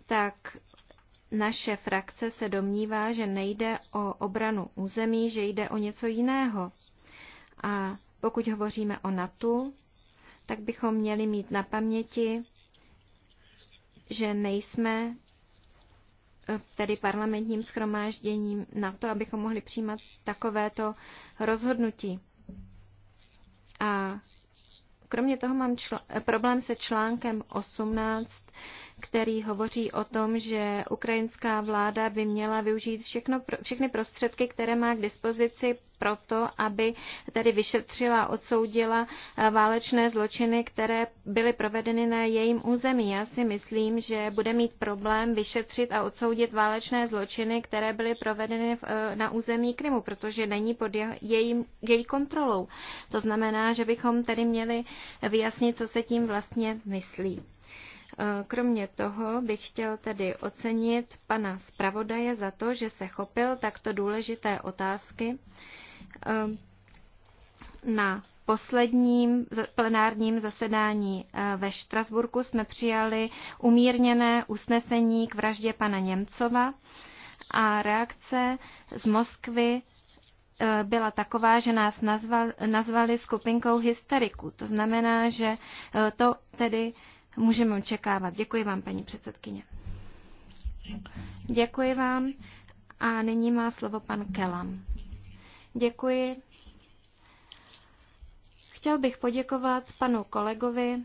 tak naše frakce se domnívá, že nejde o obranu území, že jde o něco jiného. A pokud hovoříme o NATO, tak bychom měli mít na paměti, že nejsme tedy parlamentním schromážděním na to, abychom mohli přijímat takovéto rozhodnutí. A kromě toho mám čl- problém se článkem 18, který hovoří o tom, že ukrajinská vláda by měla využít všechno, všechny prostředky, které má k dispozici proto, aby tedy vyšetřila, odsoudila eh, válečné zločiny, které byly provedeny na jejím území. Já si myslím, že bude mít problém vyšetřit a odsoudit válečné zločiny, které byly provedeny eh, na území Krymu, protože není pod jejím, její kontrolou. To znamená, že bychom tedy měli vyjasnit, co se tím vlastně myslí. E, kromě toho bych chtěl tedy ocenit pana zpravodaje za to, že se chopil takto důležité otázky e, na posledním plenárním zasedání e, ve Štrasburku jsme přijali umírněné usnesení k vraždě pana Němcova a reakce z Moskvy byla taková, že nás nazvali skupinkou hysteriku. To znamená, že to tedy můžeme očekávat. Děkuji vám, paní předsedkyně. Děkuji vám. A nyní má slovo pan Kelam. Děkuji. Chtěl bych poděkovat panu kolegovi,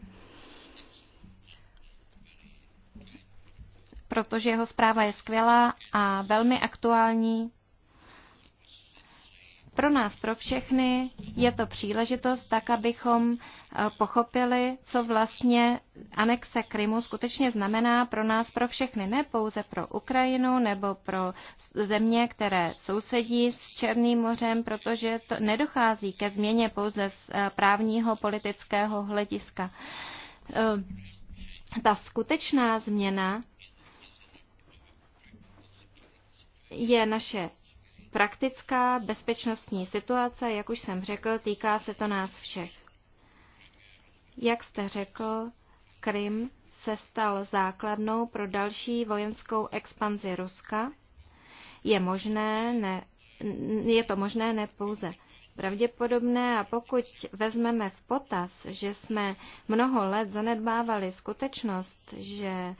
protože jeho zpráva je skvělá a velmi aktuální. Pro nás, pro všechny je to příležitost tak, abychom eh, pochopili, co vlastně anexe Krymu skutečně znamená pro nás, pro všechny, ne pouze pro Ukrajinu nebo pro země, které sousedí s Černým mořem, protože to nedochází ke změně pouze z eh, právního politického hlediska. Eh, ta skutečná změna je naše praktická bezpečnostní situace, jak už jsem řekl, týká se to nás všech. Jak jste řekl, Krym se stal základnou pro další vojenskou expanzi Ruska. Je, možné, ne, je to možné ne pouze pravděpodobné a pokud vezmeme v potaz, že jsme mnoho let zanedbávali skutečnost, že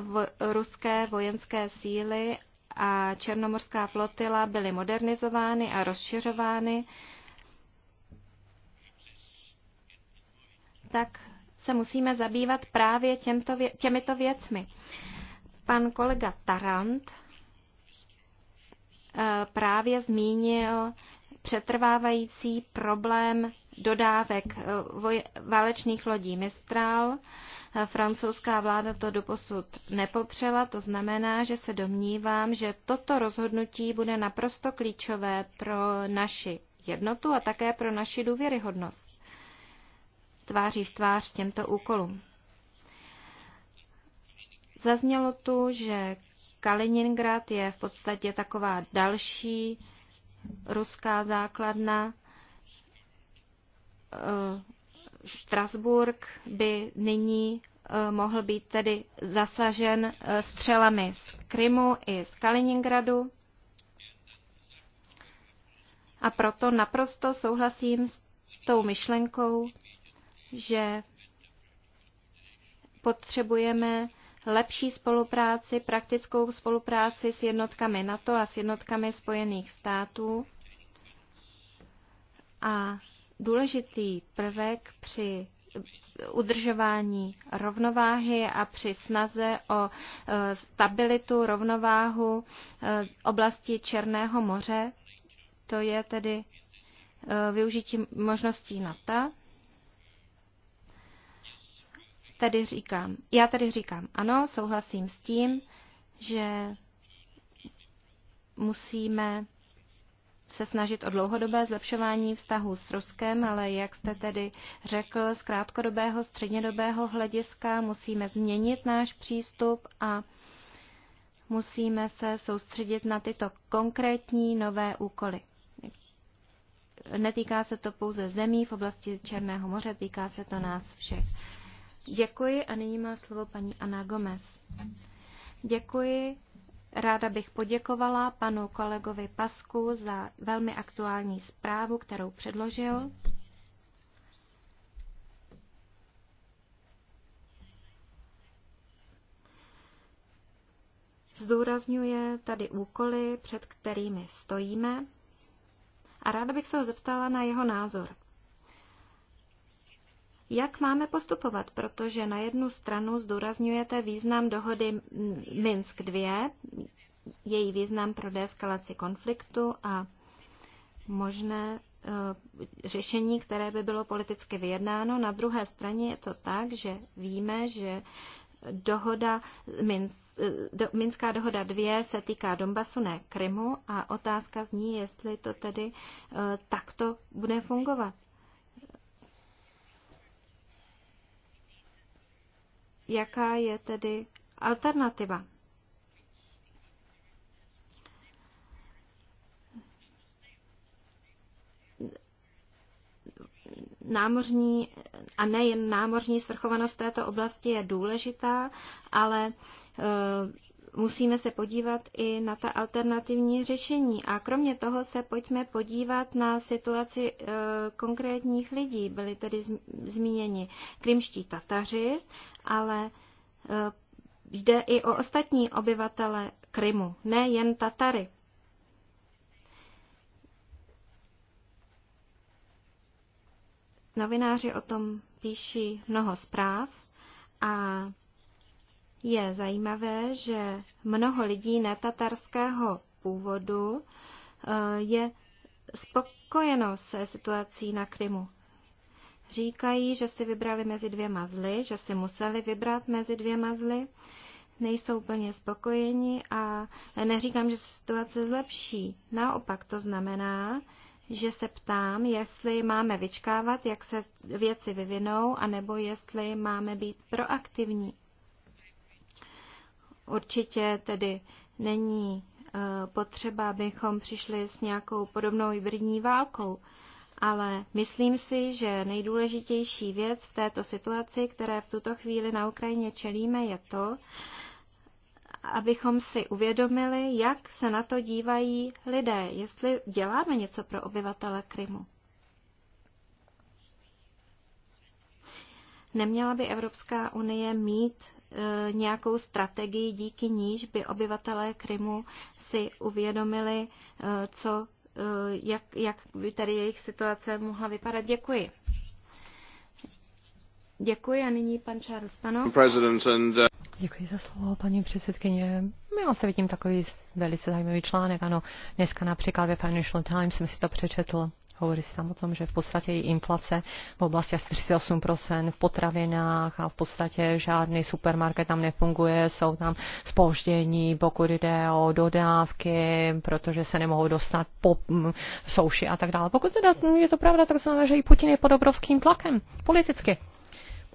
v ruské vojenské síly a Černomorská flotila byly modernizovány a rozšiřovány, tak se musíme zabývat právě těmto, těmito věcmi. Pan kolega Tarant eh, právě zmínil přetrvávající problém dodávek eh, válečných lodí Mistral. Francouzská vláda to doposud nepopřela, to znamená, že se domnívám, že toto rozhodnutí bude naprosto klíčové pro naši jednotu a také pro naši důvěryhodnost tváří v tvář těmto úkolům. Zaznělo tu, že Kaliningrad je v podstatě taková další ruská základna, Strasburg by nyní eh, mohl být tedy zasažen eh, střelami z Krymu i z Kaliningradu. A proto naprosto souhlasím s tou myšlenkou, že potřebujeme lepší spolupráci, praktickou spolupráci s jednotkami NATO a s jednotkami Spojených států. A důležitý prvek při udržování rovnováhy a při snaze o e, stabilitu, rovnováhu e, oblasti Černého moře. To je tedy e, využití možností NATO. Tady říkám, já tady říkám ano, souhlasím s tím, že musíme se snažit o dlouhodobé zlepšování vztahu s Ruskem, ale jak jste tedy řekl, z krátkodobého, střednědobého hlediska musíme změnit náš přístup a musíme se soustředit na tyto konkrétní nové úkoly. Netýká se to pouze zemí v oblasti Černého moře, týká se to nás všech. Děkuji a nyní má slovo paní Ana Gomez. Děkuji. Ráda bych poděkovala panu kolegovi Pasku za velmi aktuální zprávu, kterou předložil. Zdůrazňuje tady úkoly, před kterými stojíme, a ráda bych se ho zeptala na jeho názor jak máme postupovat, protože na jednu stranu zdůrazňujete význam dohody Minsk 2, její význam pro deeskalaci konfliktu a možné eh, řešení, které by bylo politicky vyjednáno. Na druhé straně je to tak, že víme, že dohoda, Minsk, eh, do, Minská dohoda 2 se týká Donbasu, ne Krymu a otázka zní, jestli to tedy eh, takto bude fungovat. jaká je tedy alternativa. námořní a nejen námořní svrchovanost této oblasti je důležitá, ale musíme se podívat i na ta alternativní řešení. A kromě toho se pojďme podívat na situaci eh, konkrétních lidí. Byli tedy zmíněni krymští Tataři, ale eh, jde i o ostatní obyvatele Krymu, ne jen Tatary. Novináři o tom píší mnoho zpráv a je zajímavé, že mnoho lidí netatarského původu eh, je spokojeno se situací na Krymu. Říkají, že si vybrali mezi dvěma zly, že si museli vybrat mezi dvěma zly, nejsou úplně spokojeni a neříkám, že se situace zlepší. Naopak to znamená, že se ptám, jestli máme vyčkávat, jak se věci vyvinou, anebo jestli máme být proaktivní. Určitě tedy není eh, potřeba, abychom přišli s nějakou podobnou hybridní válkou, ale myslím si, že nejdůležitější věc v této situaci, které v tuto chvíli na Ukrajině čelíme, je to, abychom si uvědomili, jak se na to dívají lidé, jestli děláme něco pro obyvatele Krymu. Neměla by Evropská unie mít Eh, nějakou strategii, díky níž by obyvatelé Krymu si uvědomili, eh, co, eh, jak, jak by tady jejich situace mohla vypadat. Děkuji. Děkuji a nyní pan Charles Tano. Uh, Děkuji za slovo, paní předsedkyně. Já se vidím takový velice zajímavý článek. Ano, dneska například ve Financial Times jsem si to přečetl. Hovorí se tam o tom, že v podstatě i inflace v oblasti asi 38% v potravinách a v podstatě žádný supermarket tam nefunguje, jsou tam spoždění, pokud jde o dodávky, protože se nemohou dostat po mm, souši a tak dále. Pokud teda je to pravda, tak znamená, že i Putin je pod obrovským tlakem politicky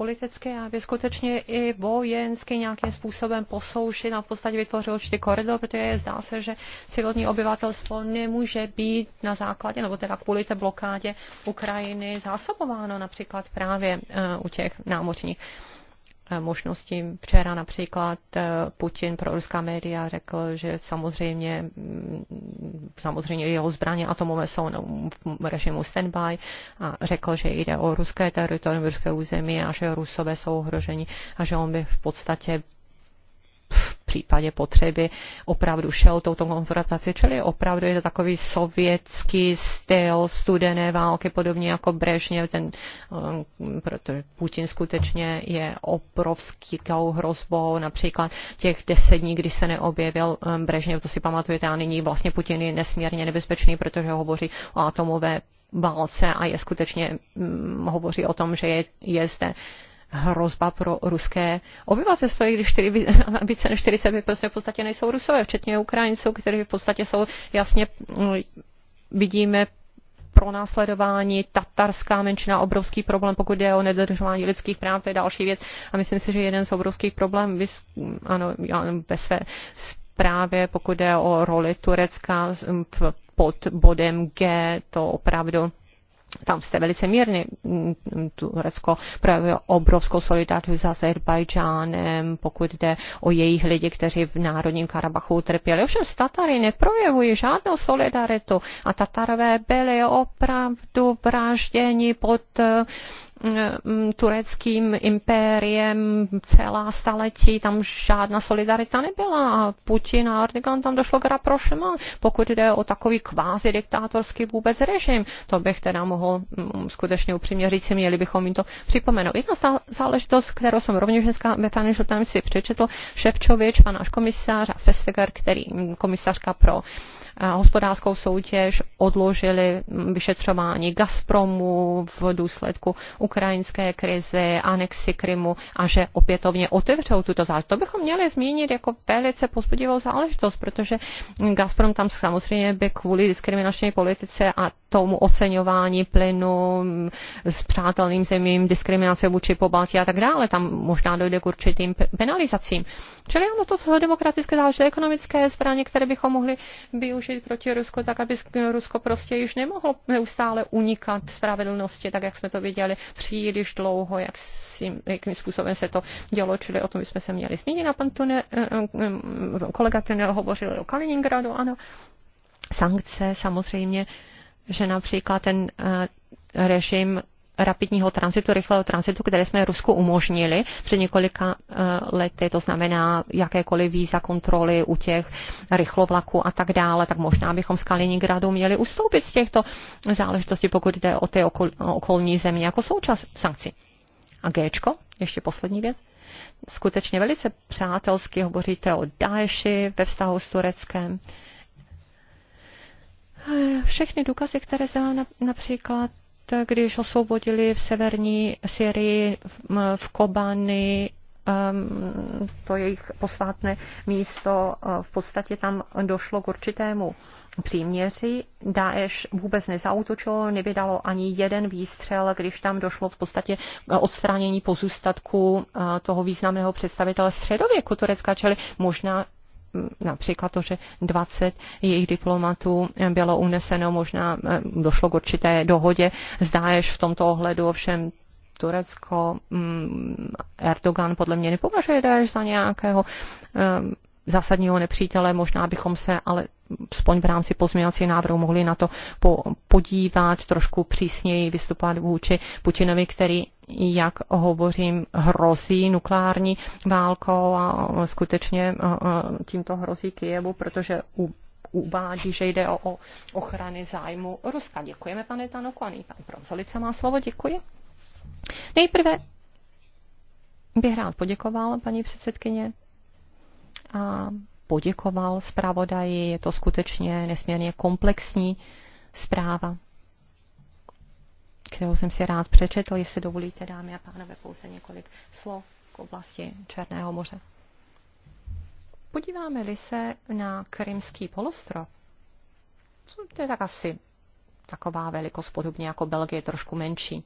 politicky, aby skutečně i vojensky nějakým způsobem posoušit a v podstatě vytvořil určitý koridor, protože zdá se, že civilní obyvatelstvo nemůže být na základě, nebo teda kvůli té blokádě Ukrajiny zásobováno například právě eh, u těch námořních Eh, možností. Včera například eh, Putin pro ruská média řekl, že samozřejmě, mm, samozřejmě jeho zbraně atomové jsou v režimu standby a řekl, že jde o ruské teritorium, ruské území a že rusové jsou ohroženi a že on by v podstatě případě potřeby opravdu šel touto konfrontaci, čili opravdu je to takový sovětský styl studené války, podobně jako Brežněv, ten, eh, protože Putin skutečně je obrovskou hrozbou, například těch deset dní, kdy se neobjevil eh, Brežněv, to si pamatujete, a nyní vlastně Putin je nesmírně nebezpečný, protože hovoří o atomové válce a je skutečně, hm, hovoří o tom, že je, je zde hrozba pro ruské obyvatelstvo, i když více než 40 v podstatě nejsou rusové, včetně Ukrajinců, kteří v podstatě jsou jasně mm, vidíme pro následování tatarská menšina obrovský problém, pokud jde o nedržování lidských práv, to je další věc. A myslím si, že jeden z obrovských problémů, ano, ve své zprávě, pokud jde o roli Turecka pod bodem G, to opravdu tam jste velice mírný. Turecko projevuje obrovskou solidaritu s Azerbajdžánem, pokud jde o jejich lidi, kteří v Národním Karabachu trpěli. Ovšem s Tatary neprojevují žádnou solidaritu a Tatarové byli opravdu vražděni pod Mm, mm, tureckým impériem celá staletí, tam žádná solidarita nebyla a Putin a Erdogan tam došlo k raprošema, pokud jde o takový kvázi diktátorský vůbec režim. To bych teda mohl mm, skutečně upřímně říct, si měli bychom jim to připomenout. Jedna záležitost, kterou jsem rovněž dneska ve Financial Times si přečetl, Ševčovič, pan náš komisář a Festegar, který komisařka pro hospodářskou soutěž, odložili vyšetřování Gazpromu v důsledku ukrajinské krize, anexi Krymu a že opětovně otevřou tuto záležitost. To bychom měli zmínit jako velice pozbudivou záležitost, protože Gazprom tam samozřejmě by kvůli diskriminační politice a tomu oceňování plynu s přátelným zemím, diskriminace vůči pobaltí a tak dále. Tam možná dojde k určitým penalizacím. Čili ano, to jsou demokratické záležitosti, ekonomické zbraně, které bychom mohli využít proti Rusku, tak aby Rusko prostě již nemohlo neustále unikat spravedlnosti, tak jak jsme to viděli příliš dlouho, jak si, jakým způsobem se to dělo, čili o tom bychom se měli zmínit. A pan Tune, eh, eh, mm, kolega Tunel hovořil o Kaliningradu, ano, sankce samozřejmě že například ten eh, režim rapidního transitu, rychlého transitu, které jsme Rusku umožnili před několika eh, lety, to znamená jakékoliv víza, kontroly u těch rychlovlaků a tak dále, tak možná bychom z Kaliningradu měli ustoupit z těchto záležitostí, pokud jde o ty okol, okolní země jako součást sankcí. A G, ještě poslední věc. Skutečně velice přátelsky hovoříte o Daeši ve vztahu s Tureckem. Uh, Eh, všechny důkazy, které zde mám například když osvobodili v severní Syrii, v Kobany, to jejich posvátné místo, eh, v podstatě tam došlo k určitému příměři. Daesh vůbec nezautočilo, nevydalo ani jeden výstřel, když tam došlo v podstatě odstranění pozůstatku eh, toho významného představitele středověku Turecka, čili možná, například to, že 20 jejich diplomatů bylo uneseno, možná eh, došlo k určité dohodě s v tomto ohledu, ovšem Turecko, mm, Erdogan podle mě nepovažuje Daesh za nějakého eh, zásadního nepřítele, možná bychom se ale spoň v rámci pozměňovacího návrhu mohli na to podívat, trošku přísněji vystupovat vůči Putinovi, který jak hovořím, hrozí nukleární válkou a skutečně tímto hrozí Kijevu, protože u uvádí, že jde o, ochrany zájmu Ruska. Děkujeme, pane Tanoku. A nyní pan Bronzolica má slovo. Děkuji. Nejprve bych rád poděkoval, paní předsedkyně, a poděkoval zpravodaji. Je to skutečně nesmírně komplexní zpráva kterou jsem si rád přečetl. Jestli dovolíte, dámy a pánové, pouze několik slov k oblasti Černého moře. Podíváme-li se na Krymský polostrov, to je tak asi taková velikost podobně jako Belgie, trošku menší.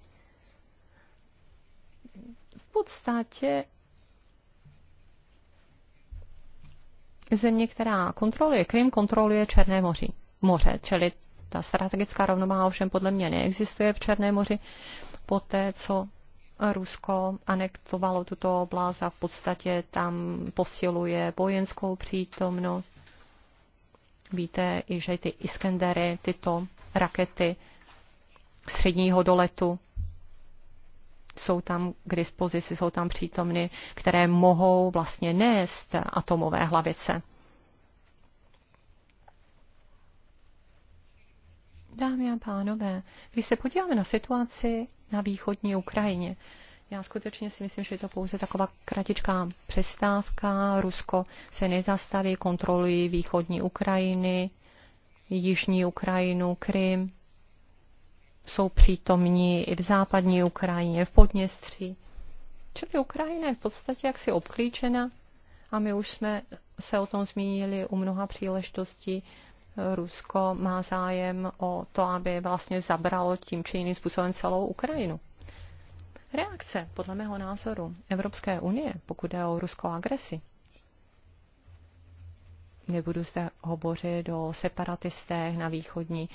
V podstatě země, která kontroluje Krym, kontroluje Černé moři, moře, čili ta strategická rovnováha ovšem podle mě neexistuje v Černém moři. Poté, co Rusko anektovalo tuto oblast a v podstatě tam posiluje vojenskou přítomnost. Víte i, že ty Iskendery, tyto rakety středního doletu jsou tam k dispozici, jsou tam přítomny, které mohou vlastně nést atomové hlavice. Dámy a pánové, když se podíváme na situaci na východní Ukrajině, já skutečně si myslím, že je to pouze taková kratičká přestávka. Rusko se nezastaví, kontrolují východní Ukrajiny, jižní Ukrajinu, Krym. Jsou přítomní i v západní Ukrajině, v Podněstří. Čili Ukrajina je v podstatě jaksi obklíčena a my už jsme se o tom zmínili u mnoha příležitostí Rusko má zájem o to, aby vlastně zabralo tím či jiným způsobem celou Ukrajinu. Reakce, podle mého názoru, Evropské unie, pokud jde o ruskou agresi, nebudu zde hovořit o separatistech na východní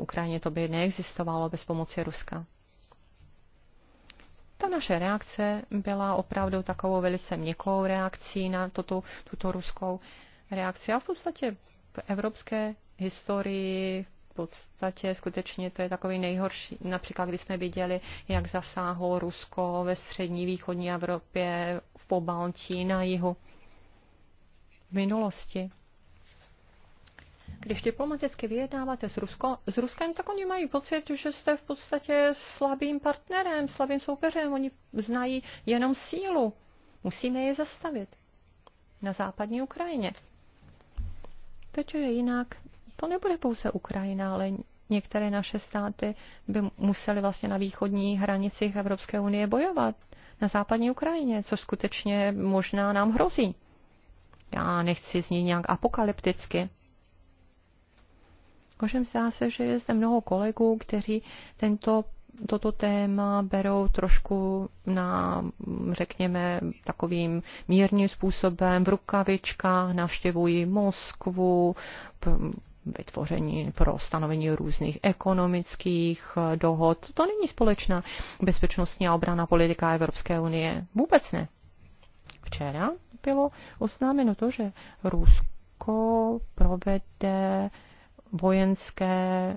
Ukrajině, to by neexistovalo bez pomoci Ruska. Ta naše reakce byla opravdu takovou velice měkkou reakcí na tuto, tuto ruskou reakci. A v podstatě v evropské historii v podstatě skutečně to je takový nejhorší. Například, když jsme viděli, jak zasáhlo Rusko ve střední východní Evropě, v Pobaltí, na jihu. V minulosti. Když diplomaticky vyjednáváte s, Rusko, s Ruskem, tak oni mají pocit, že jste v podstatě slabým partnerem, slabým soupeřem. Oni znají jenom sílu. Musíme je zastavit. Na západní Ukrajině. To, co je jinak to nebude pouze Ukrajina, ale některé naše státy by musely vlastně na východní hranicích Evropské unie bojovat na západní Ukrajině, co skutečně možná nám hrozí. Já nechci znít nějak apokalypticky. Ovšem zdá se, že je zde mnoho kolegů, kteří tento toto téma berou trošku na, řekněme, takovým mírným způsobem, v rukavičkách, navštěvují Moskvu, vytvoření pro stanovení různých ekonomických eh, dohod. To není společná bezpečnostní a obrana politika Evropské unie. Vůbec ne. Včera bylo oznámeno to, že Rusko provede vojenské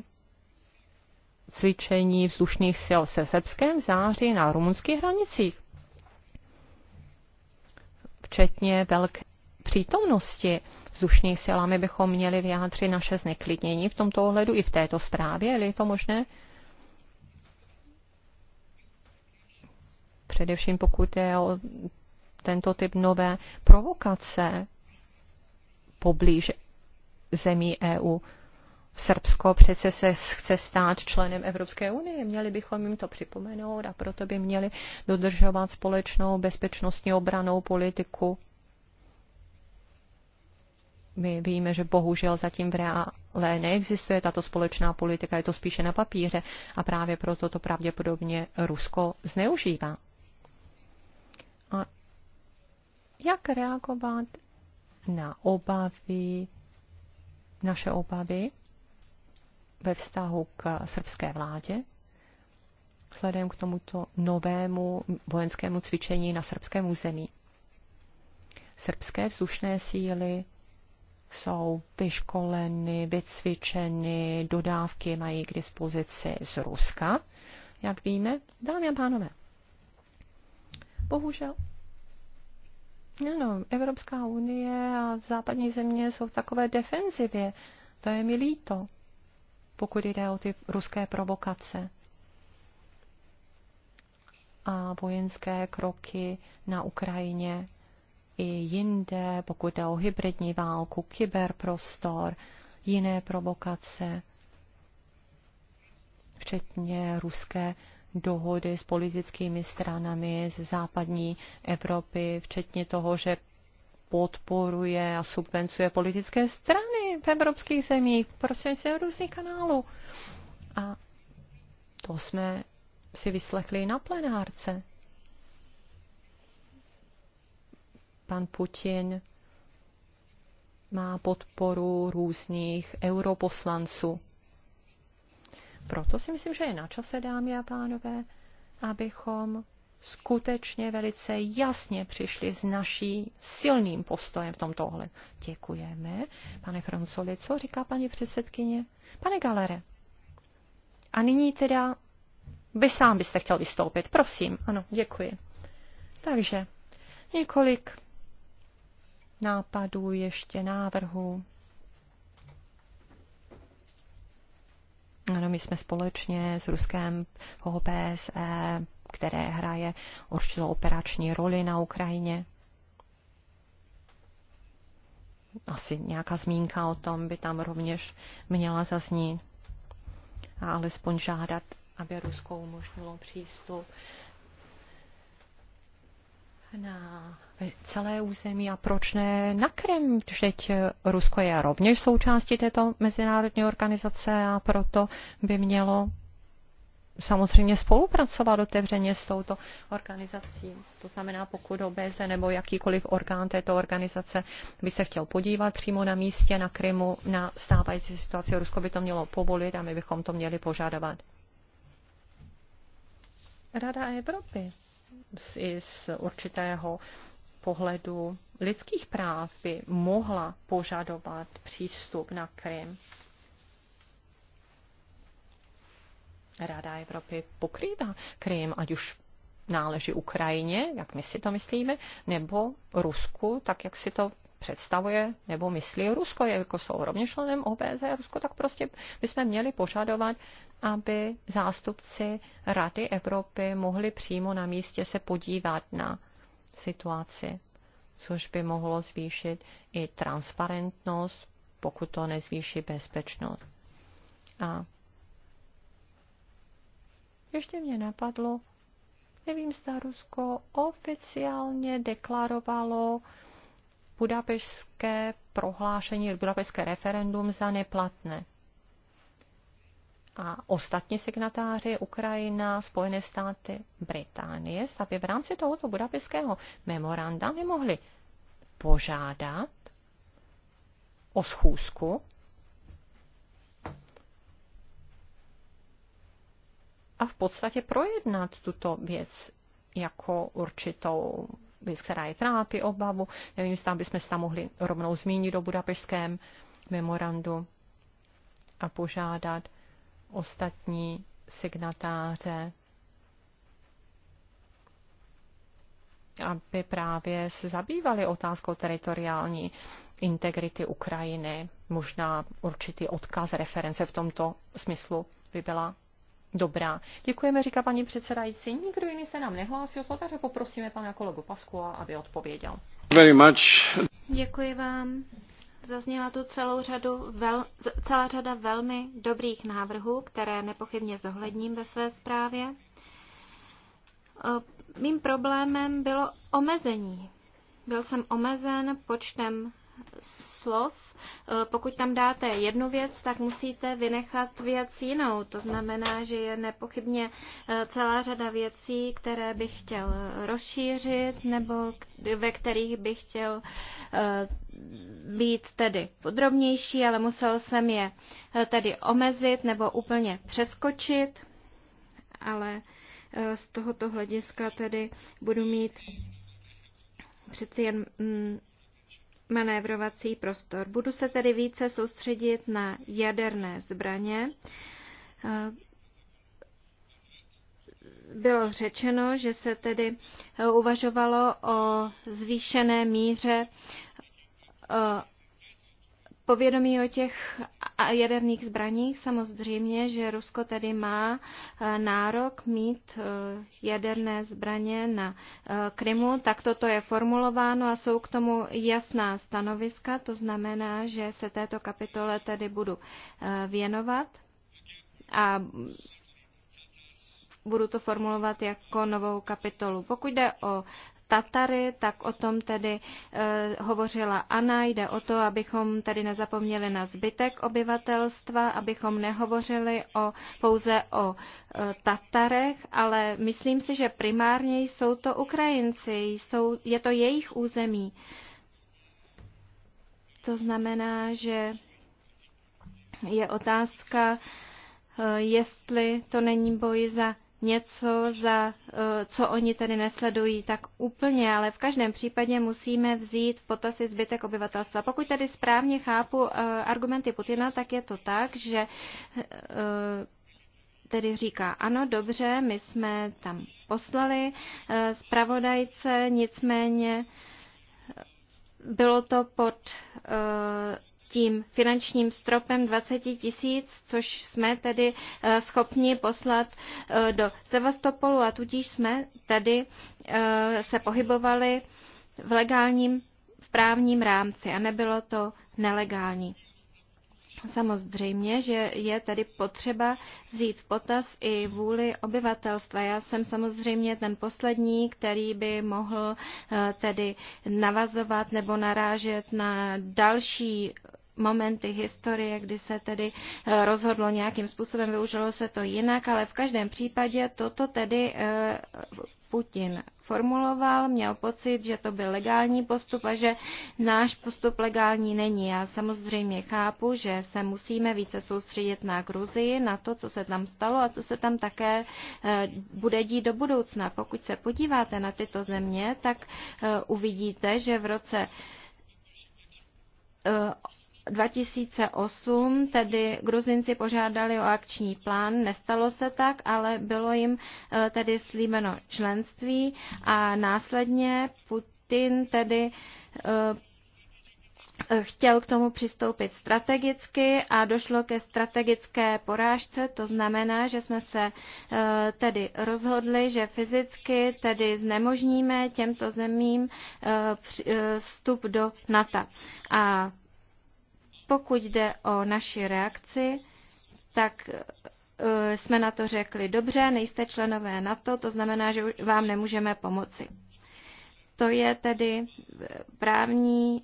cvičení vzdušných sil se Srbskem v září na rumunských hranicích. Včetně velké přítomnosti vzdušných sil a my bychom měli vyjádřit naše zneklidnění v tomto ohledu i v této zprávě, je to možné? Především pokud je o tento typ nové provokace poblíž zemí EU. Srbsko přece se chce stát členem Evropské unie. Měli bychom jim to připomenout a proto by měli dodržovat společnou bezpečnostní obranou politiku. My víme, že bohužel zatím v reále neexistuje tato společná politika, je to spíše na papíře a právě proto to pravděpodobně Rusko zneužívá. A jak reagovat na obavy, naše obavy ve vztahu k srbské vládě, vzhledem k tomuto novému vojenskému cvičení na srbském území. Srbské vzdušné síly jsou vyškoleny, vycvičeny, dodávky mají k dispozici z Ruska, jak víme. Dámy a pánové, bohužel ano, Evropská unie a západní země jsou v takové defenzivě. To je mi líto pokud jde o ty ruské provokace a vojenské kroky na Ukrajině i jinde, pokud jde o hybridní válku, kyberprostor, jiné provokace, včetně ruské dohody s politickými stranami z západní Evropy, včetně toho, že podporuje a subvencuje politické strany v evropských zemích, prostřednictvím různých kanálů. A to jsme si vyslechli na plenárce. Pan Putin má podporu různých europoslanců. Proto si myslím, že je na čase, dámy a pánové, abychom skutečně velice jasně přišli s naší silným postojem v tomto ohledu. Děkujeme, pane Francoli. Co říká paní předsedkyně? Pane Galere. A nyní teda vy sám byste chtěl vystoupit. Prosím, ano, děkuji. Takže několik nápadů, ještě návrhů. Ano, my jsme společně s Ruskem v které hraje určitou operační roli na Ukrajině. Asi nějaká zmínka o tom by tam rovněž měla zaznít a alespoň žádat, aby Rusko umožnilo přístup na celé území a proč ne na Krym? teď Rusko je rovněž součástí této mezinárodní organizace a proto by mělo samozřejmě spolupracovat otevřeně s touto organizací. To znamená, pokud OBZ nebo jakýkoliv orgán této organizace by se chtěl podívat přímo na místě na Krymu na stávající situaci, Rusko by to mělo povolit a my bychom to měli požadovat. Rada Evropy z, z určitého pohledu lidských práv by mohla požadovat přístup na Krym Rada Evropy pokrývá Krym, ať už náleží Ukrajině, jak my si to myslíme, nebo Rusku, tak jak si to představuje nebo myslí Rusko, jako jsou rovněž členem OBZ Rusko, tak prostě bychom měli požadovat, aby zástupci Rady Evropy mohli přímo na místě se podívat na situaci, což by mohlo zvýšit i transparentnost, pokud to nezvýší bezpečnost. A ještě mě napadlo, nevím, zda Rusko oficiálně deklarovalo budapešské prohlášení, budapešské referendum za neplatné. A ostatní signatáři Ukrajina, Spojené státy, Británie, aby v rámci tohoto budapešského memoranda nemohli požádat o schůzku a v podstatě projednat tuto věc jako určitou věc, která je trápí, obavu. Nevím, jestli tam bychom se tam mohli rovnou zmínit do budapešském memorandu a požádat ostatní signatáře, aby právě se zabývali otázkou teritoriální integrity Ukrajiny. Možná určitý odkaz, reference v tomto smyslu by byla dobrá. Děkujeme, říká paní předsedající. Nikdo jiný se nám nehlásil, takže poprosíme pana kolegu Paskua, aby odpověděl. Very much. Děkuji vám. Zazněla tu celou řadu vel, celá řada velmi dobrých návrhů, které nepochybně zohledním ve své zprávě. Mým problémem bylo omezení. Byl jsem omezen počtem slov, Eh, pokud tam dáte jednu věc, tak musíte vynechat věc jinou. To znamená, že je nepochybně eh, celá řada věcí, které bych chtěl rozšířit nebo ve kterých bych chtěl eh, být tedy podrobnější, ale musel jsem je tedy omezit nebo úplně přeskočit, ale z tohoto hlediska tedy budu mít přeci jen mm, manévrovací prostor. Budu se tedy více soustředit na jaderné zbraně. Bylo řečeno, že se tedy uvažovalo o zvýšené míře povědomí o těch a jaderných zbraní, Samozřejmě, že Rusko tedy má eh, nárok mít eh, jaderné zbraně na eh, Krymu, tak toto je formulováno a jsou k tomu jasná stanoviska, to znamená, že se této kapitole tedy budu věnovat a budu to formulovat jako novou kapitolu. Pokud jde o Tatary, tak o tom tedy e, hovořila Ana. Jde o to, abychom tedy nezapomněli na zbytek obyvatelstva, abychom nehovořili o, pouze o e, Tatarech, ale myslím si, že primárně jsou to Ukrajinci, jsou, je to jejich území. To znamená, že je otázka, eh, jestli to není boj za něco, za, eh, co oni tedy nesledují tak úplně, ale v každém případě musíme vzít v potaz i zbytek obyvatelstva. Pokud tedy správně chápu eh, argumenty Putina, tak je to tak, že eh, tedy říká, ano, dobře, my jsme tam poslali zpravodajce, nicméně bylo to pod tím finančním stropem 20 tisíc, což jsme tedy eh, schopni poslat eh, do Sevastopolu a tudíž jsme tedy eh, se pohybovali v legálním, v právním rámci a nebylo to nelegální. Samozřejmě, že je tady potřeba vzít v potaz i vůli obyvatelstva. Já jsem samozřejmě ten poslední, který by mohl tedy navazovat nebo narážet na další momenty historie, kdy se tedy eh, rozhodlo nějakým způsobem, využilo se to jinak, ale v každém případě toto tedy eh, Putin formuloval, měl pocit, že to byl legální postup a že náš postup legální není. Já samozřejmě chápu, že se musíme více soustředit na Gruzii, na to, co se tam stalo a co se tam také eh, bude dít do budoucna. Pokud se podíváte na tyto země, tak uvidíte, že v roce 2008 tedy Gruzinci požádali o akční plán, nestalo se tak, ale bylo jim eh, tedy slíbeno členství a následně Putin tedy eh, chtěl k tomu přistoupit strategicky a došlo ke strategické porážce. To znamená, že jsme se eh, tedy rozhodli, že fyzicky tedy znemožníme těmto zemím vstup do NATO. A pokud jde o naši reakci, tak e, jsme na to řekli, dobře, nejste členové NATO, to znamená, že vám nemůžeme pomoci. To je tedy e, právní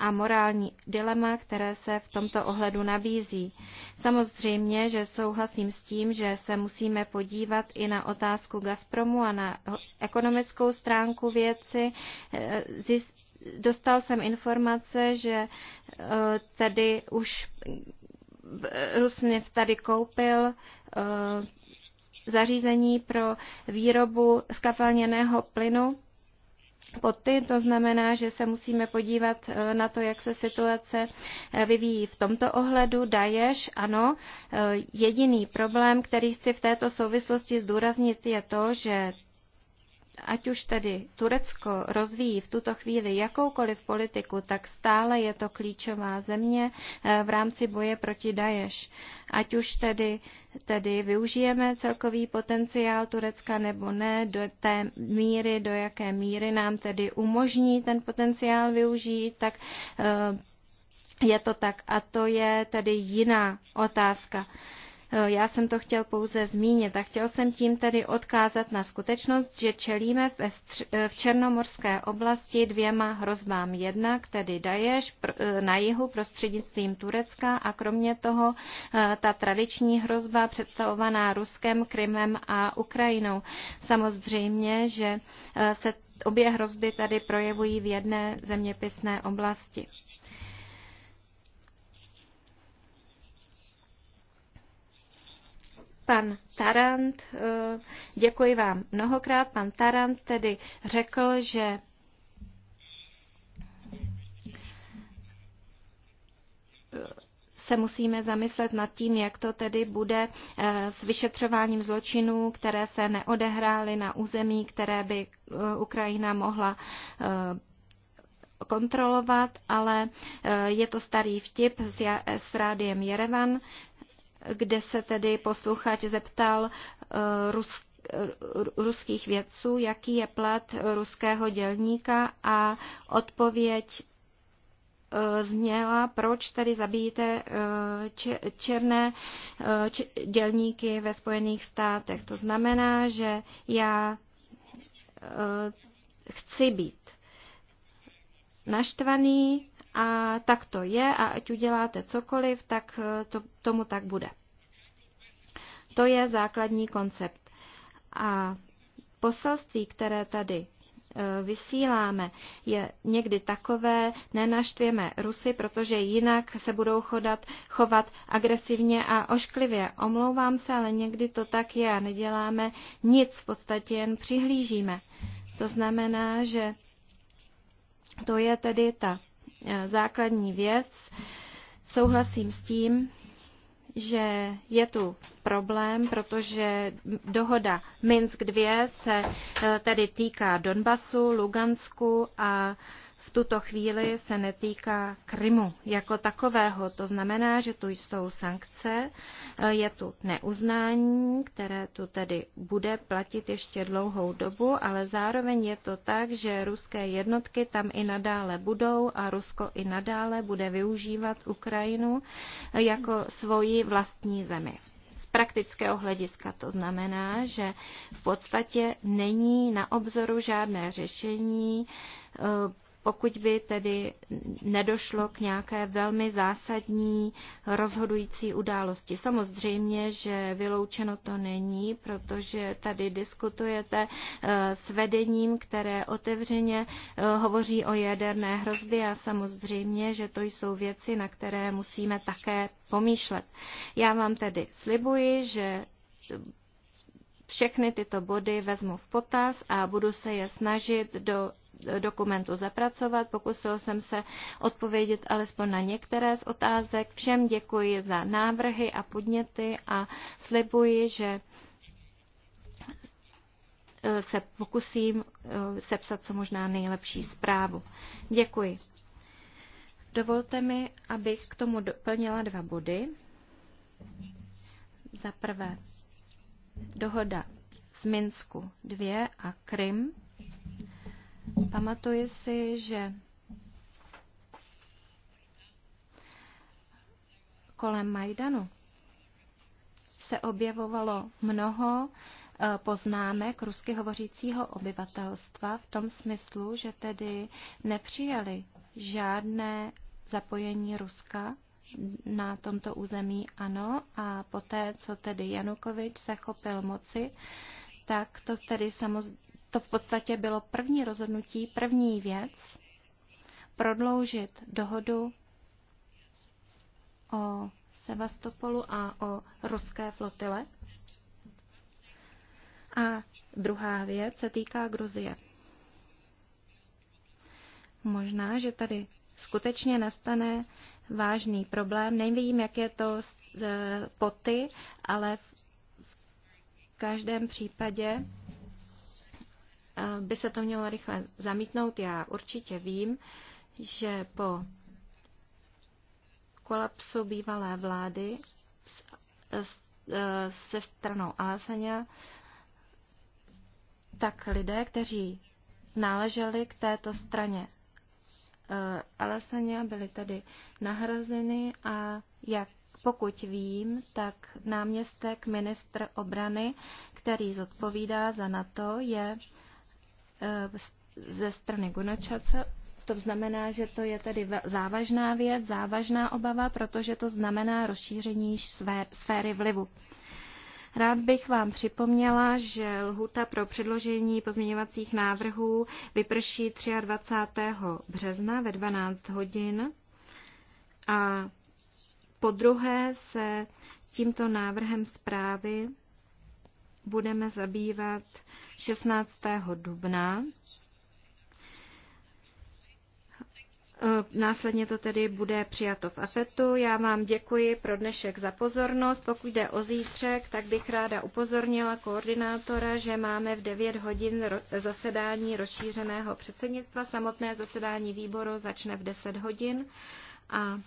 a morální dilema, které se v tomto ohledu nabízí. Samozřejmě, že souhlasím s tím, že se musíme podívat i na otázku Gazpromu a na ekonomickou stránku věci, e, dostal jsem informace, že e, tady už e, Rusněv tady koupil e, zařízení pro výrobu skapalněného plynu poty. To znamená, že se musíme podívat na to, jak se situace vyvíjí v tomto ohledu. Daješ, ano. Jediný problém, který chci v této souvislosti zdůraznit, je to, že ať už tedy Turecko rozvíjí v tuto chvíli jakoukoliv politiku, tak stále je to klíčová země eh, v rámci boje proti Daješ. Ať už tedy, tedy využijeme celkový potenciál Turecka nebo ne, do té míry, do jaké míry nám tedy umožní ten potenciál využít, tak eh, je to tak. A to je tedy jiná otázka. Eh, já jsem to chtěl pouze zmínit a chtěl jsem tím tedy odkázat na skutečnost, že čelíme ve stř- eh, v černomorské oblasti dvěma hrozbám. Jednak tedy Daješ eh, na jihu prostřednictvím Turecka a kromě toho ta tradiční hrozba představovaná Ruskem, Krymem a Ukrajinou. Samozřejmě, že se obě hrozby tady projevují v jedné zeměpisné oblasti. Pan Tarant, eh, děkuji vám mnohokrát, pan Tarant tedy řekl, že se musíme zamyslet nad tím, jak to tedy bude eh, s vyšetřováním zločinů, které se neodehrály na území, které by eh, Ukrajina mohla kontrolovat, ale je to starý vtip s, rádiem Jerevan, kde se tedy posluchač zeptal eh, eh, ruských vědců, jaký je plat ruského dělníka a odpověď eh, zněla, proč tady zabijíte černé dělníky ve Spojených státech. To znamená, že já chci být naštvaný, a tak to je a ať uděláte cokoliv, tak eh, to, tomu tak bude. To je základní koncept. A poselství, které tady eh, vysíláme, je někdy takové, nenaštvěme Rusy, protože jinak se budou chodat, chovat agresivně a ošklivě. Omlouvám se, ale někdy to tak je a neděláme nic, v podstatě jen přihlížíme. To znamená, že to je tedy ta Eh, základní věc. Souhlasím s tím, že je tu problém, protože dohoda Minsk 2 se eh, tedy týká Donbasu, Lugansku a v tuto chvíli se netýká Krymu jako takového. To znamená, že tu jsou sankce, je tu neuznání, které tu tedy bude platit ještě dlouhou dobu, ale zároveň je to tak, že ruské jednotky tam i nadále budou a Rusko i nadále bude využívat Ukrajinu jako svoji vlastní zemi praktického hlediska to znamená, že v podstatě není na obzoru žádné řešení eh, pokud by tedy nedošlo k nějaké velmi zásadní rozhodující události. Samozřejmě, že vyloučeno to není, protože tady diskutujete eh, s vedením, které otevřeně eh, hovoří o jaderné hrozbě a samozřejmě, že to jsou věci, na které musíme také pomýšlet. Já vám tedy slibuji, že všechny tyto body vezmu v potaz a budu se je snažit do dokumentu zapracovat. Pokusil jsem se odpovědět alespoň na některé z otázek. Všem děkuji za návrhy a podněty a slibuji, že eh, se pokusím eh, sepsat co možná nejlepší zprávu. Děkuji. Dovolte mi, abych k tomu doplnila dva body. Za prvé, dohoda z Minsku 2 a Krym Pamatuji si, že kolem Majdanu se objevovalo mnoho eh, poznámek rusky hovořícího obyvatelstva v tom smyslu, že tedy nepřijali žádné zapojení Ruska na tomto území ano a poté, co tedy Janukovič se chopil moci, tak to tedy samozřejmě to v podstatě bylo první rozhodnutí, první věc, prodloužit dohodu o Sevastopolu a o ruské flotile. A druhá věc se týká Gruzie. Možná, že tady skutečně nastane vážný problém. Nevím, jak je to z e, poty, ale v každém případě by se to mělo rychle zamítnout. Já určitě vím, že po kolapsu bývalé vlády se stranou Alasania tak lidé, kteří náleželi k této straně eh, Alasania, byli tedy nahrazeny a jak pokud vím, tak náměstek ministr obrany, který zodpovídá za NATO, je ze strany Gunačace. To znamená, že to je tedy závažná věc, závažná obava, protože to znamená rozšíření sféry vlivu. Rád bych vám připomněla, že lhuta pro předložení pozměňovacích návrhů vyprší 23. března ve 12 hodin a po druhé se tímto návrhem zprávy budeme zabývat 16. dubna. E, následně to tedy bude přijato v AFETu. Já vám děkuji pro dnešek za pozornost. Pokud jde o zítřek, tak bych ráda upozornila koordinátora, že máme v 9 hodin zasedání rozšířeného předsednictva. Samotné zasedání výboru začne v 10 hodin a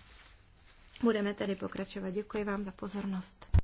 budeme tedy pokračovat. Děkuji vám za pozornost.